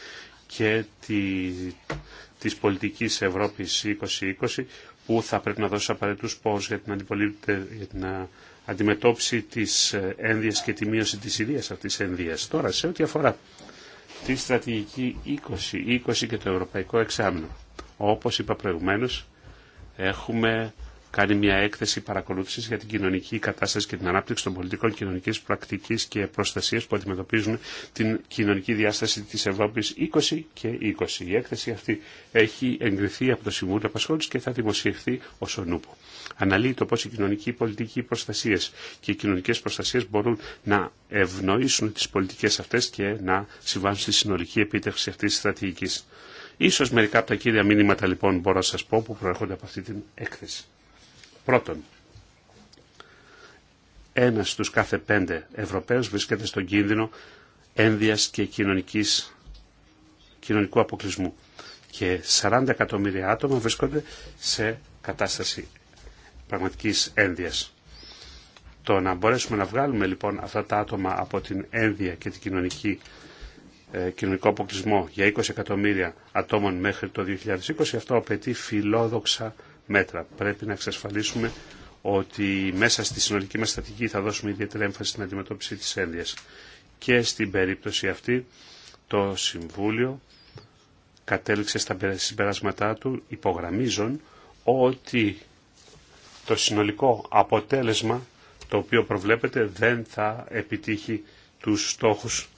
και τη, της πολιτικής Ευρώπης 2020 που θα πρέπει να δώσει απαραίτητους πόρους για την, για την ε, αντιμετώπιση της ε, ένδυας και τη μείωση της ιδίας αυτής της ένδυας. Τώρα σε ό,τι αφορά τη στρατηγική 2020 και το ευρωπαϊκό εξάμεινο. Όπως είπα προηγουμένως, έχουμε κάνει μια έκθεση παρακολούθηση για την κοινωνική κατάσταση και την ανάπτυξη των πολιτικών κοινωνική πρακτική και προστασία που αντιμετωπίζουν την κοινωνική διάσταση τη Ευρώπη 20 και 20. Η έκθεση αυτή έχει εγκριθεί από το Συμβούλιο Απασχόληση και θα δημοσιευθεί ω ο νουπο. Αναλύει το πώ η κοινωνική πολιτική προστασία και οι κοινωνικέ προστασίε μπορούν να ευνοήσουν τι πολιτικέ αυτέ και να συμβάνουν στη συνολική επίτευξη αυτή τη στρατηγική. Ίσως μερικά από τα κύρια μήνυματα λοιπόν μπορώ να σας πω που προέρχονται από αυτή την έκθεση. Πρώτον, ένας στους κάθε πέντε Ευρωπαίους βρίσκεται στον κίνδυνο ένδυας και κοινωνικής, κοινωνικού αποκλεισμού και 40 εκατομμύρια άτομα βρίσκονται σε κατάσταση πραγματικής ένδυας. Το να μπορέσουμε να βγάλουμε λοιπόν αυτά τα άτομα από την ένδυα και την κοινωνική ε, κοινωνικό αποκλεισμό για 20 εκατομμύρια ατόμων μέχρι το 2020, αυτό απαιτεί φιλόδοξα μέτρα. Πρέπει να εξασφαλίσουμε ότι μέσα στη συνολική μας στατική θα δώσουμε ιδιαίτερη έμφαση στην αντιμετώπιση της ένδυας. Και στην περίπτωση αυτή το Συμβούλιο κατέληξε στα συμπεράσματά του υπογραμμίζων ότι το συνολικό αποτέλεσμα το οποίο προβλέπεται δεν θα επιτύχει τους στόχους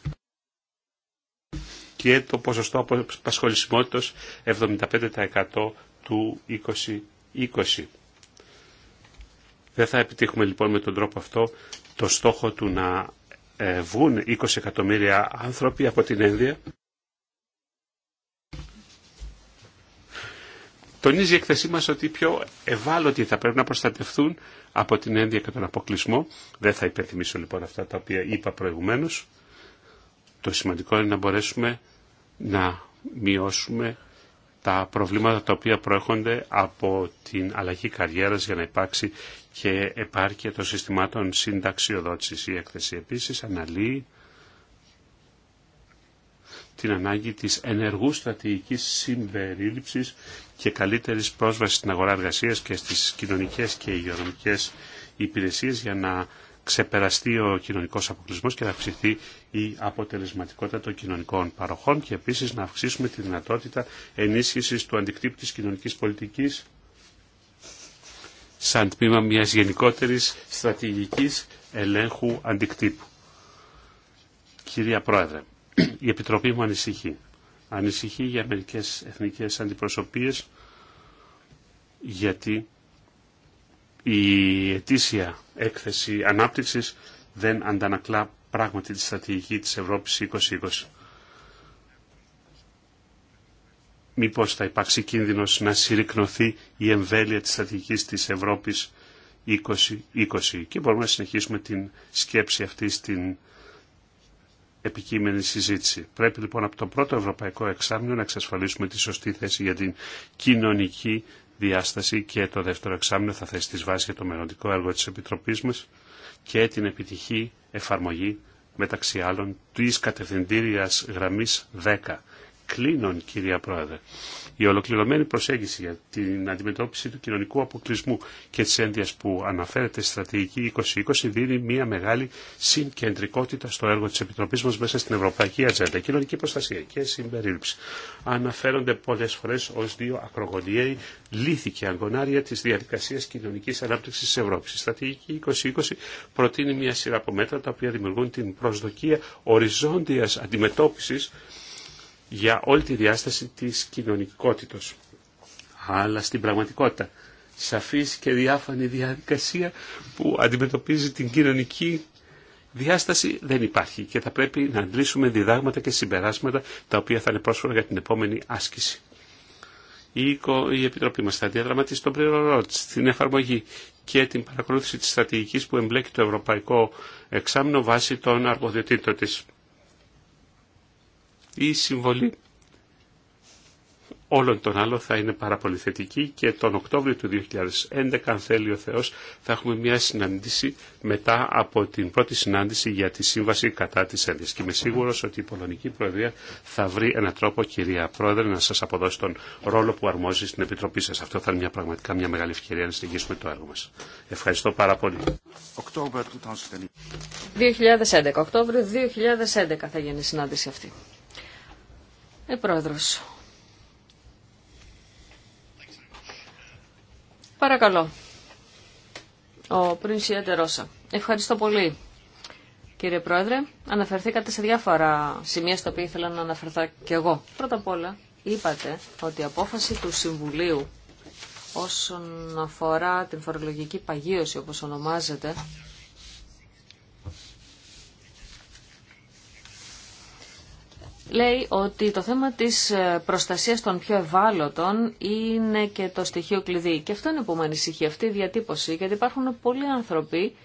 και το ποσοστό απασχολησιμότητας 75% του 20 20. Δεν θα επιτύχουμε λοιπόν με τον τρόπο αυτό το στόχο του να ε, βγουν 20 εκατομμύρια άνθρωποι από την Ένδια. Τονίζει η εκθεσή μας ότι οι πιο ευάλωτοι θα πρέπει να προστατευτούν από την ένδια και τον αποκλεισμό. Δεν θα υπενθυμίσω λοιπόν αυτά τα οποία είπα προηγουμένως. Το σημαντικό είναι να μπορέσουμε να μειώσουμε τα προβλήματα τα οποία προέρχονται από την αλλαγή καριέρας για να υπάρξει και επάρκεια των συστημάτων συνταξιοδότησης. Η έκθεση επίσης αναλύει την ανάγκη της ενεργού στρατηγικής συμπερίληψης και καλύτερης πρόσβασης στην αγορά εργασίας και στις κοινωνικές και υγειονομικές υπηρεσίες για να ξεπεραστεί ο κοινωνικός αποκλεισμό και να αυξηθεί η αποτελεσματικότητα των κοινωνικών παροχών και επίσης να αυξήσουμε τη δυνατότητα ενίσχυσης του αντικτύπου τη κοινωνικής πολιτικής σαν τμήμα μια γενικότερης στρατηγικής ελέγχου αντικτύπου. Κυρία Πρόεδρε, η Επιτροπή μου ανησυχεί. Ανησυχεί για μερικέ εθνικέ αντιπροσωπείε γιατί η ετήσια έκθεση ανάπτυξης δεν αντανακλά πράγματι τη στρατηγική της Ευρώπης 2020. Μήπως θα υπάρξει κίνδυνος να συρρυκνωθεί η εμβέλεια της στρατηγικής της Ευρώπης 2020 και μπορούμε να συνεχίσουμε την σκέψη αυτή στην επικείμενη συζήτηση. Πρέπει λοιπόν από το πρώτο ευρωπαϊκό εξάμεινο να εξασφαλίσουμε τη σωστή θέση για την κοινωνική διάσταση και το δεύτερο εξάμεινο θα θέσει τις βάσεις για το μελλοντικό έργο της Επιτροπής μας και την επιτυχή εφαρμογή μεταξύ άλλων της κατευθυντήριας γραμμής 10 κλείνων, κυρία Πρόεδρε. Η ολοκληρωμένη προσέγγιση για την αντιμετώπιση του κοινωνικού αποκλεισμού και της ένδυας που αναφέρεται στη στρατηγική 2020 δίνει μια μεγάλη συγκεντρικότητα στο έργο της Επιτροπής μας μέσα στην Ευρωπαϊκή Ατζέντα. Κοινωνική προστασία και συμπερίληψη αναφέρονται πολλές φορές ως δύο ακρογωνιαίοι λύθη και αγκονάρια της διαδικασίας κοινωνικής ανάπτυξης της Ευρώπης. Η στρατηγική 2020 προτείνει μια σειρά από μέτρα τα οποία δημιουργούν την προσδοκία οριζόντιας αντιμετώπισης για όλη τη διάσταση της κοινωνικότητος. Αλλά στην πραγματικότητα, σαφής και διάφανη διαδικασία που αντιμετωπίζει την κοινωνική διάσταση δεν υπάρχει και θα πρέπει να αντλήσουμε διδάγματα και συμπεράσματα τα οποία θα είναι πρόσφορα για την επόμενη άσκηση. Η, η Επιτροπή μας θα διαδραματίσει τον πλήρω στην εφαρμογή και την παρακολούθηση της στρατηγικής που εμπλέκει το Ευρωπαϊκό Εξάμεινο βάσει των αρμοδιοτήτων της η συμβολή όλων των άλλων θα είναι πάρα πολύ θετική και τον Οκτώβριο του 2011, αν θέλει ο Θεός, θα έχουμε μια συνάντηση μετά από την πρώτη συνάντηση για τη σύμβαση κατά της Ένδειας. Και είμαι σίγουρο ότι η Πολωνική Προεδρία θα βρει έναν τρόπο, κυρία Πρόεδρε, να σας αποδώσει τον ρόλο που αρμόζει στην Επιτροπή σας. Αυτό θα είναι μια, πραγματικά μια μεγάλη ευκαιρία να συνεχίσουμε το έργο μας. Ευχαριστώ πάρα πολύ. 2011, Οκτώβριο 2011 θα γίνει η συνάντηση αυτή. Ε, Παρακαλώ. Ο Ρώσα. Ευχαριστώ πολύ. Κύριε Πρόεδρε, αναφερθήκατε σε διάφορα σημεία στα οποία ήθελα να αναφερθώ και εγώ. Πρώτα απ' όλα, είπατε ότι η απόφαση του Συμβουλίου όσον αφορά την φορολογική παγίωση, όπως ονομάζεται, λέει ότι το θέμα της ε, προστασίας των πιο ευάλωτων είναι και το στοιχείο κλειδί. Και αυτό είναι που με ανησυχεί αυτή η διατύπωση, γιατί υπάρχουν πολλοί άνθρωποι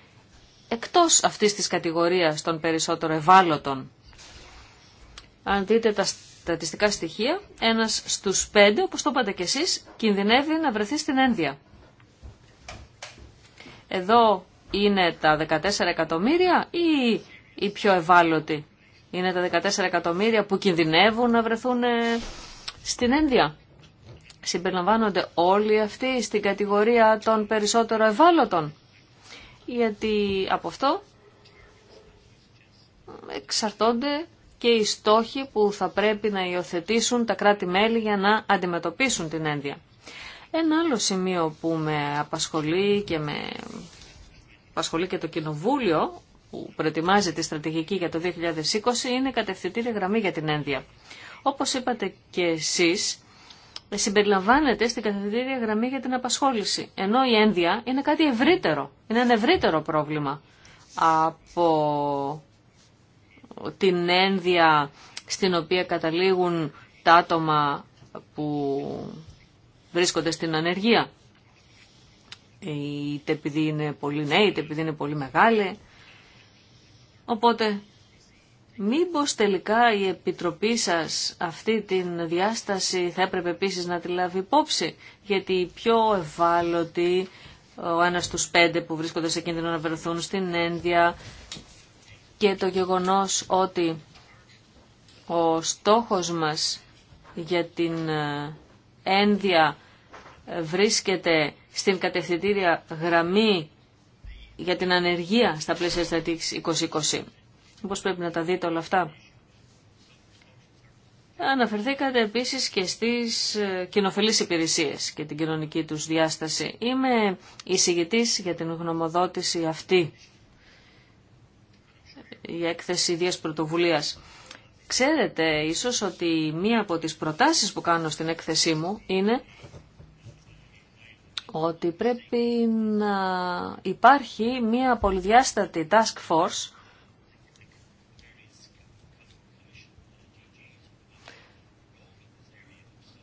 εκτός αυτής της κατηγορίας των περισσότερων ευάλωτων. Αν δείτε τα στατιστικά στοιχεία, ένας στους πέντε, όπως το είπατε κι εσείς, κινδυνεύει να βρεθεί στην ένδια. Εδώ είναι τα 14 εκατομμύρια ή οι πιο ευάλωτοι. Είναι τα 14 εκατομμύρια που κινδυνεύουν να βρεθούν ε, στην Ένδια. Συμπεριλαμβάνονται όλοι αυτοί στην κατηγορία των περισσότερο ευάλωτων. Γιατί από αυτό εξαρτώνται και οι στόχοι που θα πρέπει να υιοθετήσουν τα κράτη-μέλη για να αντιμετωπίσουν την ένδια. Ένα άλλο σημείο που με απασχολεί και με απασχολεί και το Κοινοβούλιο που προετοιμάζει τη στρατηγική για το 2020 είναι κατευθυντήρια γραμμή για την Ένδια. Όπως είπατε και εσείς, συμπεριλαμβάνεται στην κατευθυντήρια γραμμή για την απασχόληση, ενώ η Ένδια είναι κάτι ευρύτερο, είναι ένα ευρύτερο πρόβλημα από την ένδια στην οποία καταλήγουν τα άτομα που βρίσκονται στην ανεργία. Είτε επειδή είναι πολύ νέοι, είτε επειδή είναι πολύ μεγάλοι. Οπότε, μήπως τελικά η Επιτροπή σας αυτή την διάσταση θα έπρεπε επίσης να τη λάβει υπόψη, γιατί οι πιο ευάλωτοι, ο ένας στους πέντε που βρίσκονται σε κίνδυνο να βρεθούν στην Ένδια και το γεγονός ότι ο στόχος μας για την ε, Ένδια βρίσκεται στην κατευθυντήρια γραμμή για την ανεργία στα πλαίσια στρατηγικής 2020. Πώς πρέπει να τα δείτε όλα αυτά. Αναφερθήκατε επίσης και στις ε, κοινοφελείς υπηρεσίες και την κοινωνική τους διάσταση. Είμαι εισηγητής για την γνωμοδότηση αυτή, η έκθεση ιδίας πρωτοβουλίας. Ξέρετε ίσως ότι μία από τις προτάσεις που κάνω στην έκθεσή μου είναι ότι πρέπει να υπάρχει μία πολυδιάστατη task force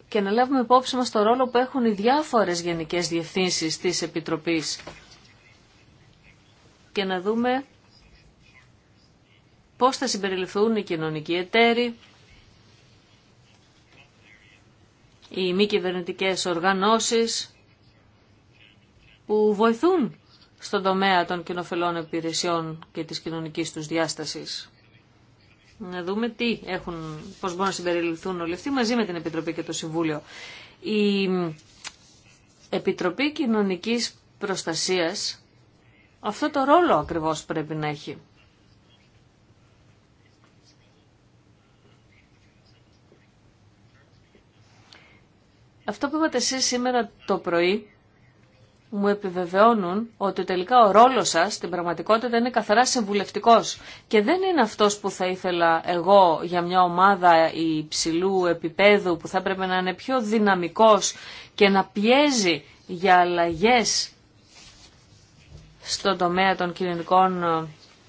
και να λάβουμε υπόψη μας το ρόλο που έχουν οι διάφορες γενικές διευθύνσεις της Επιτροπής και να δούμε πώς θα συμπεριληφθούν οι κοινωνικοί εταίροι, οι μη κυβερνητικέ οργανώσεις, που βοηθούν στον τομέα των κοινοφελών υπηρεσιών και της κοινωνικής τους διάστασης. Να δούμε τι έχουν, πώς μπορούν να συμπεριληφθούν όλοι αυτοί μαζί με την Επιτροπή και το Συμβούλιο. Η Επιτροπή Κοινωνικής Προστασίας αυτό το ρόλο ακριβώς πρέπει να έχει. Αυτό που είπατε εσείς σήμερα το πρωί μου επιβεβαιώνουν ότι τελικά ο ρόλος σας στην πραγματικότητα είναι καθαρά συμβουλευτικός και δεν είναι αυτός που θα ήθελα εγώ για μια ομάδα υψηλού επίπεδου που θα έπρεπε να είναι πιο δυναμικός και να πιέζει για αλλαγές στον τομέα των κοινωνικών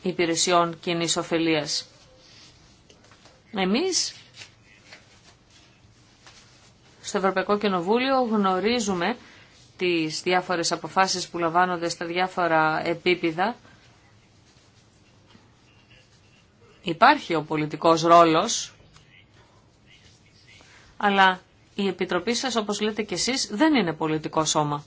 ε, υπηρεσιών κοινή ωφελία. Εμείς στο Ευρωπαϊκό Κοινοβούλιο γνωρίζουμε τις διάφορες αποφάσεις που λαμβάνονται στα διάφορα επίπεδα, υπάρχει ο πολιτικός ρόλος, αλλά η Επιτροπή σας, όπως λέτε και εσείς, δεν είναι πολιτικό σώμα.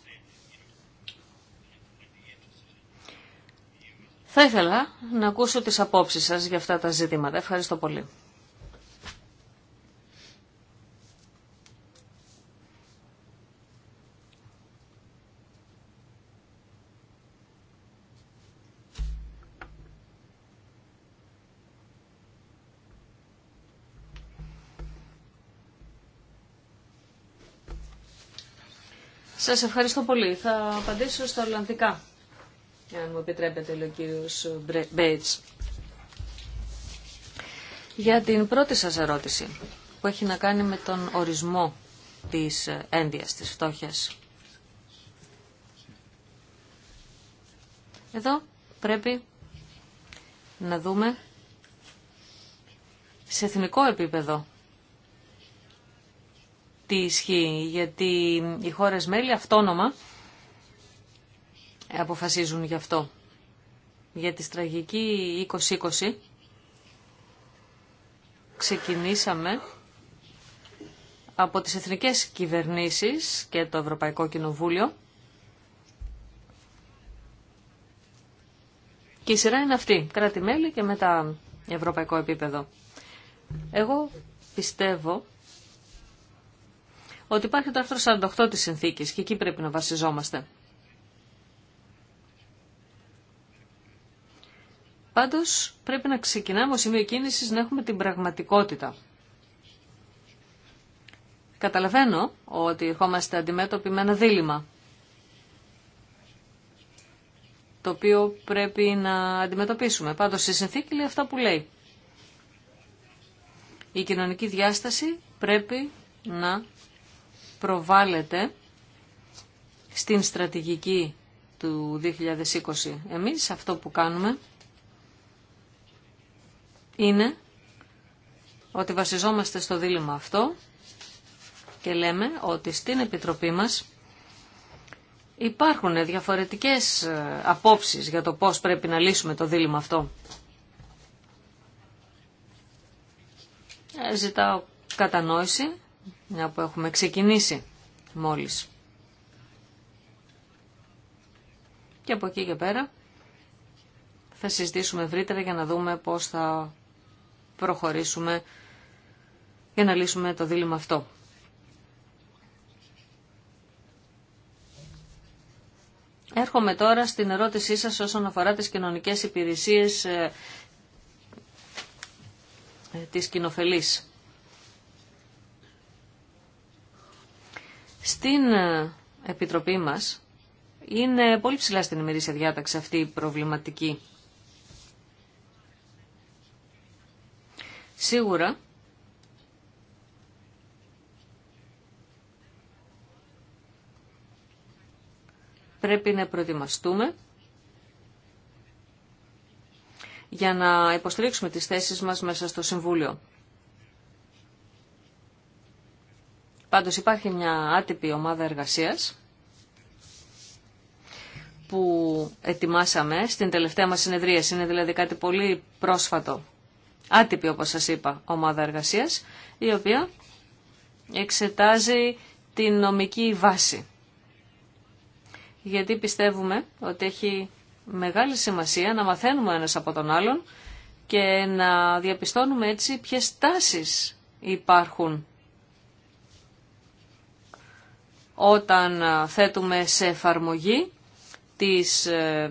Θα ήθελα να ακούσω τις απόψεις σας για αυτά τα ζητήματα. Ευχαριστώ πολύ. Σας ευχαριστώ πολύ. Θα απαντήσω στα Ολλανδικά, αν μου επιτρέπετε, λέει ο κύριος Μπέιτς. Για την πρώτη σας ερώτηση, που έχει να κάνει με τον ορισμό της ένδυας, της φτώχειας. Εδώ πρέπει να δούμε σε εθνικό επίπεδο τι ισχύει, γιατί οι χώρες μέλη αυτόνομα αποφασίζουν γι' αυτό. Για τη στραγική 2020 ξεκινήσαμε από τις εθνικές κυβερνήσεις και το Ευρωπαϊκό Κοινοβούλιο και η σειρά είναι αυτή, κράτη-μέλη και μετά ευρωπαϊκό επίπεδο. Εγώ πιστεύω ότι υπάρχει το άρθρο 48 της συνθήκης και εκεί πρέπει να βασιζόμαστε. Πάντως πρέπει να ξεκινάμε ως σημείο κίνησης να έχουμε την πραγματικότητα. Καταλαβαίνω ότι ερχόμαστε αντιμέτωποι με ένα δίλημα το οποίο πρέπει να αντιμετωπίσουμε. Πάντως η συνθήκη λέει αυτά που λέει. Η κοινωνική διάσταση πρέπει να προβάλλεται στην στρατηγική του 2020. Εμείς αυτό που κάνουμε είναι ότι βασιζόμαστε στο δίλημα αυτό και λέμε ότι στην Επιτροπή μας υπάρχουν διαφορετικές ε, απόψεις για το πώς πρέπει να λύσουμε το δίλημα αυτό. Ε, ζητάω κατανόηση μια που έχουμε ξεκινήσει μόλις. Και από εκεί και πέρα θα συζητήσουμε ευρύτερα για να δούμε πώς θα προχωρήσουμε για να λύσουμε το δίλημα αυτό. Έρχομαι τώρα στην ερώτησή σας όσον αφορά τις κοινωνικές υπηρεσίες ε, ε, της κοινοφελής. Στην ε, Επιτροπή μας είναι πολύ ψηλά στην ημερήσια διάταξη αυτή η προβληματική. Σίγουρα πρέπει να προετοιμαστούμε για να υποστηρίξουμε τις θέσεις μας μέσα στο Συμβούλιο. Πάντως υπάρχει μια άτυπη ομάδα εργασίας που ετοιμάσαμε στην τελευταία μας συνεδρία. Είναι δηλαδή κάτι πολύ πρόσφατο, άτυπη όπως σας είπα, ομάδα εργασίας, η οποία εξετάζει την νομική βάση. Γιατί πιστεύουμε ότι έχει μεγάλη σημασία να μαθαίνουμε ένας από τον άλλον και να διαπιστώνουμε έτσι ποιες τάσεις υπάρχουν όταν ε, θέτουμε σε εφαρμογή τις ε,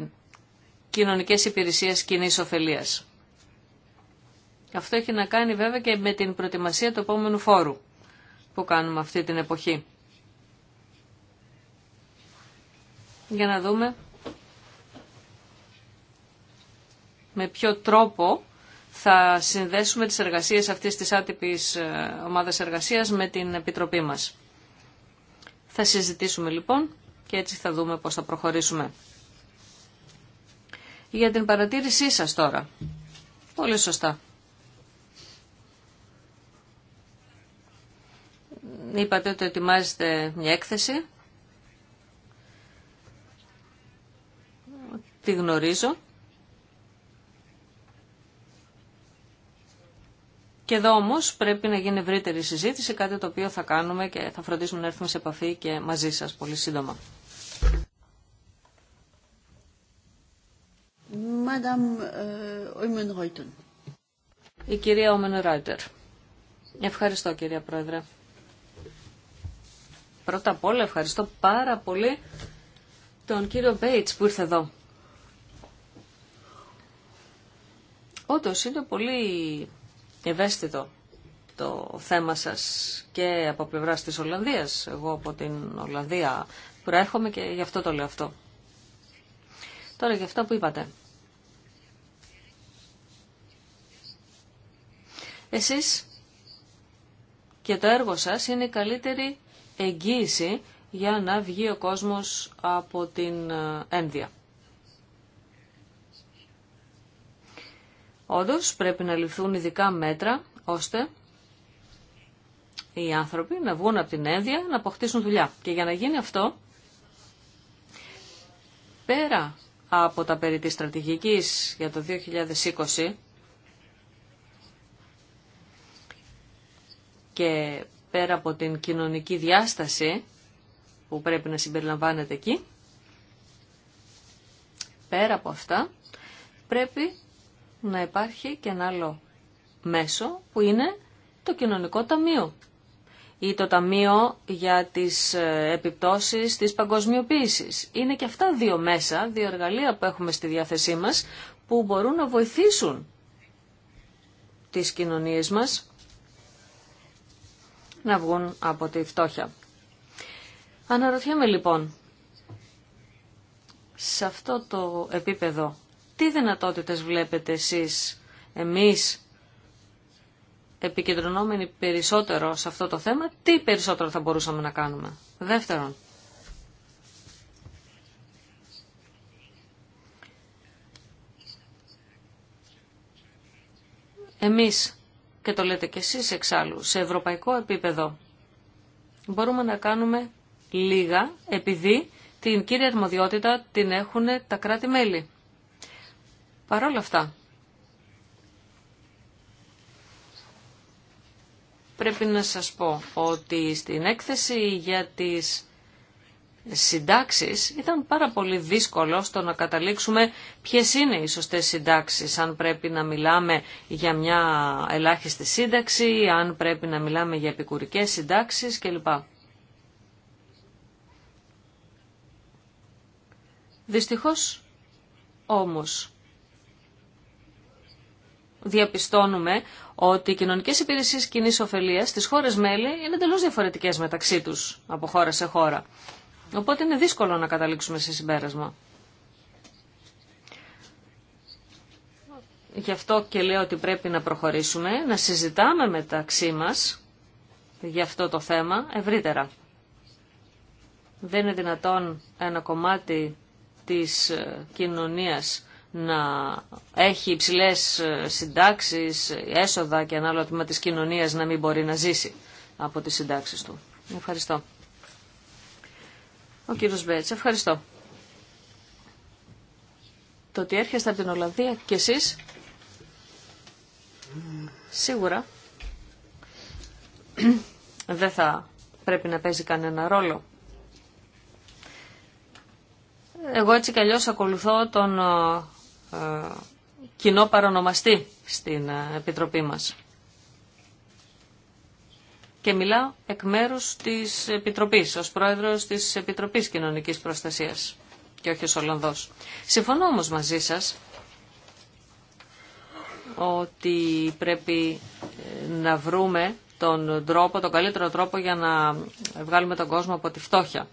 κοινωνικές υπηρεσίες κοινή ωφελία. Αυτό έχει να κάνει βέβαια και με την προετοιμασία του επόμενου φόρου που κάνουμε αυτή την εποχή. Για να δούμε με ποιο τρόπο θα συνδέσουμε τις εργασίες αυτής της άτυπης ε, ομάδας εργασίας με την Επιτροπή μας. Θα συζητήσουμε λοιπόν και έτσι θα δούμε πώς θα προχωρήσουμε. Για την παρατήρησή σας τώρα. Πολύ σωστά. Είπατε ότι ετοιμάζετε μια έκθεση. Τη γνωρίζω Και εδώ όμω πρέπει να γίνει ευρύτερη συζήτηση, κάτι το οποίο θα κάνουμε και θα φροντίσουμε να έρθουμε σε επαφή και μαζί σα πολύ σύντομα. Ε, Η κυρία Όμεν Ράιτερ. Ευχαριστώ κυρία Πρόεδρε. Πρώτα απ' όλα ευχαριστώ πάρα πολύ τον κύριο Μπέιτς που ήρθε εδώ. Όντως είναι πολύ ευαίσθητο το θέμα σας και από πλευρά της Ολλανδίας. Εγώ από την Ολλανδία προέρχομαι και γι' αυτό το λέω αυτό. Τώρα γι' αυτό που είπατε. Εσείς και το έργο σας είναι η καλύτερη εγγύηση για να βγει ο κόσμος από την ε, ένδια. Όντως πρέπει να ληφθούν ειδικά μέτρα ώστε οι άνθρωποι να βγουν από την ένδια να αποκτήσουν δουλειά. Και για να γίνει αυτό, πέρα από τα περί της στρατηγικής για το 2020 και πέρα από την κοινωνική διάσταση που πρέπει να συμπεριλαμβάνεται εκεί, πέρα από αυτά, πρέπει να υπάρχει και ένα άλλο μέσο που είναι το κοινωνικό ταμείο ή το ταμείο για τις ε, επιπτώσεις της παγκοσμιοποίησης. Είναι και αυτά δύο μέσα, δύο εργαλεία που έχουμε στη διάθεσή μας που μπορούν να βοηθήσουν τις κοινωνίες μας να βγουν από τη φτώχεια. Αναρωτιέμαι λοιπόν, σε αυτό το επίπεδο τι δυνατότητες βλέπετε εσείς, εμείς, επικεντρωνόμενοι περισσότερο σε αυτό το θέμα, τι περισσότερο θα μπορούσαμε να κάνουμε. Δεύτερον, εμείς, και το λέτε και εσείς εξάλλου, σε ευρωπαϊκό επίπεδο μπορούμε να κάνουμε λίγα επειδή την κύρια αρμοδιότητα την έχουν τα κράτη-μέλη. Παρ' όλα αυτά, πρέπει να σας πω ότι στην έκθεση για τις συντάξεις ήταν πάρα πολύ δύσκολο στο να καταλήξουμε ποιες είναι οι σωστές συντάξεις, αν πρέπει να μιλάμε για μια ελάχιστη σύνταξη, αν πρέπει να μιλάμε για επικουρικές συντάξεις κλπ. Δυστυχώς όμως διαπιστώνουμε ότι οι κοινωνικές υπηρεσίες κοινή ωφελία στις χώρες μέλη είναι εντελώ διαφορετικές μεταξύ τους από χώρα σε χώρα. Οπότε είναι δύσκολο να καταλήξουμε σε συμπέρασμα. Γι' αυτό και λέω ότι πρέπει να προχωρήσουμε, να συζητάμε μεταξύ μας για αυτό το θέμα ευρύτερα. Δεν είναι δυνατόν ένα κομμάτι της ε, κοινωνίας να έχει υψηλέ ε, συντάξεις, έσοδα και ανάλογα τμήμα τη κοινωνία να μην μπορεί να ζήσει από τις συντάξεις του. Ευχαριστώ. Ο κύριο Μπέτ, ευχαριστώ. Το ότι έρχεστε από την Ολλανδία και εσεί. σίγουρα δεν θα πρέπει να παίζει κανένα ρόλο. Εγώ έτσι κι ακολουθώ τον ε, ε, κοινό παρονομαστή στην ε, Επιτροπή μας. Και μιλάω εκ μέρους της Επιτροπής, ως πρόεδρος της Επιτροπής Κοινωνικής Προστασίας και όχι ως Ολλανδός. Συμφωνώ όμως μαζί σας ότι πρέπει ε, να βρούμε τον τρόπο, τον καλύτερο τρόπο για να βγάλουμε τον κόσμο από τη φτώχεια.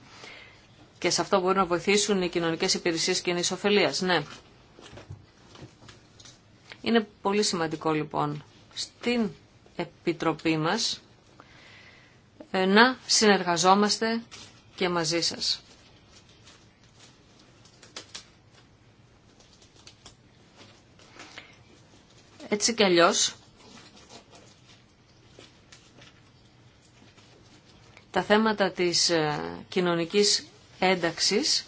Και σε αυτό μπορούν να βοηθήσουν οι κοινωνικές υπηρεσίες κοινή ωφελία. Ναι, είναι πολύ σημαντικό λοιπόν στην Επιτροπή μας ε, να συνεργαζόμαστε και μαζί σας. Έτσι κι αλλιώς, τα θέματα της ε, κοινωνικής ένταξης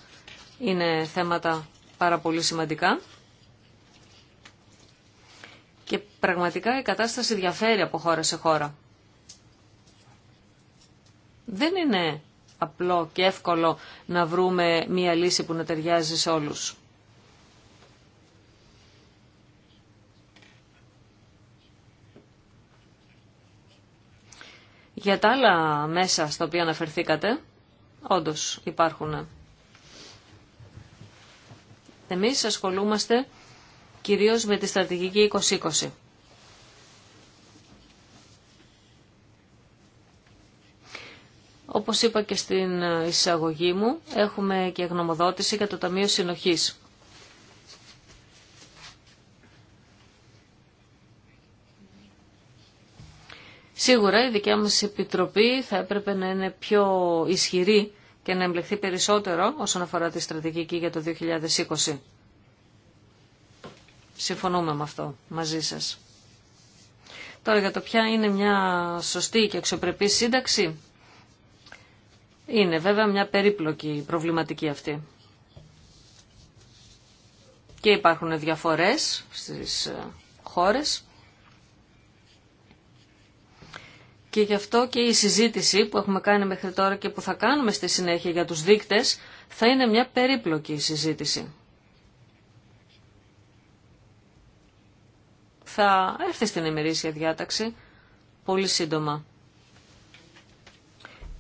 είναι θέματα πάρα πολύ σημαντικά και πραγματικά η κατάσταση διαφέρει από χώρα σε χώρα. Δεν είναι απλό και εύκολο να βρούμε μία λύση που να ταιριάζει σε όλους. Για τα άλλα μέσα στα οποία αναφερθήκατε, όντως υπάρχουν. Εμείς ασχολούμαστε κυρίως με τη στρατηγική 2020. Όπως είπα και στην εισαγωγή μου, έχουμε και γνωμοδότηση για το Ταμείο Συνοχής. Σίγουρα η δικιά μας επιτροπή θα έπρεπε να είναι πιο ισχυρή και να εμπλεχθεί περισσότερο όσον αφορά τη στρατηγική για το 2020. Συμφωνούμε με αυτό μαζί σας. Τώρα για το ποια είναι μια σωστή και αξιοπρεπή σύνταξη. Είναι βέβαια μια περίπλοκη προβληματική αυτή. Και υπάρχουν διαφορές στις ε, χώρες. Και γι' αυτό και η συζήτηση που έχουμε κάνει μέχρι τώρα και που θα κάνουμε στη συνέχεια για τους δείκτες θα είναι μια περίπλοκη συζήτηση. θα έρθει στην ημερήσια διάταξη πολύ σύντομα.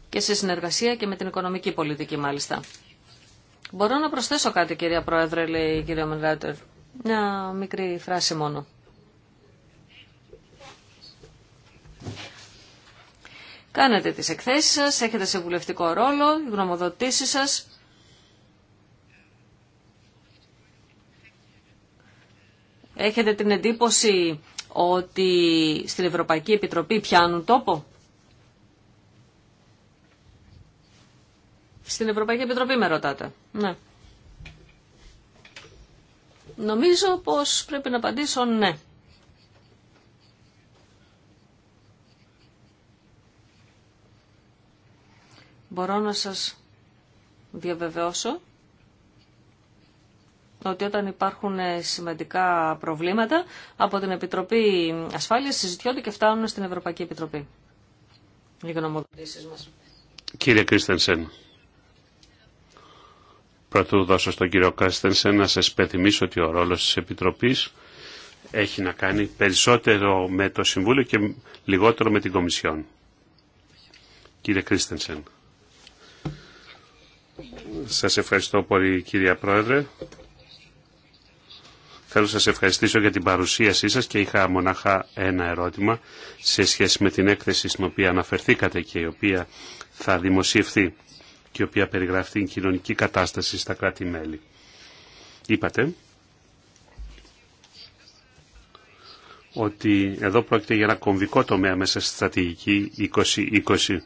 Και σε συνεργασία και με την οικονομική πολιτική μάλιστα. Μπορώ να προσθέσω κάτι κυρία Πρόεδρε, λέει η κυρία Μενράτερ, Μια μικρή φράση μόνο. Κάνετε τις εκθέσεις σας, έχετε σε βουλευτικό ρόλο, οι γνωμοδοτήσεις σας έχετε την εντύπωση ότι στην Ευρωπαϊκή Επιτροπή πιάνουν τόπο. Στην Ευρωπαϊκή Επιτροπή με ρωτάτε. Ναι. Νομίζω πως πρέπει να απαντήσω ναι. Μπορώ να σας διαβεβαιώσω ότι όταν υπάρχουν ε, σημαντικά προβλήματα από την Επιτροπή Ασφάλειας συζητιόνται και φτάνουν στην Ευρωπαϊκή Επιτροπή. Οι γνωμοδοτήσεις μας. Κύριε Κρίστενσεν, πρωτού δώσω στον κύριο Κρίστενσεν να σας πεθυμίσω ότι ο ρόλος της Επιτροπής έχει να κάνει περισσότερο με το Συμβούλιο και λιγότερο με την Κομισιόν. Κύριε Κρίστενσεν. Σας ευχαριστώ πολύ κυρία Πρόεδρε. Θέλω να σας ευχαριστήσω για την παρουσίασή σας και είχα μονάχα ένα ερώτημα σε σχέση με την έκθεση στην οποία αναφερθήκατε και η οποία θα δημοσιευθεί και η οποία περιγράφει την κοινωνική κατάσταση στα κράτη-μέλη. Είπατε ότι εδώ πρόκειται για ένα κομβικό τομέα μέσα στη στρατηγική 2020.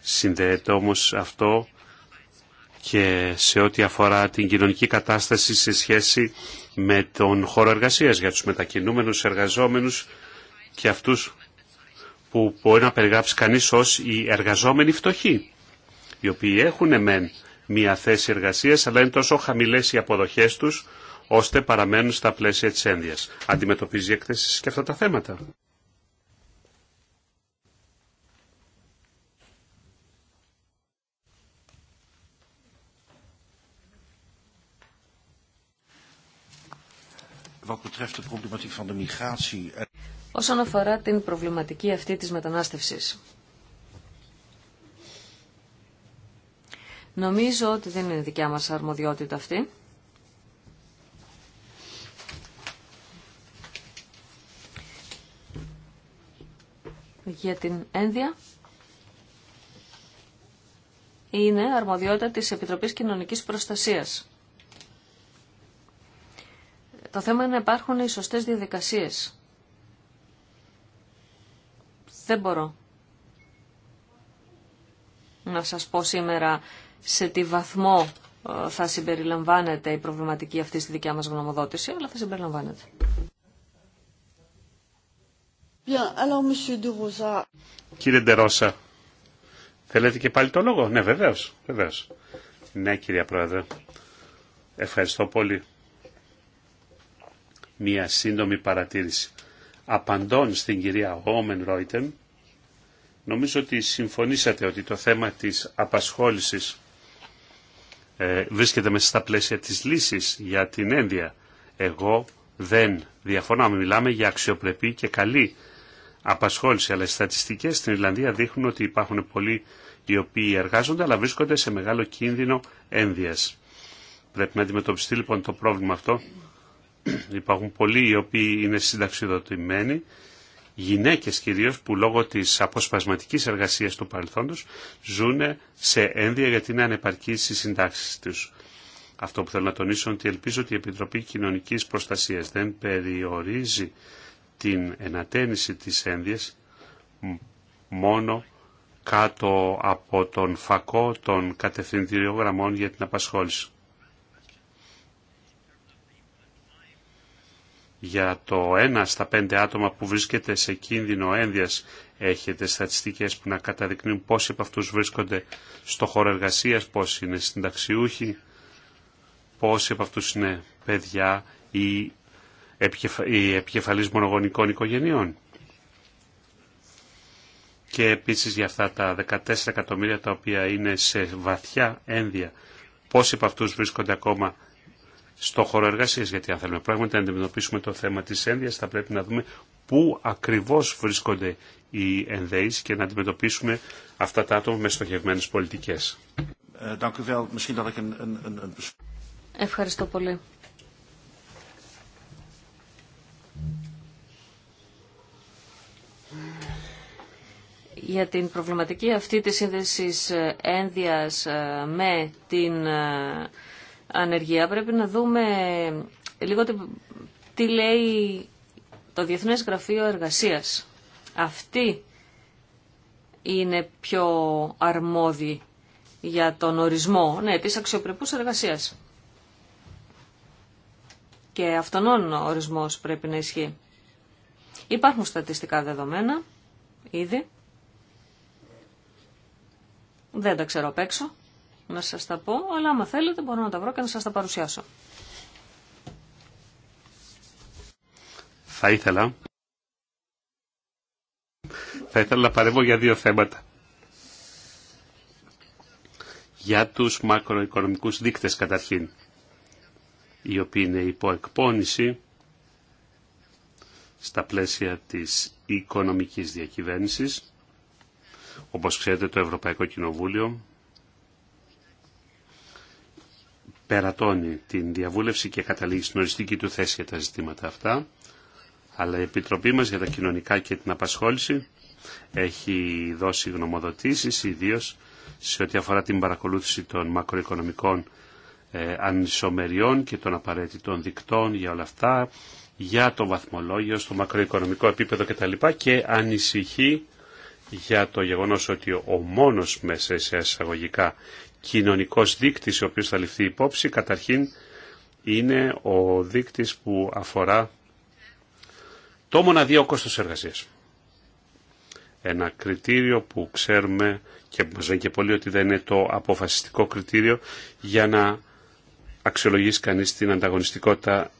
Συνδέεται όμως αυτό και σε ό,τι αφορά την κοινωνική κατάσταση σε σχέση με τον χώρο εργασίας για τους μετακινούμενους εργαζόμενους και αυτούς που μπορεί να περιγράψει κανείς ως οι εργαζόμενοι φτωχοί, οι οποίοι έχουν μεν μια θέση εργασίας, αλλά είναι τόσο χαμηλές οι αποδοχές τους, ώστε παραμένουν στα πλαίσια της ένδυας. Αντιμετωπίζει η και αυτά τα θέματα. Eh, Όσον αφορά την προβληματική αυτή της μετανάστευσης, νομίζω ότι δεν είναι δικιά μας αρμοδιότητα αυτή. Για την ένδια είναι αρμοδιότητα της Επιτροπής Κοινωνικής Προστασίας. Το θέμα είναι να υπάρχουν οι σωστές διαδικασίες. Δεν μπορώ να σας πω σήμερα σε τι βαθμό ε, θα συμπεριλαμβάνεται η προβληματική αυτή στη δικιά μας γνωμοδότηση, αλλά θα συμπεριλαμβάνεται. Κύριε Ντερόσα, θέλετε και πάλι το λόγο. Ναι, βεβαίως, βεβαίως. Ναι, κυρία Πρόεδρε. Ευχαριστώ πολύ μία σύντομη παρατήρηση. Απαντών στην κυρία Όμεν Ρόιτεν, νομίζω ότι συμφωνήσατε ότι το θέμα της απασχόλησης ε, βρίσκεται μέσα στα πλαίσια της λύσης για την ένδια. Εγώ δεν διαφωνώ. Μιλάμε για αξιοπρεπή και καλή απασχόληση, αλλά οι στατιστικές στην Ιρλανδία δείχνουν ότι υπάρχουν πολλοί οι οποίοι εργάζονται, αλλά βρίσκονται σε μεγάλο κίνδυνο ένδυας. Πρέπει να αντιμετωπιστεί λοιπόν το πρόβλημα αυτό Υπάρχουν πολλοί οι οποίοι είναι συνταξιδοτημένοι, γυναίκες κυρίως που λόγω της αποσπασματικής εργασίας του παρελθόντος ζουν σε ένδια γιατί είναι ανεπαρκή στις συντάξεις τους. Αυτό που θέλω να τονίσω ότι ελπίζω ότι η Επιτροπή Κοινωνικής Προστασίας δεν περιορίζει την ενατένιση της ένδυας μόνο κάτω από τον φακό των κατευθυντηριογραμμών για την απασχόληση. για το ένα στα πέντε άτομα που βρίσκεται σε κίνδυνο ένδυας έχετε στατιστικές που να καταδεικνύουν πόσοι από αυτούς βρίσκονται στο χώρο εργασίας, πόσοι είναι συνταξιούχοι, πόσοι από αυτούς είναι παιδιά ή επικεφαλής μονογονικών οικογενειών. Και επίσης για αυτά τα 14 εκατομμύρια τα οποία είναι σε βαθιά ένδια, πόσοι από αυτούς βρίσκονται ακόμα στο χώρο εργασία, γιατί αν θέλουμε πράγματι να αντιμετωπίσουμε το θέμα της ένδυας θα πρέπει να δούμε πού ακριβώς βρίσκονται οι ενδέεις και να αντιμετωπίσουμε αυτά τα άτομα με στοχευμένες πολιτικές. Ευχαριστώ πολύ. για την προβληματική αυτή της σύνδεσης ε, ένδυας ε, με την ε, ανεργία. Πρέπει να δούμε λίγο τι, λέει το Διεθνές Γραφείο Εργασίας. Αυτή είναι πιο αρμόδιοι για τον ορισμό ναι, της αξιοπρεπούς εργασίας. Και αυτόν ο ορισμός πρέπει να ισχύει. Υπάρχουν στατιστικά δεδομένα, ήδη. Δεν τα ξέρω απ' έξω να σας τα πω, αλλά άμα θέλετε μπορώ να τα βρω και να σας τα παρουσιάσω. Θα ήθελα... Θα ήθελα να παρεύω για δύο θέματα. Για τους μακροοικονομικούς δείκτες καταρχήν, οι οποίοι είναι υποεκπώνηση στα πλαίσια της οικονομικής διακυβέρνησης. Όπως ξέρετε το Ευρωπαϊκό Κοινοβούλιο περατώνει την διαβούλευση και καταλήγει στην οριστική του θέση για τα ζητήματα αυτά. Αλλά η Επιτροπή μας για τα κοινωνικά και την απασχόληση έχει δώσει γνωμοδοτήσεις ιδίω σε ό,τι αφορά την παρακολούθηση των μακροοικονομικών ε, ανισομεριών και των απαραίτητων δικτών για όλα αυτά, για το βαθμολόγιο στο μακροοικονομικό επίπεδο κτλ. και ανησυχεί για το γεγονός ότι ο μόνος μέσα σε εισαγωγικά κοινωνικός δείκτης ο οποίος θα ληφθεί υπόψη καταρχήν είναι ο δείκτης που αφορά το μοναδίο κόστος εργασίας. Ένα κριτήριο που ξέρουμε και μας λένε και πολύ ότι δεν είναι το αποφασιστικό κριτήριο για να αξιολογήσει κανείς την ανταγωνιστικότητα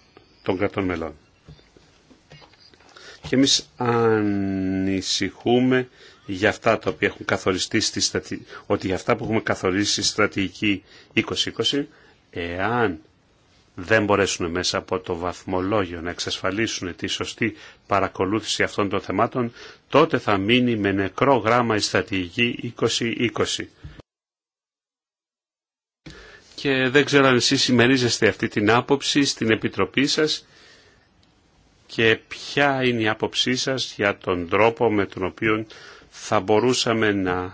των κρατών μελών. Και εμείς ανησυχούμε για αυτά τα οποία έχουν καθοριστεί στη ότι για αυτά που έχουμε καθορίσει στη στρατηγική 2020, εάν δεν μπορέσουν μέσα από το βαθμολόγιο να εξασφαλίσουν τη σωστή παρακολούθηση αυτών των θεμάτων, τότε θα μείνει με νεκρό γράμμα η στρατηγική 2020. Και δεν ξέρω αν εσείς συμμερίζεστε αυτή την άποψη στην Επιτροπή σας και ποια είναι η άποψή σας για τον τρόπο με τον οποίο θα μπορούσαμε να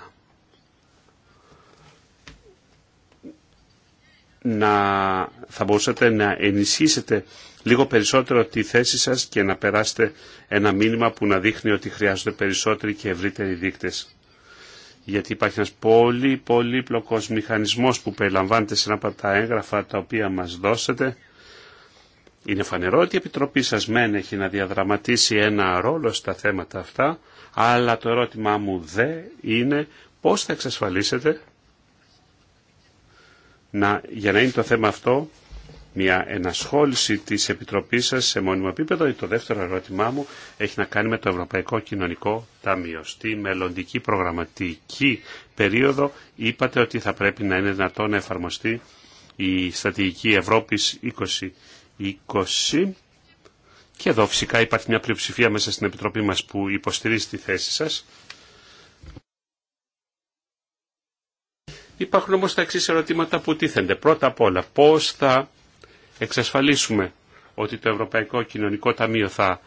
να θα μπορούσατε να ενισχύσετε λίγο περισσότερο τη θέση σας και να περάσετε ένα μήνυμα που να δείχνει ότι χρειάζονται περισσότεροι και ευρύτεροι δείκτες. Γιατί υπάρχει ένας πολύ πολύπλοκος μηχανισμός που περιλαμβάνεται σε ένα από τα έγγραφα τα οποία μας δώσετε. Είναι φανερό ότι η Επιτροπή σας μεν έχει να διαδραματίσει ένα ρόλο στα θέματα αυτά, αλλά το ερώτημά μου δε είναι πώς θα εξασφαλίσετε να, για να είναι το θέμα αυτό μια ενασχόληση της Επιτροπής σας σε μόνιμο επίπεδο ή το δεύτερο ερώτημά μου έχει να κάνει με το Ευρωπαϊκό Κοινωνικό Ταμείο. Στη μελλοντική προγραμματική περίοδο είπατε ότι θα πρέπει να είναι δυνατόν να εφαρμοστεί η στρατηγική Ευρώπης 2020 και εδώ φυσικά υπάρχει μια πλειοψηφία μέσα στην Επιτροπή μας που υποστηρίζει τη θέση σας. Υπάρχουν όμως τα εξής ερωτήματα που τίθενται. Πρώτα απ' όλα, πώς θα εξασφαλίσουμε ότι το Ευρωπαϊκό Κοινωνικό Ταμείο θα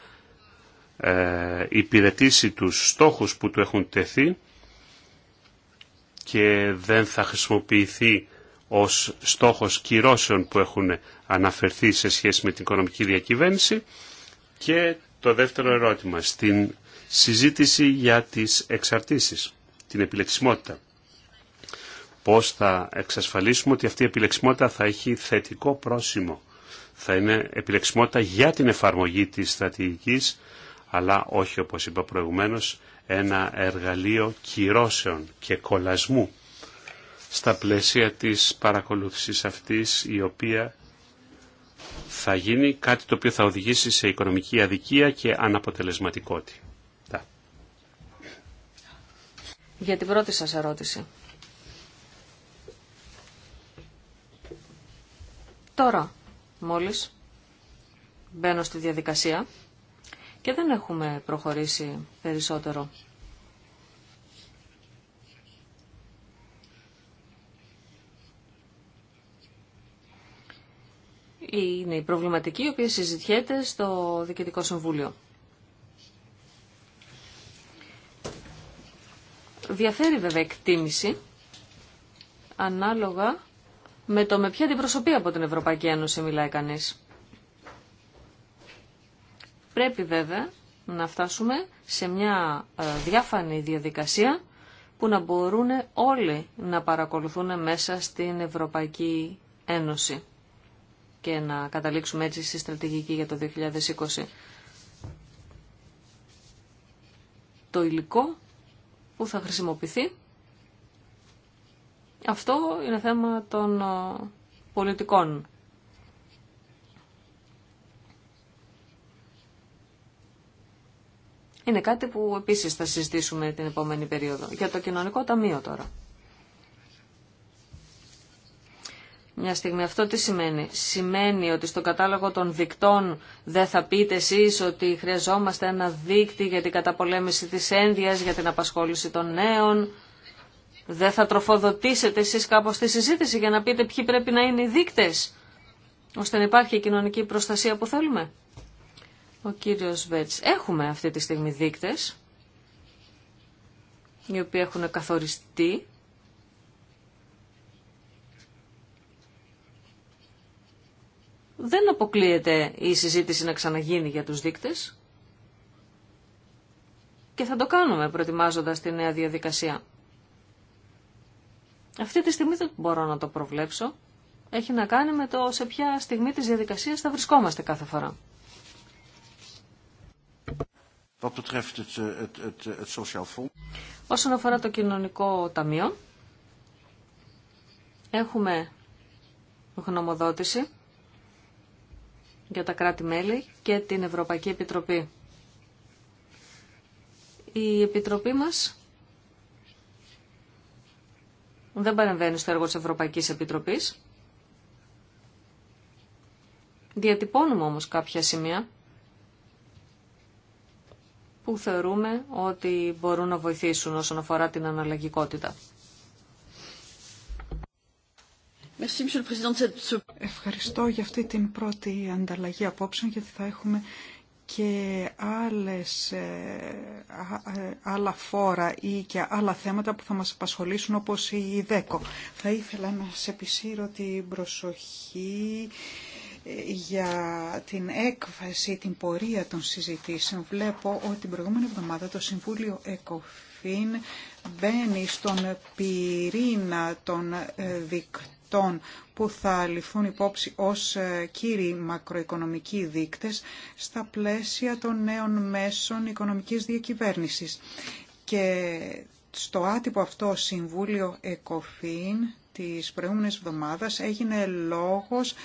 ε, υπηρετήσει τους στόχους που του έχουν τεθεί και δεν θα χρησιμοποιηθεί ως στόχος κυρώσεων που έχουν αναφερθεί σε σχέση με την οικονομική διακυβέρνηση και το δεύτερο ερώτημα, στην συζήτηση για τις εξαρτήσεις, την επιλεξιμότητα. Πώς θα εξασφαλίσουμε ότι αυτή η επιλεξιμότητα θα έχει θετικό πρόσημο. Θα είναι επιλεξιμότητα για την εφαρμογή της στρατηγικής, αλλά όχι όπως είπα προηγουμένως, ένα εργαλείο κυρώσεων και κολασμού στα πλαίσια της παρακολούθησης αυτής η οποία θα γίνει κάτι το οποίο θα οδηγήσει σε οικονομική αδικία και αναποτελεσματικότητα. Για την πρώτη σας ερώτηση. Τώρα, μόλις μπαίνω στη διαδικασία και δεν έχουμε προχωρήσει περισσότερο. είναι η προβληματική η οποία συζητιέται στο Διοικητικό Συμβούλιο. Διαφέρει βέβαια εκτίμηση ανάλογα με το με ποια αντιπροσωπεία από την Ευρωπαϊκή Ένωση μιλάει κανείς. Πρέπει βέβαια να φτάσουμε σε μια ε, διάφανη διαδικασία που να μπορούν όλοι να παρακολουθούν μέσα στην Ευρωπαϊκή Ένωση και να καταλήξουμε έτσι στη στρατηγική για το 2020. Το υλικό που θα χρησιμοποιηθεί, αυτό είναι θέμα των ε, πολιτικών Είναι κάτι που επίσης θα συζητήσουμε την επόμενη περίοδο. Για το κοινωνικό ταμείο τώρα. μια στιγμή. Αυτό τι σημαίνει. Σημαίνει ότι στο κατάλογο των δικτών δεν θα πείτε εσείς ότι χρειαζόμαστε ένα δίκτυ για την καταπολέμηση της ένδυας, για την απασχόληση των νέων. Δεν θα τροφοδοτήσετε εσείς κάπως τη συζήτηση για να πείτε ποιοι πρέπει να είναι οι δείκτες, ώστε να υπάρχει η κοινωνική προστασία που θέλουμε. Ο κύριος Βέτς. Έχουμε αυτή τη στιγμή δείκτες, οι οποίοι έχουν καθοριστεί δεν αποκλείεται η συζήτηση να ξαναγίνει για τους δείκτες και θα το κάνουμε προετοιμάζοντας τη νέα διαδικασία. Αυτή τη στιγμή δεν μπορώ να το προβλέψω. Έχει να κάνει με το σε ποια στιγμή της διαδικασίας θα βρισκόμαστε κάθε φορά. Eh, Όσον αφορά το κοινωνικό ταμείο, έχουμε γνωμοδότηση για τα κράτη-μέλη και την Ευρωπαϊκή Επιτροπή. Η Επιτροπή μας δεν παρεμβαίνει στο έργο της Ευρωπαϊκής Επιτροπής. Διατυπώνουμε όμως κάποια σημεία που θεωρούμε ότι μπορούν να βοηθήσουν όσον αφορά την αναλλαγικότητα. Ευχαριστώ για αυτή την πρώτη ανταλλαγή απόψεων γιατί θα έχουμε και άλλες, ε, ε, άλλα φόρα ή και άλλα θέματα που θα μας απασχολήσουν όπως η ΔΕΚΟ. Θα ήθελα να σε επισύρω την προσοχή ε, για την έκβαση, την πορεία των συζητήσεων. Βλέπω ότι την προηγούμενη εβδομάδα το Συμβούλιο ΕΚΟΦΗΝ μπαίνει στον πυρήνα των δικτών που θα ληφθούν υπόψη ως ε, κύριοι μακροοικονομικοί δείκτες στα πλαίσια των νέων μέσων οικονομικής διακυβέρνησης. Και στο άτυπο αυτό Συμβούλιο ΕΚΟΦΗΝ της προηγούμενης εβδομάδας έγινε λόγος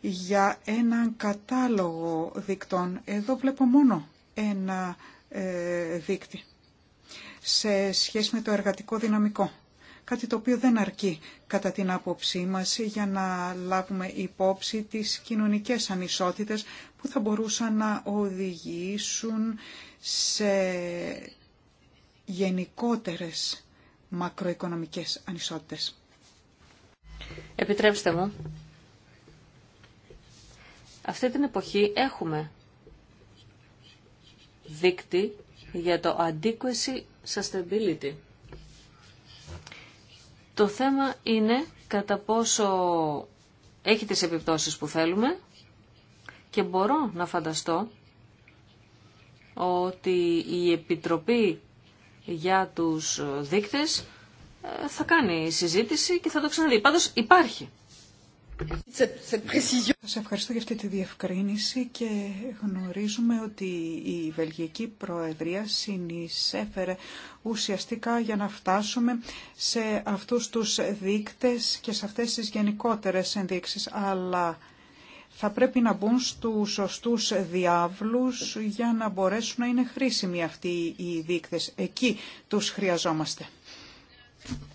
για έναν κατάλογο δικτών. Εδώ βλέπω μόνο ένα ε, δείκτη σε σχέση με το εργατικό δυναμικό κάτι το οποίο δεν αρκεί κατά την άποψή μας για να λάβουμε υπόψη τις κοινωνικές ανισότητες που θα μπορούσαν να οδηγήσουν σε γενικότερες μακροοικονομικές ανισότητες. Επιτρέψτε μου, αυτή την εποχή έχουμε δείκτη για το adequacy sustainability το θέμα είναι κατά πόσο έχει τις επιπτώσεις που θέλουμε και μπορώ να φανταστώ ότι η Επιτροπή για τους δείκτες ε, θα κάνει συζήτηση και θα το ξαναδεί. Πάντως υπάρχει σας ευχαριστώ για αυτή τη διευκρίνηση και γνωρίζουμε ότι η Βελγική Προεδρία συνεισέφερε ουσιαστικά για να φτάσουμε σε αυτούς τους δείκτες και σε αυτές τις γενικότερες ενδείξεις, αλλά θα πρέπει να μπουν στους σωστούς διάβλους για να μπορέσουν να είναι χρήσιμοι αυτοί οι δείκτες. Εκεί τους χρειαζόμαστε.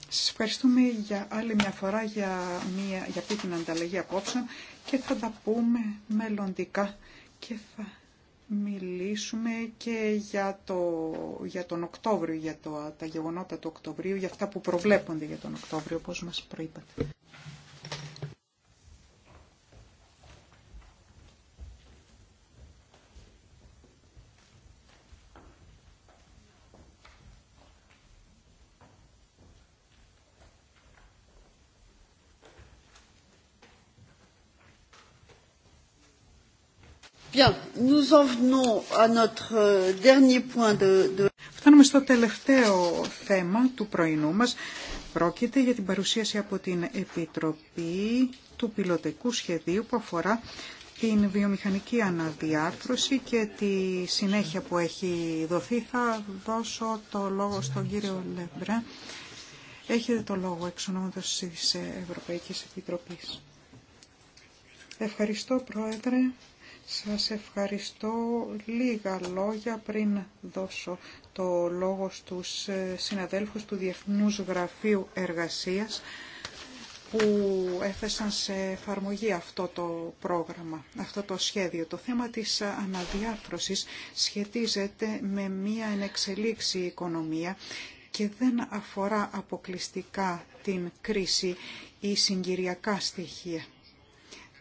Σας ευχαριστούμε για άλλη μια φορά για, μια, για αυτή την ανταλλαγή απόψε και θα τα πούμε μελλοντικά και θα μιλήσουμε και για, το, για τον Οκτώβριο, για τα γεγονότα του Οκτωβρίου, για αυτά που προβλέπονται για τον Οκτώβριο, όπως μας προείπατε. Φτάνουμε στο τελευταίο θέμα του πρωινού μας. Πρόκειται για την παρουσίαση από την Επιτροπή του Πιλωτικού Σχεδίου που αφορά την βιομηχανική αναδιάρθρωση και τη συνέχεια που έχει δοθεί. Θα δώσω το λόγο στον κύριο Λεμπρέ. Έχετε το λόγο εξ ονόματος της Ευρωπαϊκής Επιτροπής. Ευχαριστώ Πρόεδρε. Σας ευχαριστώ λίγα λόγια πριν δώσω το λόγο στους ε, συναδέλφους του Διεθνούς Γραφείου Εργασίας που έθεσαν σε εφαρμογή αυτό το πρόγραμμα, αυτό το σχέδιο. Το θέμα της αναδιάρθρωσης σχετίζεται με μία ενεξελίξη οικονομία και δεν αφορά αποκλειστικά την κρίση ή συγκυριακά στοιχεία.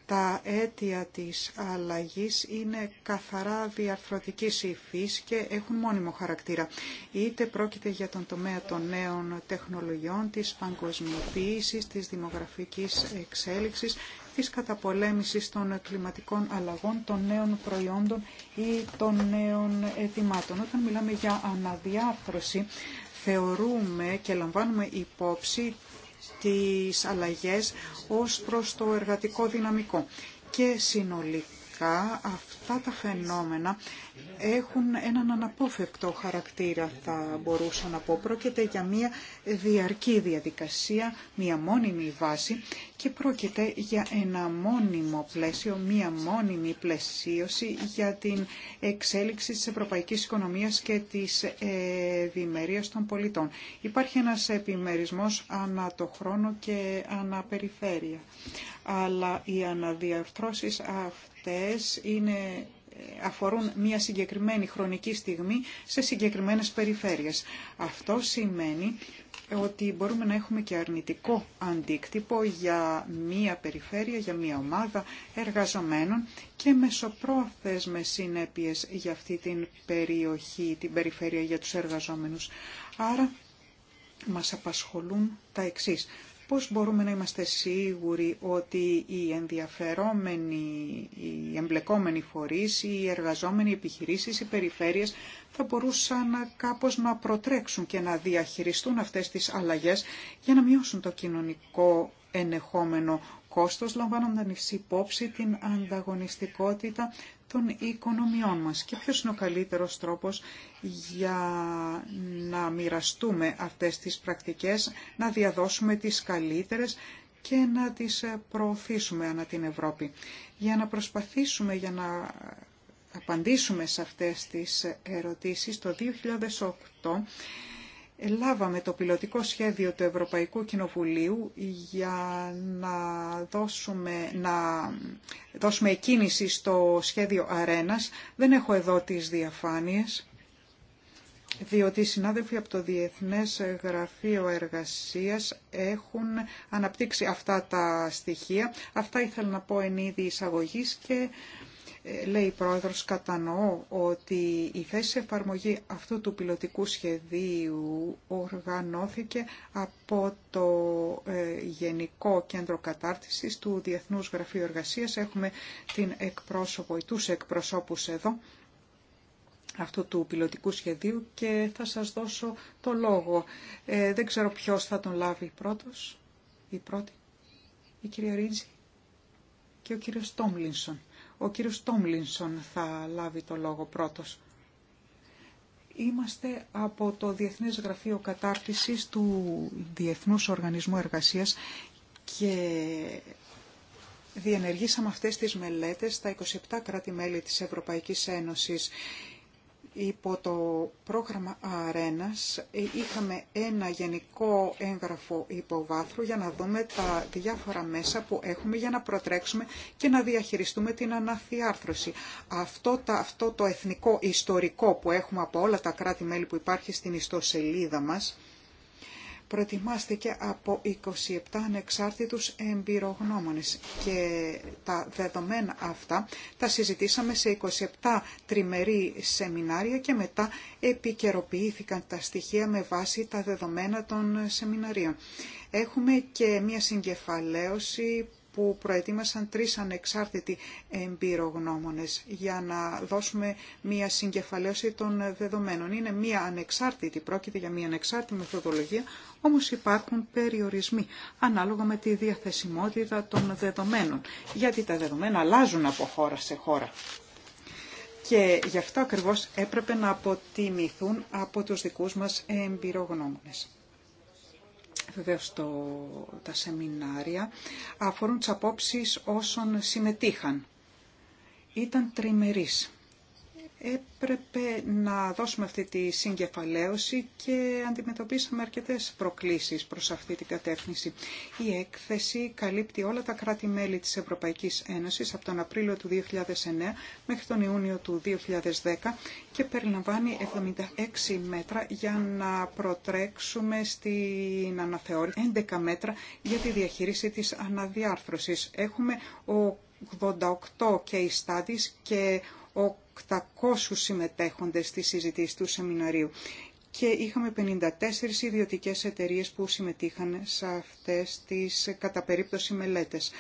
Τα αίτια της αλλαγής είναι καθαρά διαρθρωτικής υφής και έχουν μόνιμο χαρακτήρα. Είτε πρόκειται για τον τομέα των νέων τεχνολογιών, της παγκοσμιοποίησης, της δημογραφικής εξέλιξης, της καταπολέμησης των κλιματικών αλλαγών, των νέων προϊόντων ή των νέων ετοιμάτων. Όταν μιλάμε για αναδιάρθρωση, θεωρούμε και λαμβάνουμε υπόψη τις αλλαγές ως προς το εργατικό δυναμικό. Και συνολικά αυτά τα φαινόμενα έχουν έναν αναπόφευκτο χαρακτήρα, θα μπορούσα να πω. Πρόκειται για μια διαρκή διαδικασία, μια μόνιμη βάση και πρόκειται για ένα μόνιμο πλαίσιο, μια μόνιμη πλαισίωση για την εξέλιξη της ευρωπαϊκής οικονομίας και της ευημερίας των πολιτών. Υπάρχει ένας επιμερισμός ανά το χρόνο και ανά αναπεριφέρεια, αλλά οι αναδιαρθρώσεις αυτές είναι αφορούν μια συγκεκριμένη χρονική στιγμή σε συγκεκριμένες περιφέρειες. Αυτό σημαίνει ότι μπορούμε να έχουμε και αρνητικό αντίκτυπο για μία περιφέρεια, για μία ομάδα εργαζομένων και μεσοπρόθεσμες συνέπειες για αυτή την περιοχή, την περιφέρεια για τους εργαζόμενους. Άρα μας απασχολούν τα εξής. Πώς μπορούμε να είμαστε σίγουροι ότι οι ενδιαφερόμενοι, οι εμπλεκόμενοι φορείς, οι εργαζόμενοι επιχειρήσεις, οι περιφέρειες θα μπορούσαν κάπως να προτρέξουν και να διαχειριστούν αυτές τις αλλαγές για να μειώσουν το κοινωνικό ενεχόμενο κόστος λαμβάνονταν υπόψη την ανταγωνιστικότητα των οικονομιών μας και ποιος είναι ο καλύτερος τρόπος για να μοιραστούμε αυτές τις πρακτικές, να διαδώσουμε τις καλύτερες και να τις προωθήσουμε ανά την Ευρώπη. Για να προσπαθήσουμε, για να απαντήσουμε σε αυτές τις ερωτήσεις, το 2008 Ελάβαμε το πιλωτικό σχέδιο του Ευρωπαϊκού Κοινοβουλίου για να δώσουμε, να δώσουμε εκκίνηση στο σχέδιο αρένας. Δεν έχω εδώ τις διαφάνειες, διότι οι συνάδελφοι από το Διεθνές Γραφείο Εργασίας έχουν αναπτύξει αυτά τα στοιχεία. Αυτά ήθελα να πω εν είδη εισαγωγής και ε, λέει η Πρόεδρος, κατανοώ ότι η θέση εφαρμογή αυτού του πιλωτικού σχεδίου οργανώθηκε από το ε, Γενικό Κέντρο Κατάρτισης του Διεθνούς Γραφείου Εργασίας. Έχουμε την εκπρόσωπο ή τους εκπροσώπους εδώ αυτού του πιλωτικού σχεδίου και θα σας δώσω το λόγο. Ε, δεν ξέρω ποιος θα τον λάβει πρώτος, η πρώτη, η κυρία Ρίτζη και ο κύριος Τόμλινσον. Ο κύριος Τόμλινσον θα λάβει το λόγο πρώτος. Είμαστε από το Διεθνές Γραφείο Κατάρτισης του Διεθνούς Οργανισμού Εργασίας και διενεργήσαμε αυτές τις μελέτες στα 27 κράτη-μέλη της Ευρωπαϊκής Ένωσης Υπό το πρόγραμμα Αρένας ε, είχαμε ένα γενικό έγγραφο υποβάθρου για να δούμε τα διάφορα μέσα που έχουμε για να προτρέξουμε και να διαχειριστούμε την αναθιάρθρωση. Αυτό, τα, αυτό το εθνικό ιστορικό που έχουμε από όλα τα κράτη-μέλη που υπάρχει στην ιστοσελίδα μας προετοιμάστηκε από 27 ανεξάρτητους εμπειρογνώμονες και τα δεδομένα αυτά τα συζητήσαμε σε 27 τριμερή σεμινάρια και μετά επικαιροποιήθηκαν τα στοιχεία με βάση τα δεδομένα των σεμιναρίων. Έχουμε και μια συγκεφαλαίωση που προετοίμασαν τρεις ανεξάρτητοι εμπειρογνώμονες για να δώσουμε μία συγκεφαλαίωση των δεδομένων. Είναι μία ανεξάρτητη, πρόκειται για μία ανεξάρτητη μεθοδολογία, όμως υπάρχουν περιορισμοί ανάλογα με τη διαθεσιμότητα των δεδομένων, γιατί τα δεδομένα αλλάζουν από χώρα σε χώρα. Και γι' αυτό ακριβώς έπρεπε να αποτιμηθούν από τους δικούς μας εμπειρογνώμονες. Βεβαίω, τα σεμινάρια, αφορούν τι απόψει όσων συμμετείχαν. Ήταν τριμερείς έπρεπε να δώσουμε αυτή τη συγκεφαλαίωση και αντιμετωπίσαμε αρκετές προκλήσεις προς αυτή την κατεύθυνση. Η έκθεση καλύπτει όλα τα κράτη-μέλη της Ευρωπαϊκής Ένωσης από τον Απρίλιο του 2009 μέχρι τον Ιούνιο του 2010 και περιλαμβάνει 76 μέτρα για να προτρέξουμε στην αναθεώρηση 11 μέτρα για τη διαχείριση της αναδιάρθρωσης. Έχουμε 88 case studies και 800 συμμετέχοντες στη συζητήση του σεμιναρίου και είχαμε 54 ιδιωτικές εταιρείες που συμμετείχαν σε αυτές τις κατά περίπτωση μελέτες.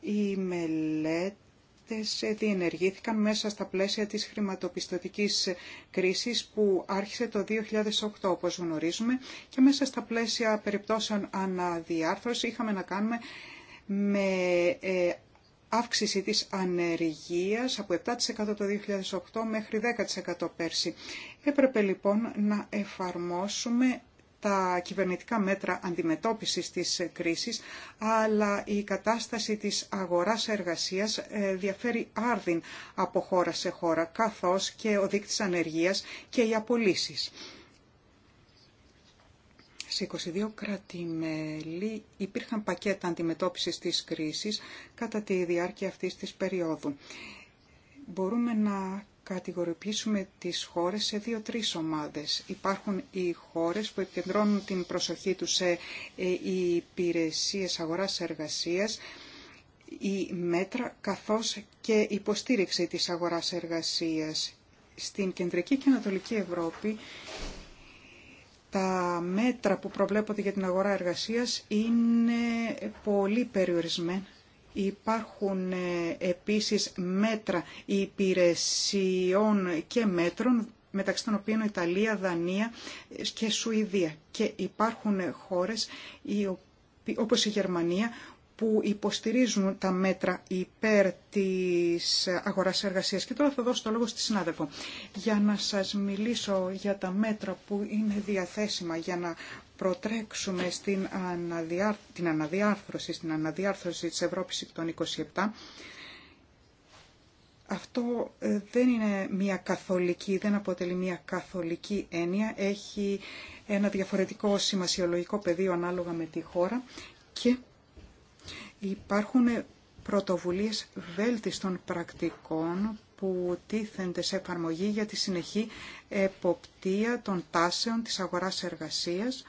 Οι μελέτες διενεργήθηκαν μέσα στα πλαίσια της χρηματοπιστωτικής κρίσης που άρχισε το 2008 όπως γνωρίζουμε και μέσα στα πλαίσια περιπτώσεων αναδιάρθρωση είχαμε να κάνουμε με ε, αύξηση της ανεργίας από 7% το 2008 μέχρι 10% πέρσι. Έπρεπε λοιπόν να εφαρμόσουμε τα κυβερνητικά μέτρα αντιμετώπισης της κρίσης, αλλά η κατάσταση της αγοράς εργασίας ε, διαφέρει άρδιν από χώρα σε χώρα, καθώς και ο δείκτης ανεργίας και οι απολύσεις σε 22 κρατημέλη υπήρχαν πακέτα αντιμετώπισης της κρίσης κατά τη διάρκεια αυτής της περίοδου. Μπορούμε να κατηγοριοποιήσουμε τις χώρες σε δύο-τρεις ομάδες. Υπάρχουν οι χώρες που επικεντρώνουν την προσοχή τους σε ε, υπηρεσίες αγοράς-εργασίας, η μέτρα καθώς και υποστήριξη της αγοράς-εργασίας. Στην Κεντρική και Ανατολική Ευρώπη τα μέτρα που προβλέπονται για την αγορά εργασίας είναι πολύ περιορισμένα. Υπάρχουν ε, επίσης μέτρα υπηρεσιών και μέτρων, μεταξύ των οποίων Ιταλία, Δανία ε, και Σουηδία. Και υπάρχουν χώρες όπως η Γερμανία που υποστηρίζουν τα μέτρα υπέρ της αγοράς εργασίας. Και τώρα θα δώσω το λόγο στη συνάδελφο για να σας μιλήσω για τα μέτρα που είναι διαθέσιμα για να προτρέξουμε στην την αναδιάρθρωση, στην αναδιάρθρωση της Ευρώπης των 27. Αυτό ε, δεν είναι μια καθολική, δεν αποτελεί μια καθολική έννοια. Έχει ένα διαφορετικό σημασιολογικό πεδίο ανάλογα με τη χώρα και Υπάρχουν πρωτοβουλίες βέλτιστων πρακτικών που τίθενται σε εφαρμογή για τη συνεχή εποπτεία των τάσεων της αγοράς εργασίας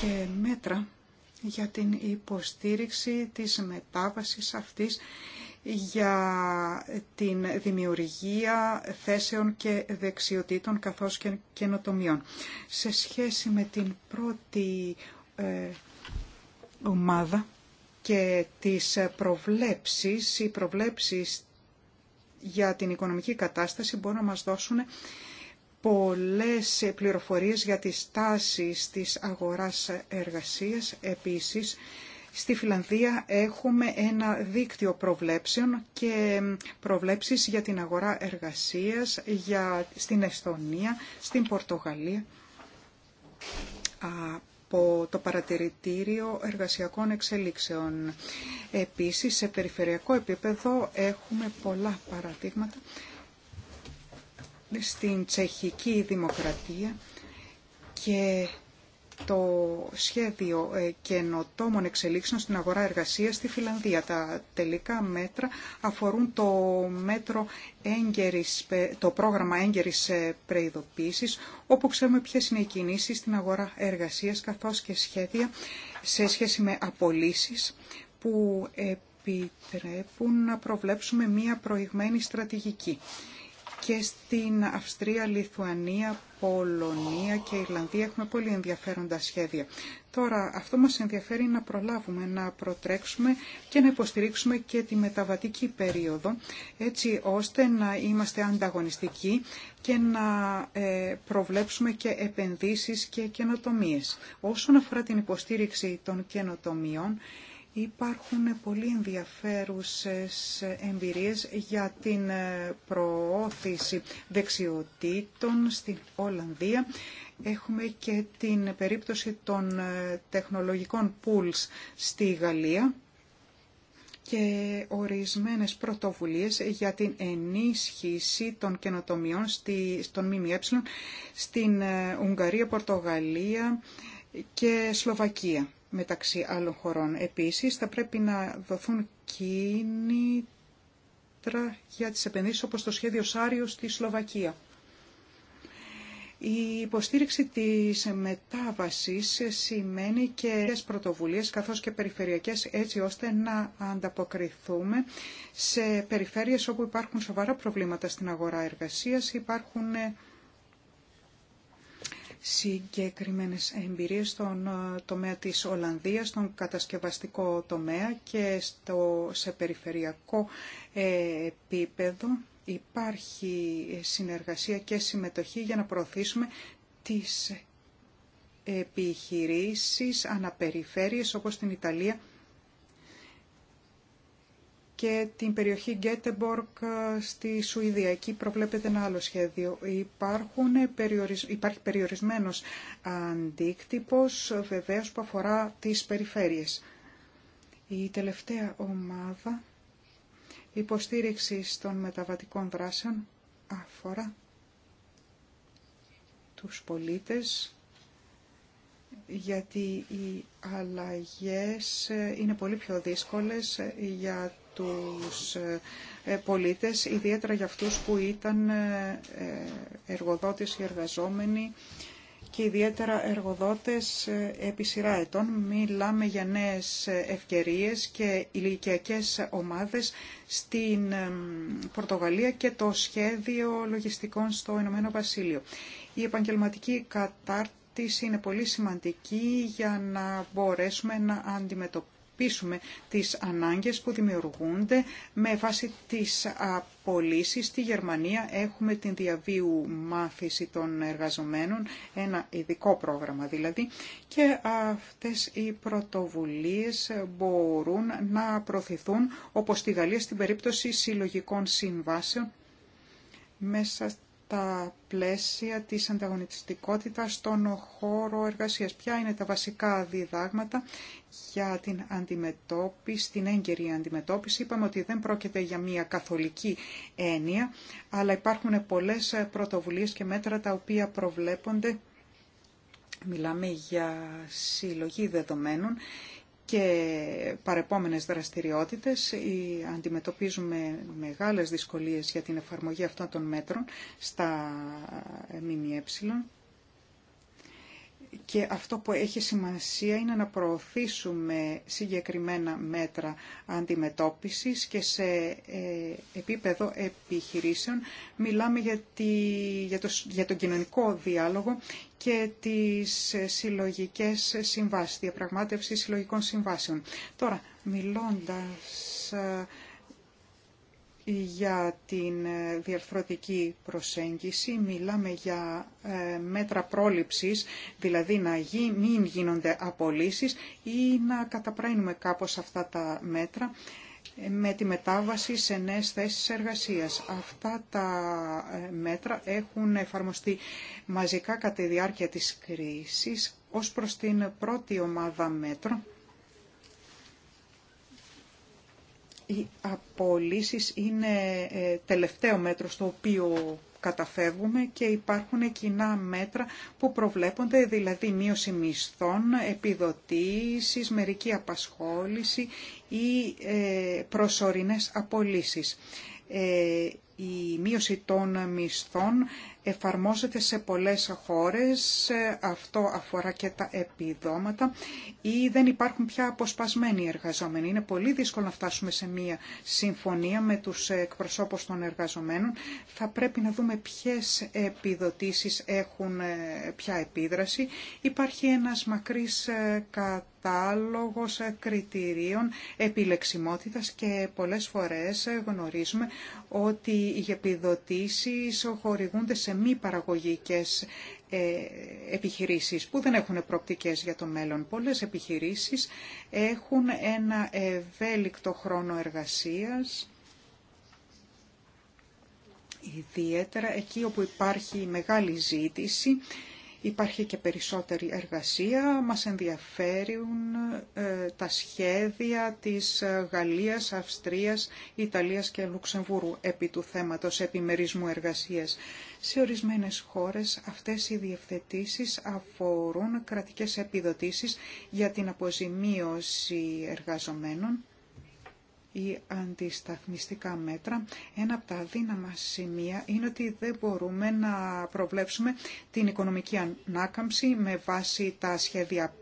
και μέτρα για την υποστήριξη της μετάβασης αυτής για την δημιουργία θέσεων και δεξιοτήτων καθώς και καινοτομιών. Σε σχέση με την πρώτη ε, ομάδα και τις προβλέψεις, οι προβλέψεις για την οικονομική κατάσταση μπορούν να μας δώσουν πολλές πληροφορίες για τις τάσεις της αγοράς εργασίας. Επίσης, στη Φιλανδία έχουμε ένα δίκτυο προβλέψεων και προβλέψεις για την αγορά εργασίας για, στην Εστονία, στην Πορτογαλία από το Παρατηρητήριο Εργασιακών Εξελίξεων. Επίσης, σε περιφερειακό επίπεδο έχουμε πολλά παραδείγματα στην τσεχική δημοκρατία και το σχέδιο ε, καινοτόμων εξελίξεων στην αγορά εργασίας στη Φιλανδία. Τα τελικά μέτρα αφορούν το, μέτρο έγκαιρης, ε, το πρόγραμμα έγκαιρης ε, προειδοποίησης, όπου ξέρουμε ποιες είναι οι κινήσεις στην αγορά εργασίας, καθώς και σχέδια σε σχέση με απολύσεις που επιτρέπουν να προβλέψουμε μία προηγμένη στρατηγική και στην Αυστρία, Λιθουανία, Πολωνία και Ιρλανδία έχουμε πολύ ενδιαφέροντα σχέδια. Τώρα αυτό μας ενδιαφέρει να προλάβουμε, να προτρέξουμε και να υποστηρίξουμε και τη μεταβατική περίοδο έτσι ώστε να είμαστε ανταγωνιστικοί και να ε, προβλέψουμε και επενδύσεις και καινοτομίες. Όσον αφορά την υποστήριξη των καινοτομιών, Υπάρχουν πολύ ενδιαφέρουσες εμπειρίες για την ε, προώθηση δεξιοτήτων στην Ολλανδία. Έχουμε και την περίπτωση των ε, τεχνολογικών πουλς στη Γαλλία και ορισμένες πρωτοβουλίες για την ενίσχυση των καινοτομιών στη, στον ΜΜΕ στην ε, Ουγγαρία, Πορτογαλία και Σλοβακία μεταξύ άλλων χωρών. Επίσης, θα πρέπει να δοθούν κίνητρα για τις επενδύσεις όπως το σχέδιο Σάριο στη Σλοβακία. Η υποστήριξη της μετάβασης σημαίνει και πρωτοβουλίες καθώς και περιφερειακές έτσι ώστε να ανταποκριθούμε σε περιφέρειες όπου υπάρχουν σοβαρά προβλήματα στην αγορά εργασίας, υπάρχουν συγκεκριμένες εμπειρίες στον ε, τομέα της Ολλανδίας, στον κατασκευαστικό τομέα και στο, σε περιφερειακό ε, επίπεδο. Υπάρχει συνεργασία και συμμετοχή για να προωθήσουμε τις επιχειρήσεις αναπεριφέρειες όπως στην Ιταλία και την περιοχή Γκέτεμπορκ στη Σουηδία. Εκεί προβλέπεται ένα άλλο σχέδιο. Υπάρχουν, υπάρχει περιορισμένος αντίκτυπος βεβαίως που αφορά τις περιφέρειες. Η τελευταία ομάδα υποστήριξης των μεταβατικών δράσεων αφορά τους πολίτες γιατί οι αλλαγές ε, είναι πολύ πιο δύσκολες ε, για τους ε, ε, πολίτες, ιδιαίτερα για αυτούς που ήταν ε, εργοδότες ή εργαζόμενοι και ιδιαίτερα εργοδότες επί σειρά ετών. Μιλάμε για νέες ευκαιρίες και ηλικιακές ομάδες στην Πορτογαλία και το σχέδιο λογιστικών στο Ηνωμένο Βασίλειο. Η επαγγελματική κατάρτιση είναι πολύ σημαντική για να μπορέσουμε να αντιμετωπίσουμε αντιμετωπίσουμε τις ανάγκες που δημιουργούνται με βάση τις απολύσεις. Στη Γερμανία έχουμε την διαβίου μάθηση των εργαζομένων, ένα ειδικό πρόγραμμα δηλαδή, και αυτές οι πρωτοβουλίες μπορούν να προωθηθούν, όπως στη Γαλλία στην περίπτωση συλλογικών συμβάσεων, μέσα τα πλαίσια της ανταγωνιστικότητας στον χώρο εργασίας. Ποια είναι τα βασικά διδάγματα για την αντιμετώπιση, την έγκαιρη αντιμετώπιση. Είπαμε ότι δεν πρόκειται για μια καθολική έννοια, αλλά υπάρχουν πολλές πρωτοβουλίες και μέτρα τα οποία προβλέπονται. Μιλάμε για συλλογή δεδομένων και παρεπόμενες δραστηριότητες. Αντιμετωπίζουμε μεγάλες δυσκολίες για την εφαρμογή αυτών των μέτρων στα ΜΜΕ και αυτό που έχει σημασία είναι να προωθήσουμε συγκεκριμένα μέτρα αντιμετώπισης και σε ε, επίπεδο επιχειρήσεων μιλάμε για, για, το, για τον κοινωνικό διάλογο και τις συλλογικές συμβάσεις, διαπραγμάτευση συλλογικών συμβάσεων. Τώρα, μιλώντας ε, για την ε, διαρθρωτική προσέγγιση. Μιλάμε για ε, μέτρα πρόληψης, δηλαδή να γι, μην γίνονται απολύσεις ή να καταπραίνουμε κάπως αυτά τα μέτρα ε, με τη μετάβαση σε νέες θέσεις εργασίας. Αυτά τα μέτρα έχουν εφαρμοστεί μαζικά κατά τη διάρκεια της κρίσης ως προς την πρώτη ομάδα μέτρων οι απολύσεις είναι ε, τελευταίο μέτρο στο οποίο καταφεύγουμε και υπάρχουν κοινά μέτρα που προβλέπονται, δηλαδή μείωση μισθών, επιδοτήσεις, μερική απασχόληση ή ε, προσωρινές απολύσεις. Ε, η μείωση των μισθών εφαρμόζεται σε πολλές χώρες, ε, αυτό αφορά και τα επιδόματα ή δεν υπάρχουν πια αποσπασμένοι εργαζόμενοι. Είναι πολύ δύσκολο να φτάσουμε σε μία συμφωνία με τους εκπροσώπους των εργαζομένων. Θα πρέπει να δούμε ποιες επιδοτήσεις έχουν ε, πια επίδραση. Υπάρχει ένας μακρύς ε, κατάλογος κριτηρίων επιλεξιμότητας και πολλές φορές γνωρίζουμε ότι οι επιδοτήσεις χορηγούνται σε σε μη παραγωγικές ε, επιχειρήσεις που δεν έχουν προοπτικές για το μέλλον. Πολλές επιχειρήσεις έχουν ένα ευέλικτο χρόνο εργασίας, ιδιαίτερα εκεί όπου υπάρχει μεγάλη ζήτηση Υπάρχει και περισσότερη εργασία. Μας ενδιαφέρουν ε, τα σχέδια της ε, Γαλλίας, Αυστρίας, Ιταλίας και Λουξεμβούρου επί του θέματος επιμερισμού εργασίας. Σε ορισμένες χώρες αυτές οι διευθετήσεις αφορούν κρατικές επιδοτήσεις για την αποζημίωση εργαζομένων ή αντισταθμιστικά μέτρα. Ένα από τα δύναμα σημεία είναι ότι δεν μπορούμε να προβλέψουμε την οικονομική ανάκαμψη με βάση τα σχέδια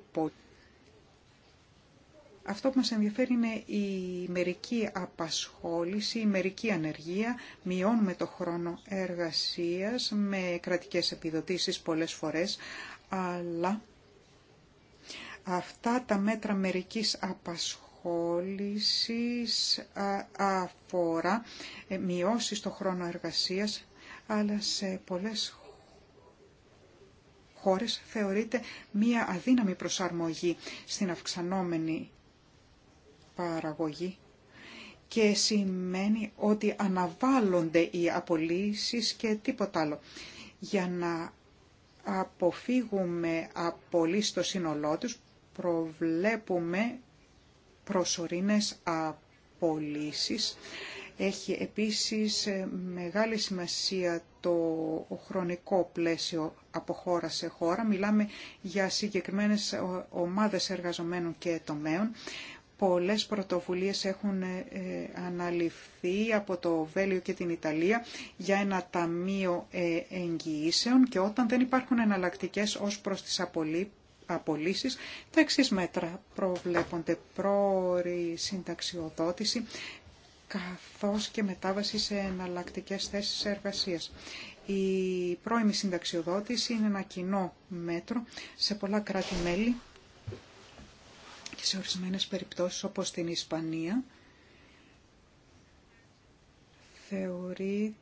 αυτό που μας ενδιαφέρει είναι η μερική απασχόληση, η μερική ανεργία. Μειώνουμε το χρόνο εργασίας με κρατικές επιδοτήσεις πολλές φορές, αλλά αυτά τα μέτρα μερικής απασχόλησης απολύσεις αφορά ε, μειώσει στο χρόνο εργασίας, αλλά σε πολλές χώρες θεωρείται μία αδύναμη προσαρμογή στην αυξανόμενη παραγωγή και σημαίνει ότι αναβάλλονται οι απολύσεις και τίποτα άλλο. Για να αποφύγουμε απολύσεις στο σύνολό προβλέπουμε προσωρινές απολύσεις. Έχει επίσης ε, μεγάλη σημασία το χρονικό πλαίσιο από χώρα σε χώρα. Μιλάμε για συγκεκριμένες ε, ομάδες εργαζομένων και τομέων. Πολλές πρωτοβουλίες έχουν ε, αναλυφθεί από το Βέλιο και την Ιταλία για ένα ταμείο εγγυήσεων και όταν δεν υπάρχουν εναλλακτικές ως προς τις απολύσεις. Τα εξή μέτρα προβλέπονται πρόορη συνταξιοδότηση καθώς και μετάβαση σε εναλλακτικέ θέσεις εργασίας. Η πρώιμη συνταξιοδότηση είναι ένα κοινό μέτρο σε πολλά κράτη-μέλη και σε ορισμένες περιπτώσεις όπως στην Ισπανία θεωρείται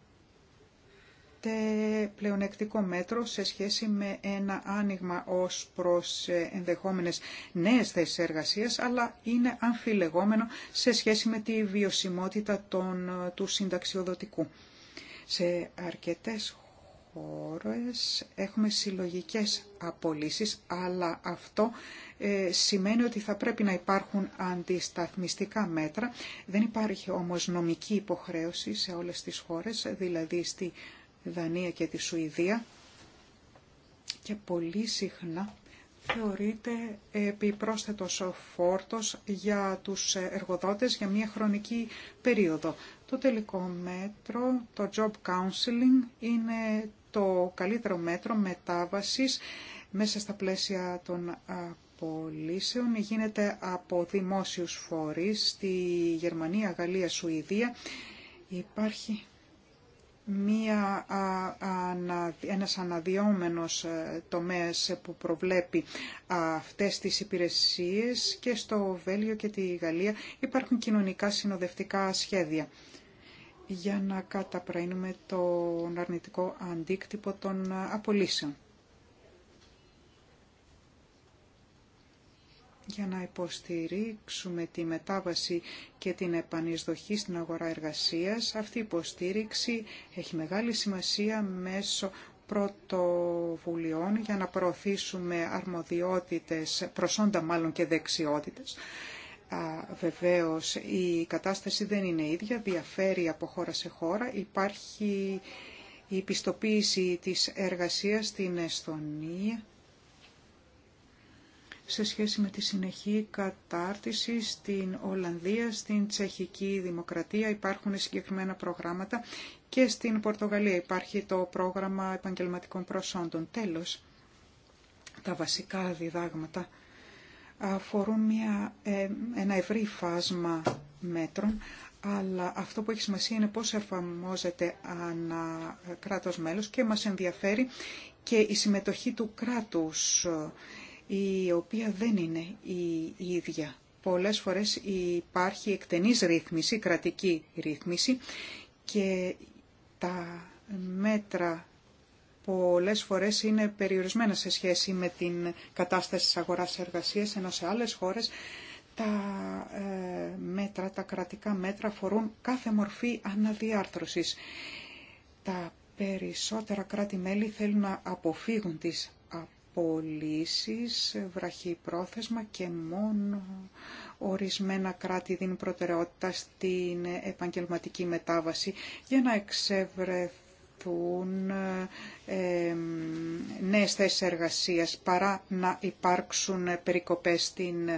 θεωρείται πλεονεκτικό μέτρο σε σχέση με ένα άνοιγμα ως προς ε, ενδεχόμενες νέες θέσεις εργασίας, αλλά είναι αμφιλεγόμενο σε σχέση με τη βιωσιμότητα των, ε, του συνταξιοδοτικού. Σε αρκετές χώρες έχουμε συλλογικές απολύσεις, αλλά αυτό ε, σημαίνει ότι θα πρέπει να υπάρχουν αντισταθμιστικά μέτρα. Δεν υπάρχει όμως νομική υποχρέωση σε όλες τις χώρες, δηλαδή στη Δανία και τη Σουηδία και πολύ συχνά θεωρείται επιπρόσθετος φόρτος για τους εργοδότες για μια χρονική περίοδο. Το τελικό μέτρο, το Job Counseling, είναι το καλύτερο μέτρο μετάβασης μέσα στα πλαίσια των απολύσεων. Γίνεται από δημόσιους φορείς στη Γερμανία, Γαλλία, Σουηδία. Υπάρχει μία, ένας αναδιόμενος ε, τομέας ε, που προβλέπει αυτές τις υπηρεσίες και στο Βέλγιο και τη Γαλλία υπάρχουν κοινωνικά συνοδευτικά σχέδια για να καταπραίνουμε τον αρνητικό αντίκτυπο των ε, απολύσεων. για να υποστηρίξουμε τη μετάβαση και την επανεισδοχή στην αγορά εργασίας. Αυτή η υποστήριξη έχει μεγάλη σημασία μέσω πρωτοβουλειών για να προωθήσουμε αρμοδιότητες, προσόντα μάλλον και δεξιότητες. βεβαίως η κατάσταση δεν είναι ίδια, διαφέρει από χώρα σε χώρα. Υπάρχει η πιστοποίηση της εργασίας στην Εστονία σε σχέση με τη συνεχή κατάρτιση στην Ολλανδία, στην Τσεχική Δημοκρατία υπάρχουν συγκεκριμένα προγράμματα και στην Πορτογαλία υπάρχει το πρόγραμμα επαγγελματικών προσόντων. Τέλος, τα βασικά διδάγματα αφορούν μια, ε, ένα ευρύ φάσμα μέτρων, αλλά αυτό που έχει σημασία είναι πώς εφαρμόζεται ανα κράτος μέλος και μας ενδιαφέρει και η συμμετοχή του κράτους η οποία δεν είναι η ίδια. Πολλές φορές υπάρχει εκτενής ρύθμιση, κρατική ρύθμιση και τα μέτρα πολλές φορές είναι περιορισμένα σε σχέση με την κατάσταση της αγοράς εργασίας, ενώ σε άλλες χώρες τα ε, μέτρα, τα κρατικά μέτρα αφορούν κάθε μορφή αναδιάρθρωσης. Τα περισσότερα κράτη-μέλη θέλουν να αποφύγουν τις πωλήσει πρόθεσμα και μόνο ορισμένα κράτη δίνουν προτεραιότητα στην επαγγελματική μετάβαση για να εξευρεθούν ε, νέες θέσεις εργασίας παρά να υπάρξουν περικοπές στην,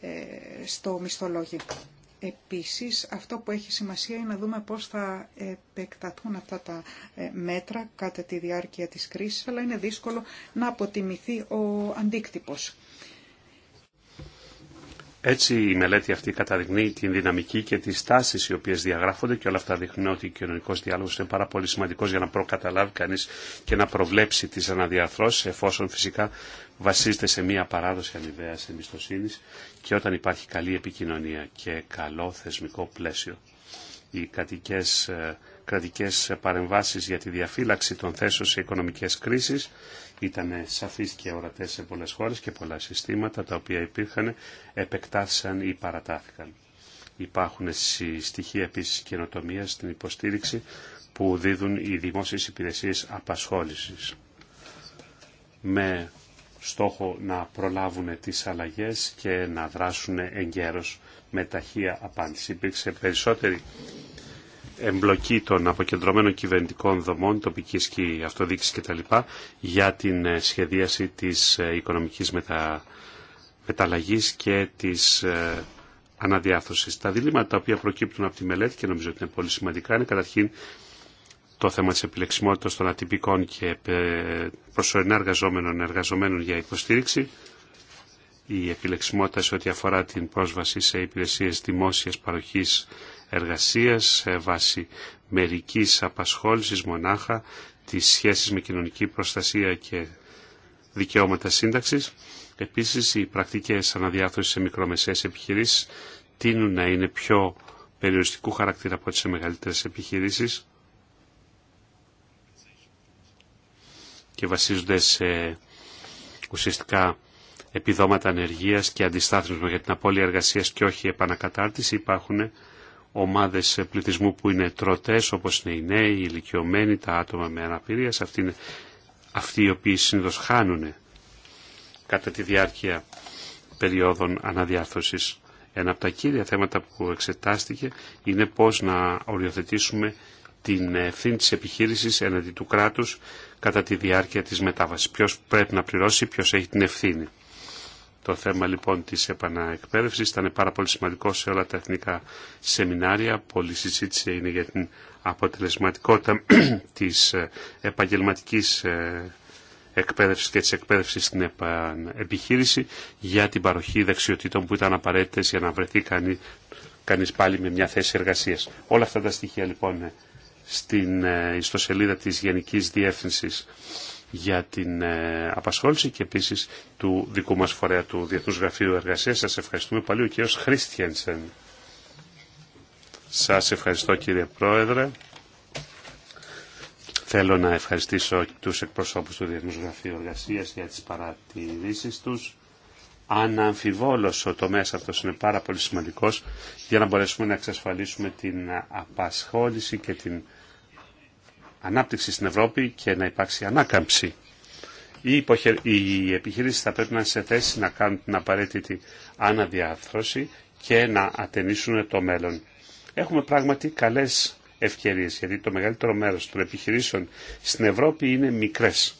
ε, στο μισθολόγιο. Επίσης, αυτό που έχει σημασία είναι να δούμε πώς θα επεκταθούν αυτά τα ε, μέτρα κατά τη διάρκεια της κρίσης, αλλά είναι δύσκολο να αποτιμηθεί ο αντίκτυπος. Έτσι η μελέτη αυτή καταδεικνύει την δυναμική και τις τάσεις οι οποίες διαγράφονται και όλα αυτά δείχνουν ότι ο κοινωνικός διάλογος είναι πάρα πολύ σημαντικός για να προκαταλάβει κανείς και να προβλέψει τις αναδιαρθρώσεις εφόσον φυσικά βασίζεται σε μια παράδοση αμοιβαία εμπιστοσύνη και όταν υπάρχει καλή επικοινωνία και καλό θεσμικό πλαίσιο. Οι κατοικές, ε, κρατικές παρεμβάσεις για τη διαφύλαξη των θέσεων σε οικονομικές κρίσεις ήταν σαφείς και ορατές σε πολλές χώρες και πολλά συστήματα τα οποία υπήρχαν επεκτάθησαν ή παρατάθηκαν. Υπάρχουν στοιχεία επίση καινοτομία στην υποστήριξη που δίδουν οι δημόσιες υπηρεσίες απασχόλησης. Με στόχο να προλάβουν τις αλλαγές και να δράσουν εγκαίρως με ταχεία απάντηση. Υπήρξε περισσότερη εμπλοκή των αποκεντρωμένων κυβερνητικών δομών, τοπικής και αυτοδίκησης κτλ. για την ε, σχεδίαση της ε, οικονομικής μετα... μεταλλαγής και της ε, αναδιάθρωσης. Τα διλήμματα τα οποία προκύπτουν από τη μελέτη και νομίζω ότι είναι πολύ σημαντικά είναι καταρχήν το θέμα της επιλεξιμότητας των ατυπικών και ε, προσωρινά εργαζόμενων εργαζομένων για υποστήριξη, η επιλεξιμότητα σε ό,τι αφορά την πρόσβαση σε υπηρεσίες δημόσιας παροχής εργασίας, σε βάση μερικής απασχόλησης μονάχα, τις σχέσεις με κοινωνική προστασία και δικαιώματα σύνταξης. Επίσης, οι πρακτικές αναδιάθρωσης σε μικρομεσαίες επιχειρήσεις τείνουν να είναι πιο περιοριστικού χαρακτήρα από τις μεγαλύτερες επιχειρήσεις και βασίζονται σε ουσιαστικά επιδόματα ανεργίας και αντιστάθμισμα για την απώλεια εργασίας και όχι επανακατάρτιση. Υπάρχουν ομάδες πληθυσμού που είναι τρωτές όπως είναι οι νέοι, οι ηλικιωμένοι, τα άτομα με αναπηρία Αυτοί είναι αυτοί οι οποίοι συνήθως χάνουν κατά τη διάρκεια περίοδων αναδιάρθρωσης. Ένα από τα κύρια θέματα που εξετάστηκε είναι πώς να οριοθετήσουμε την ευθύνη της επιχείρησης εναντί του κράτους κατά τη διάρκεια της μετάβασης. Ποιος πρέπει να πληρώσει, ποιος έχει την ευθύνη. Το θέμα λοιπόν της επαναεκπαίδευσης ήταν πάρα πολύ σημαντικό σε όλα τα εθνικά σεμινάρια. Πολύ συζήτηση είναι για την αποτελεσματικότητα της ε, επαγγελματικής ε, εκπαίδευσης και της εκπαίδευσης στην επιχείρηση για την παροχή δεξιοτήτων που ήταν απαραίτητες για να βρεθεί κανεί, κανείς πάλι με μια θέση εργασίας. Όλα αυτά τα στοιχεία λοιπόν στην ε, ιστοσελίδα της Γενικής Διεύθυνσης για την ε, απασχόληση και επίσης του δικού μας φορέα του Διεθνούς Γραφείου Εργασίας. Σας ευχαριστούμε πολύ ο κ. Χρίστιανσεν. Σας ευχαριστώ κύριε Πρόεδρε. Θέλω να ευχαριστήσω τους εκπροσώπους του Διεθνούς Γραφείου Εργασίας για τις παρατηρήσεις τους. Αναμφιβόλως ο τομέας αυτός είναι πάρα πολύ σημαντικός για να μπορέσουμε να εξασφαλίσουμε την απασχόληση και την ανάπτυξη στην Ευρώπη και να υπάρξει ανάκαμψη. Οι επιχειρήσεις θα πρέπει να είναι σε θέση να κάνουν την απαραίτητη αναδιάρθρωση και να ατενίσουν το μέλλον. Έχουμε πράγματι καλές ευκαιρίες, γιατί το μεγαλύτερο μέρος των επιχειρήσεων στην Ευρώπη είναι μικρές.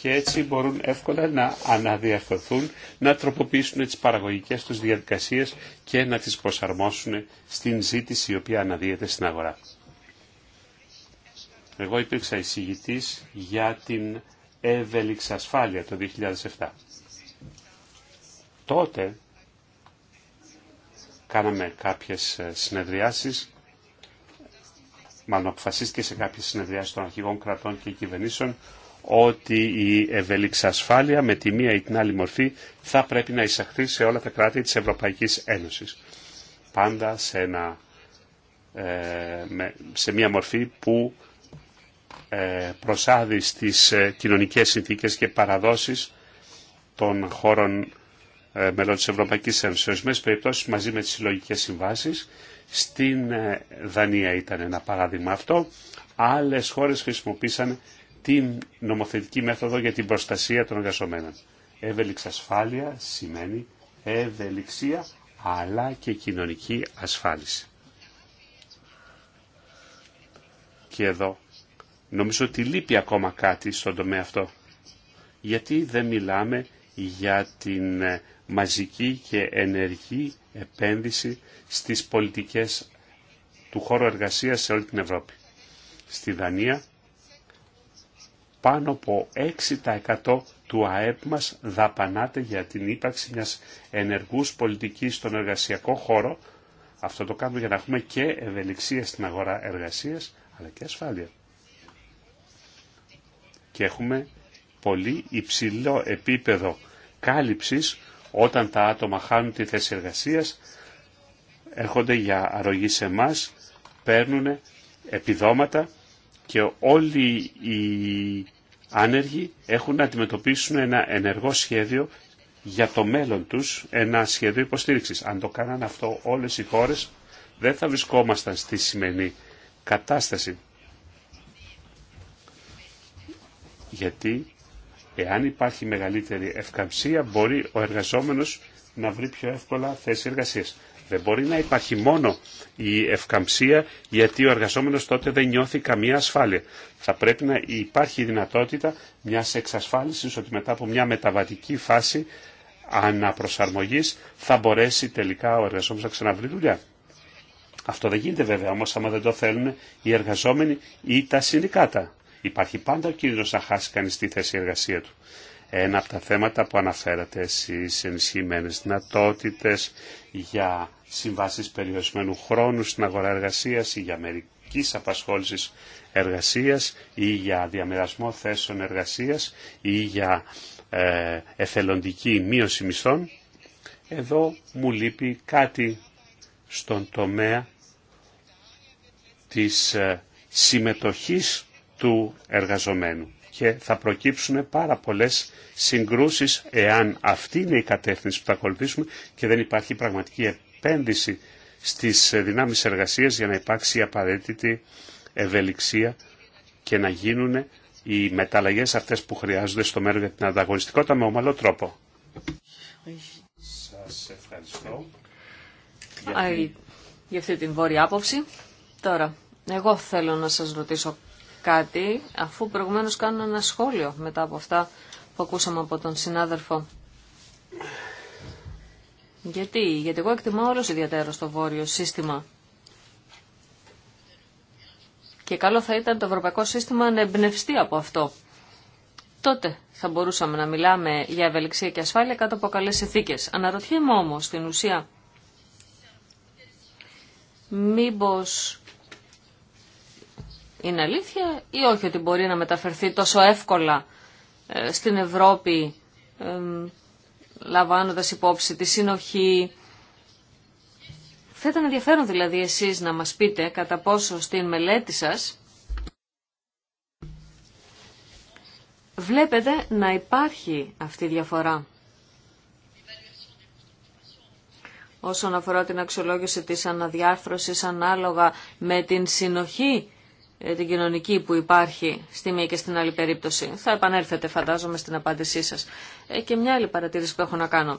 Και έτσι μπορούν εύκολα να αναδιαρθρωθούν, να τροποποιήσουν τις παραγωγικές τους διαδικασίες και να τις προσαρμόσουν στην ζήτηση η οποία αναδύεται στην αγορά. Εγώ υπήρξα εισηγητής για την Εύελιξ Ασφάλεια το 2007. Τότε κάναμε κάποιες ε, συνεδριάσεις, μάλλον αποφασίστηκε σε κάποιες συνεδριάσεις των αρχηγών κρατών και κυβερνήσεων, ότι η ευελίξη ασφάλεια με τη μία ή την άλλη μορφή θα πρέπει να εισαχθεί σε όλα τα κράτη της Ευρωπαϊκής Ένωσης. Πάντα σε, ένα, ε, σε μία μορφή που ε, προσάδει στις ε, κοινωνικές συνθήκες και παραδόσεις των χώρων ε, μελών της Ευρωπαϊκής Ένωσης. Σε ορισμένες μαζί με τις συλλογικέ συμβάσεις. Στην Δανία ήταν ένα παράδειγμα αυτό. Άλλες χώρες χρησιμοποίησαν την νομοθετική μέθοδο για την προστασία των εργαζομένων. Εύελιξη ασφάλεια σημαίνει ευελιξία αλλά και κοινωνική ασφάλιση. Και εδώ Νομίζω ότι λείπει ακόμα κάτι στον τομέα αυτό. Γιατί δεν μιλάμε για την ε, μαζική και ενεργή επένδυση στις πολιτικές του χώρου εργασίας σε όλη την Ευρώπη. Στη Δανία πάνω από 6% του ΑΕΠ μας δαπανάται για την ύπαρξη μιας ενεργούς πολιτικής στον εργασιακό χώρο. Αυτό το κάνουμε για να έχουμε και ευελιξία στην αγορά εργασίας, αλλά και ασφάλεια και έχουμε πολύ υψηλό επίπεδο κάλυψης όταν τα άτομα χάνουν τη θέση εργασίας, έρχονται για αρρωγή σε εμά, παίρνουν επιδόματα και όλοι οι άνεργοι έχουν να αντιμετωπίσουν ένα ενεργό σχέδιο για το μέλλον τους, ένα σχέδιο υποστήριξης. Αν το κάναν αυτό όλες οι χώρες, δεν θα βρισκόμασταν στη σημερινή κατάσταση. γιατί εάν υπάρχει μεγαλύτερη ευκαμψία μπορεί ο εργαζόμενος να βρει πιο εύκολα θέση εργασίας. Δεν μπορεί να υπάρχει μόνο η ευκαμψία γιατί ο εργαζόμενος τότε δεν νιώθει καμία ασφάλεια. Θα πρέπει να υπάρχει η δυνατότητα μιας εξασφάλισης ότι μετά από μια μεταβατική φάση αναπροσαρμογής θα μπορέσει τελικά ο εργαζόμενος να ξαναβρει δουλειά. Αυτό δεν γίνεται βέβαια όμως άμα δεν το θέλουν οι εργαζόμενοι ή τα συνδικάτα. Υπάρχει πάντα ο κίνδυνος να χάσει κανεί τη θέση εργασία του. Ένα από τα θέματα που αναφέρατε στι ενισχυμένε δυνατότητε για συμβάσει περιορισμένου χρόνου στην αγορά εργασίας ή για μερική απασχόληση εργασίας ή για διαμερασμό θέσεων εργασίας ή για ε, εθελοντική μείωση μισθών. Εδώ μου λείπει κάτι στον τομέα της ε, συμμετοχής του εργαζομένου και θα προκύψουν πάρα πολλές συγκρούσεις εάν αυτή είναι η κατεύθυνση που θα ακολουθήσουμε και δεν υπάρχει πραγματική επένδυση στις δυνάμεις εργασίας για να υπάρξει η απαραίτητη ευελιξία και να γίνουν οι μεταλλαγές αυτές που χρειάζονται στο μέλλον για την ανταγωνιστικότητα με ομαλό τρόπο. Σας ευχαριστώ. αυτή την βόρεια άποψη. Τώρα, εγώ θέλω να σας ρωτήσω κάτι αφού προηγουμένως κάνω ένα σχόλιο μετά από αυτά που ακούσαμε από τον συνάδελφο. Γιατί, γιατί εγώ εκτιμάω όλος ιδιαίτερο το βόρειο σύστημα. Και καλό θα ήταν το ευρωπαϊκό σύστημα να εμπνευστεί από αυτό. Τότε θα μπορούσαμε να μιλάμε για ευελιξία και ασφάλεια κάτω από καλές συνθήκε. Αναρωτιέμαι όμως στην ουσία μήπως είναι αλήθεια ή όχι ότι μπορεί να μεταφερθεί τόσο εύκολα ε, στην Ευρώπη λαμβάνοντας υπόψη τη συνοχή. Θα ήταν ενδιαφέρον δηλαδή εσείς να μας πείτε κατά πόσο στην μελέτη σας βλέπετε να υπάρχει αυτή η διαφορά. Όσον αφορά την αξιολόγηση της αναδιάρθρωσης ανάλογα με την συνοχή ε, την κοινωνική που υπάρχει στη μία και στην άλλη περίπτωση. Θα επανέλθετε φαντάζομαι στην απάντησή σας. Ε, και μια άλλη παρατήρηση που έχω να κάνω.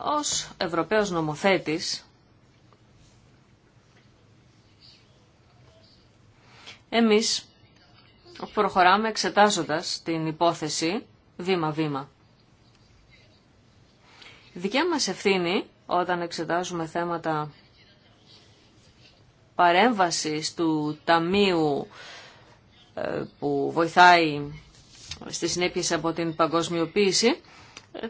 Ως Ευρωπαίος νομοθέτης, εμείς προχωράμε εξετάζοντας την υπόθεση βήμα-βήμα. δικιά μας ευθύνη όταν εξετάζουμε θέματα παρέμβασης του Ταμείου ε, που βοηθάει στις συνέπειες από την παγκοσμιοποίηση, ε,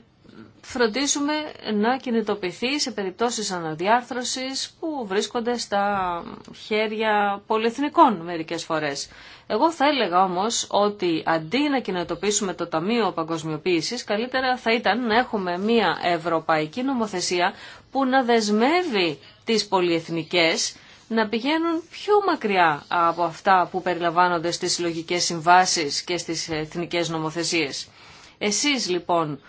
φροντίζουμε να κινητοποιηθεί σε περιπτώσεις αναδιάρθρωσης που βρίσκονται στα χέρια πολυεθνικών μερικές φορές. Εγώ θα έλεγα όμως ότι αντί να κινητοποιήσουμε το Ταμείο Παγκοσμιοποίησης, καλύτερα θα ήταν να έχουμε μια ευρωπαϊκή νομοθεσία που να δεσμεύει τις πολυεθνικές να πηγαίνουν πιο μακριά από αυτά που περιλαμβάνονται στις συλλογικέ συμβάσεις και στις εθνικές νομοθεσίες. Εσείς λοιπόν,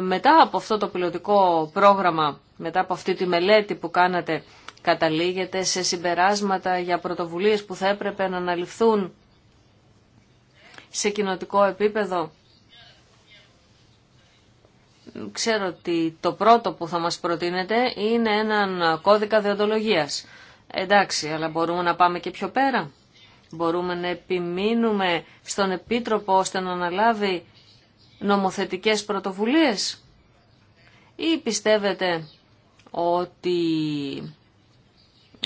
μετά από αυτό το πιλωτικό πρόγραμμα, μετά από αυτή τη μελέτη που κάνατε, καταλήγετε σε συμπεράσματα για πρωτοβουλίες που θα έπρεπε να αναλυφθούν σε κοινοτικό επίπεδο ξέρω ότι το πρώτο που θα μας προτείνετε είναι έναν κώδικα διοντολογίας. Εντάξει, αλλά μπορούμε να πάμε και πιο πέρα. Μπορούμε να επιμείνουμε στον Επίτροπο ώστε να αναλάβει νομοθετικές πρωτοβουλίες. Ή πιστεύετε ότι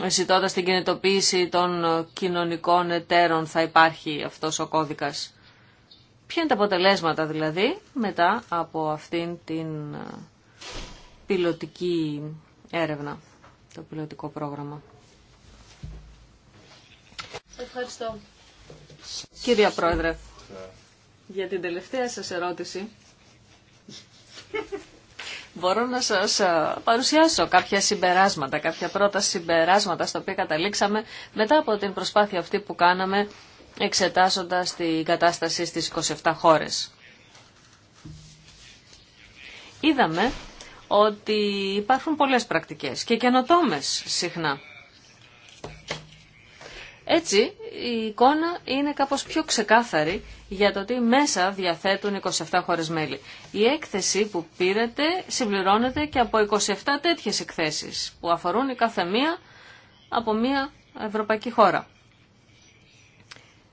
ζητώντα την κινητοποίηση των κοινωνικών εταίρων θα υπάρχει αυτός ο κώδικας. Ποια είναι τα αποτελέσματα δηλαδή μετά από αυτήν την ε, πιλωτική έρευνα, το πιλωτικό πρόγραμμα. Ευχαριστώ. κύριε Πρόεδρε, για την τελευταία σας ερώτηση μπορώ να σας ε, παρουσιάσω κάποια συμπεράσματα, κάποια πρώτα συμπεράσματα στο οποία καταλήξαμε μετά από την προσπάθεια αυτή που κάναμε εξετάζοντας την κατάσταση στις 27 χώρες. Είδαμε ότι υπάρχουν πολλές πρακτικές και καινοτόμες συχνά. Έτσι, η εικόνα είναι κάπως πιο ξεκάθαρη για το ότι μέσα διαθέτουν 27 χώρες μέλη. Η έκθεση που πήρετε συμπληρώνεται και από 27 τέτοιες εκθέσεις που αφορούν η κάθε μία από μία ευρωπαϊκή χώρα.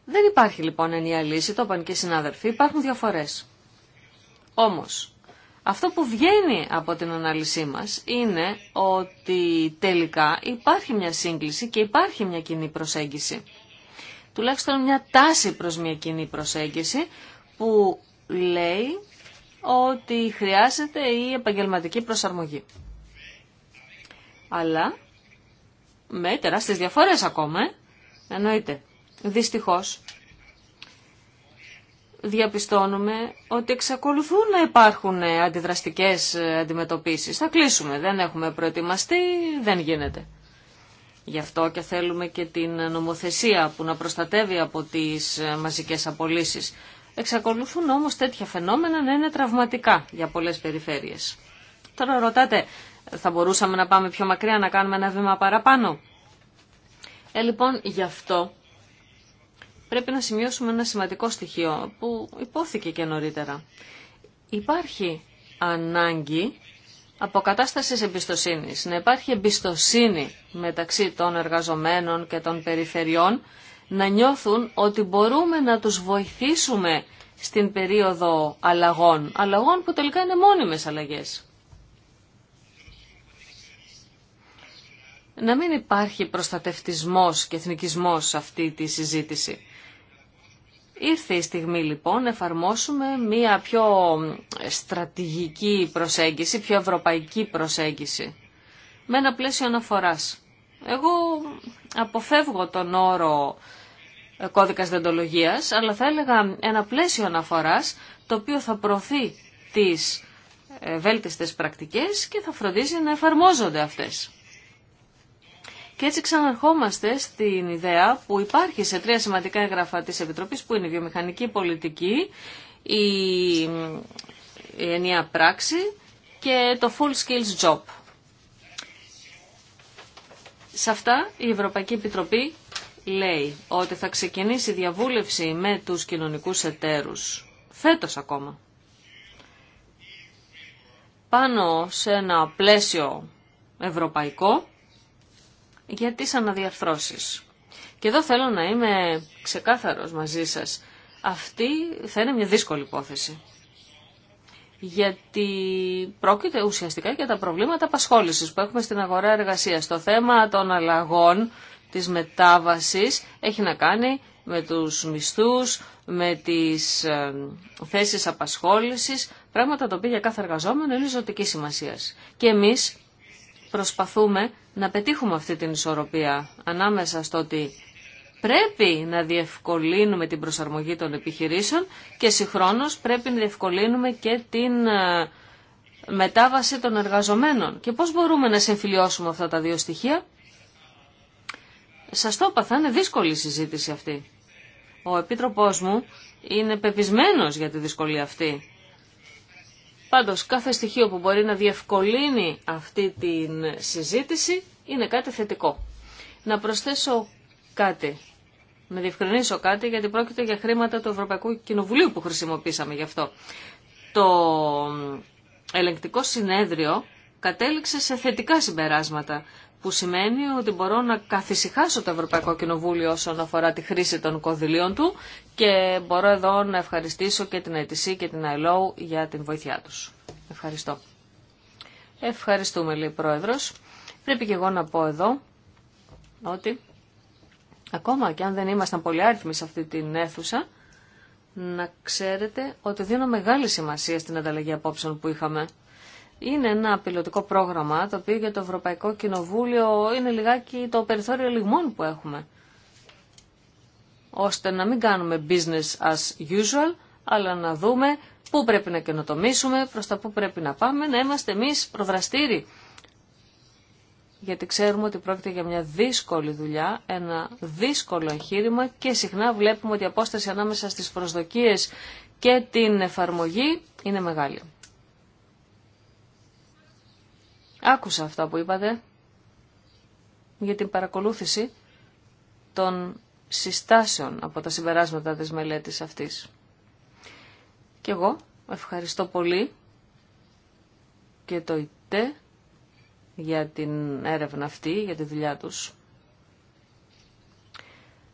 Δεν υπάρχει λοιπόν ενιαία λύση, το είπαν και συνάδελφοι, υπάρχουν διαφορές. Όμως, αυτό που βγαίνει από την ανάλυση μας είναι ότι τελικά υπάρχει μια σύγκληση και υπάρχει μια κοινή προσέγγιση. Τουλάχιστον μια τάση προς μια κοινή προσέγγιση που λέει ότι χρειάζεται η επαγγελματική προσαρμογή. Αλλά με τεράστιες διαφορές ακόμα, εννοείται. Δυστυχώς, διαπιστώνουμε ότι εξακολουθούν να υπάρχουν αντιδραστικές αντιμετωπίσεις. Θα κλείσουμε, δεν έχουμε προετοιμαστεί, δεν γίνεται. Γι' αυτό και θέλουμε και την νομοθεσία που να προστατεύει από τις μαζικές απολύσεις. Εξακολουθούν όμως τέτοια φαινόμενα να είναι τραυματικά για πολλές περιφέρειες. Τώρα ρωτάτε, θα μπορούσαμε να πάμε πιο μακριά, να κάνουμε ένα βήμα παραπάνω. Ε, λοιπόν, γι' αυτό πρέπει να σημειώσουμε ένα σημαντικό στοιχείο που υπόθηκε και νωρίτερα. Υπάρχει ανάγκη αποκατάστασης εμπιστοσύνης, να υπάρχει εμπιστοσύνη μεταξύ των εργαζομένων και των περιφερειών, να νιώθουν ότι μπορούμε να τους βοηθήσουμε στην περίοδο αλλαγών, αλλαγών που τελικά είναι μόνιμες αλλαγές. Να μην υπάρχει προστατευτισμός και εθνικισμός σε αυτή τη συζήτηση. Ήρθε η στιγμή λοιπόν να εφαρμόσουμε μία πιο στρατηγική προσέγγιση, πιο ευρωπαϊκή προσέγγιση, με ένα πλαίσιο αναφοράς. Εγώ αποφεύγω τον όρο ε, κώδικας δεντολογίας, αλλά θα έλεγα ένα πλαίσιο αναφοράς, το οποίο θα προωθεί τις ε, βέλτιστες πρακτικές και θα φροντίζει να εφαρμόζονται αυτές. Και έτσι ξαναρχόμαστε στην ιδέα που υπάρχει σε τρία σημαντικά έγγραφα της Επιτροπής που είναι η βιομηχανική πολιτική, η, η ενιαία πράξη και το full skills job. Σε αυτά η Ευρωπαϊκή Επιτροπή λέει ότι θα ξεκινήσει διαβούλευση με τους κοινωνικούς εταίρους φέτος ακόμα. Πάνω σε ένα πλαίσιο ευρωπαϊκό για τις αναδιαρθρώσεις. Και εδώ θέλω να είμαι ξεκάθαρος μαζί σας. Αυτή θα είναι μια δύσκολη υπόθεση. Γιατί πρόκειται ουσιαστικά για τα προβλήματα απασχόλησης που έχουμε στην αγορά εργασίας. Το θέμα των αλλαγών της μετάβασης έχει να κάνει με τους μισθούς, με τις ε, θέσεις απασχόλησης, πράγματα τα οποία για κάθε εργαζόμενο είναι ζωτική σημασία. Και εμείς προσπαθούμε να πετύχουμε αυτή την ισορροπία ανάμεσα στο ότι πρέπει να διευκολύνουμε την προσαρμογή των επιχειρήσεων και συγχρόνως πρέπει να διευκολύνουμε και την ε, μετάβαση των εργαζομένων. Και πώς μπορούμε να συμφιλιώσουμε αυτά τα δύο στοιχεία. Σας το είπα, θα είναι δύσκολη η συζήτηση αυτή. Ο Επίτροπός μου είναι πεπισμένος για τη δυσκολία αυτή Πάντως κάθε στοιχείο που μπορεί να διευκολύνει αυτή τη συζήτηση είναι κάτι θετικό. Να προσθέσω κάτι, να διευκρινίσω κάτι γιατί πρόκειται για χρήματα του Ευρωπαϊκού Κοινοβουλίου που χρησιμοποίησαμε γι' αυτό. Το ελεγκτικό συνέδριο κατέληξε σε θετικά συμπεράσματα, που σημαίνει ότι μπορώ να καθησυχάσω το Ευρωπαϊκό Κοινοβούλιο όσον αφορά τη χρήση των κονδυλίων του και μπορώ εδώ να ευχαριστήσω και την ΑΕΤΙΣΗ και την ILO για την βοήθειά τους. Ευχαριστώ. Ευχαριστούμε, λέει Πρόεδρος. Πρέπει και εγώ να πω εδώ ότι ακόμα και αν δεν ήμασταν πολύ άριθμοι σε αυτή την αίθουσα, να ξέρετε ότι δίνω μεγάλη σημασία στην ανταλλαγή απόψεων που είχαμε είναι ένα πιλωτικό πρόγραμμα το οποίο για το Ευρωπαϊκό Κοινοβούλιο είναι λιγάκι το περιθώριο λιγμών που έχουμε. Ώστε να μην κάνουμε business as usual, αλλά να δούμε πού πρέπει να καινοτομήσουμε, προς τα πού πρέπει να πάμε, να είμαστε εμείς προδραστήριοι. Γιατί ξέρουμε ότι πρόκειται για μια δύσκολη δουλειά, ένα δύσκολο εγχείρημα και συχνά βλέπουμε ότι η απόσταση ανάμεσα στις προσδοκίες και την εφαρμογή είναι μεγάλη. Άκουσα αυτά που είπατε για την παρακολούθηση των συστάσεων από τα συμπεράσματα της μελέτης αυτής. Και εγώ ευχαριστώ πολύ και το ΙΤΕ για την έρευνα αυτή, για τη δουλειά τους.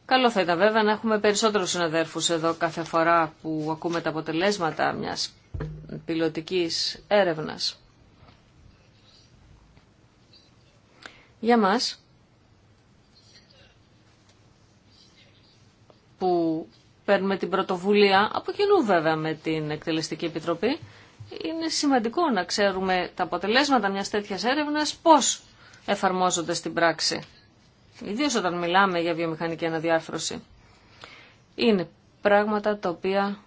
Καλό θα ήταν βέβαια να έχουμε περισσότερους συναδέρφους εδώ κάθε φορά που ακούμε τα αποτελέσματα μιας πιλωτικής έρευνας. Για μας, που παίρνουμε την πρωτοβουλία, από κοινού βέβαια με την Εκτελεστική Επιτροπή, είναι σημαντικό να ξέρουμε τα αποτελέσματα μιας τέτοιας έρευνας πώς εφαρμόζονται στην πράξη. ιδίω όταν μιλάμε για βιομηχανική αναδιάρθρωση. Είναι πράγματα τα οποία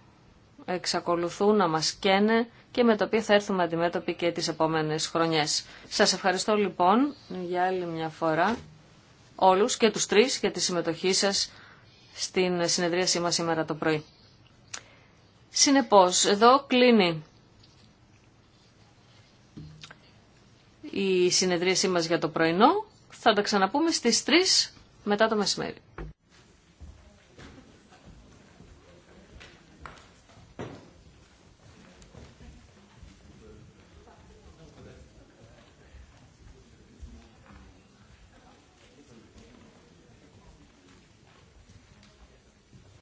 εξακολουθούν να μας καίνε και με το οποίο θα έρθουμε αντιμέτωποι και τις επόμενες χρονιές. Σας ευχαριστώ λοιπόν για άλλη μια φορά όλους και τους τρεις για τη συμμετοχή σας στην συνεδρίασή μας σήμερα το πρωί. Συνεπώς, εδώ κλείνει η συνεδρίασή μας για το πρωινό. Θα τα ξαναπούμε στις 3 μετά το μεσημέρι.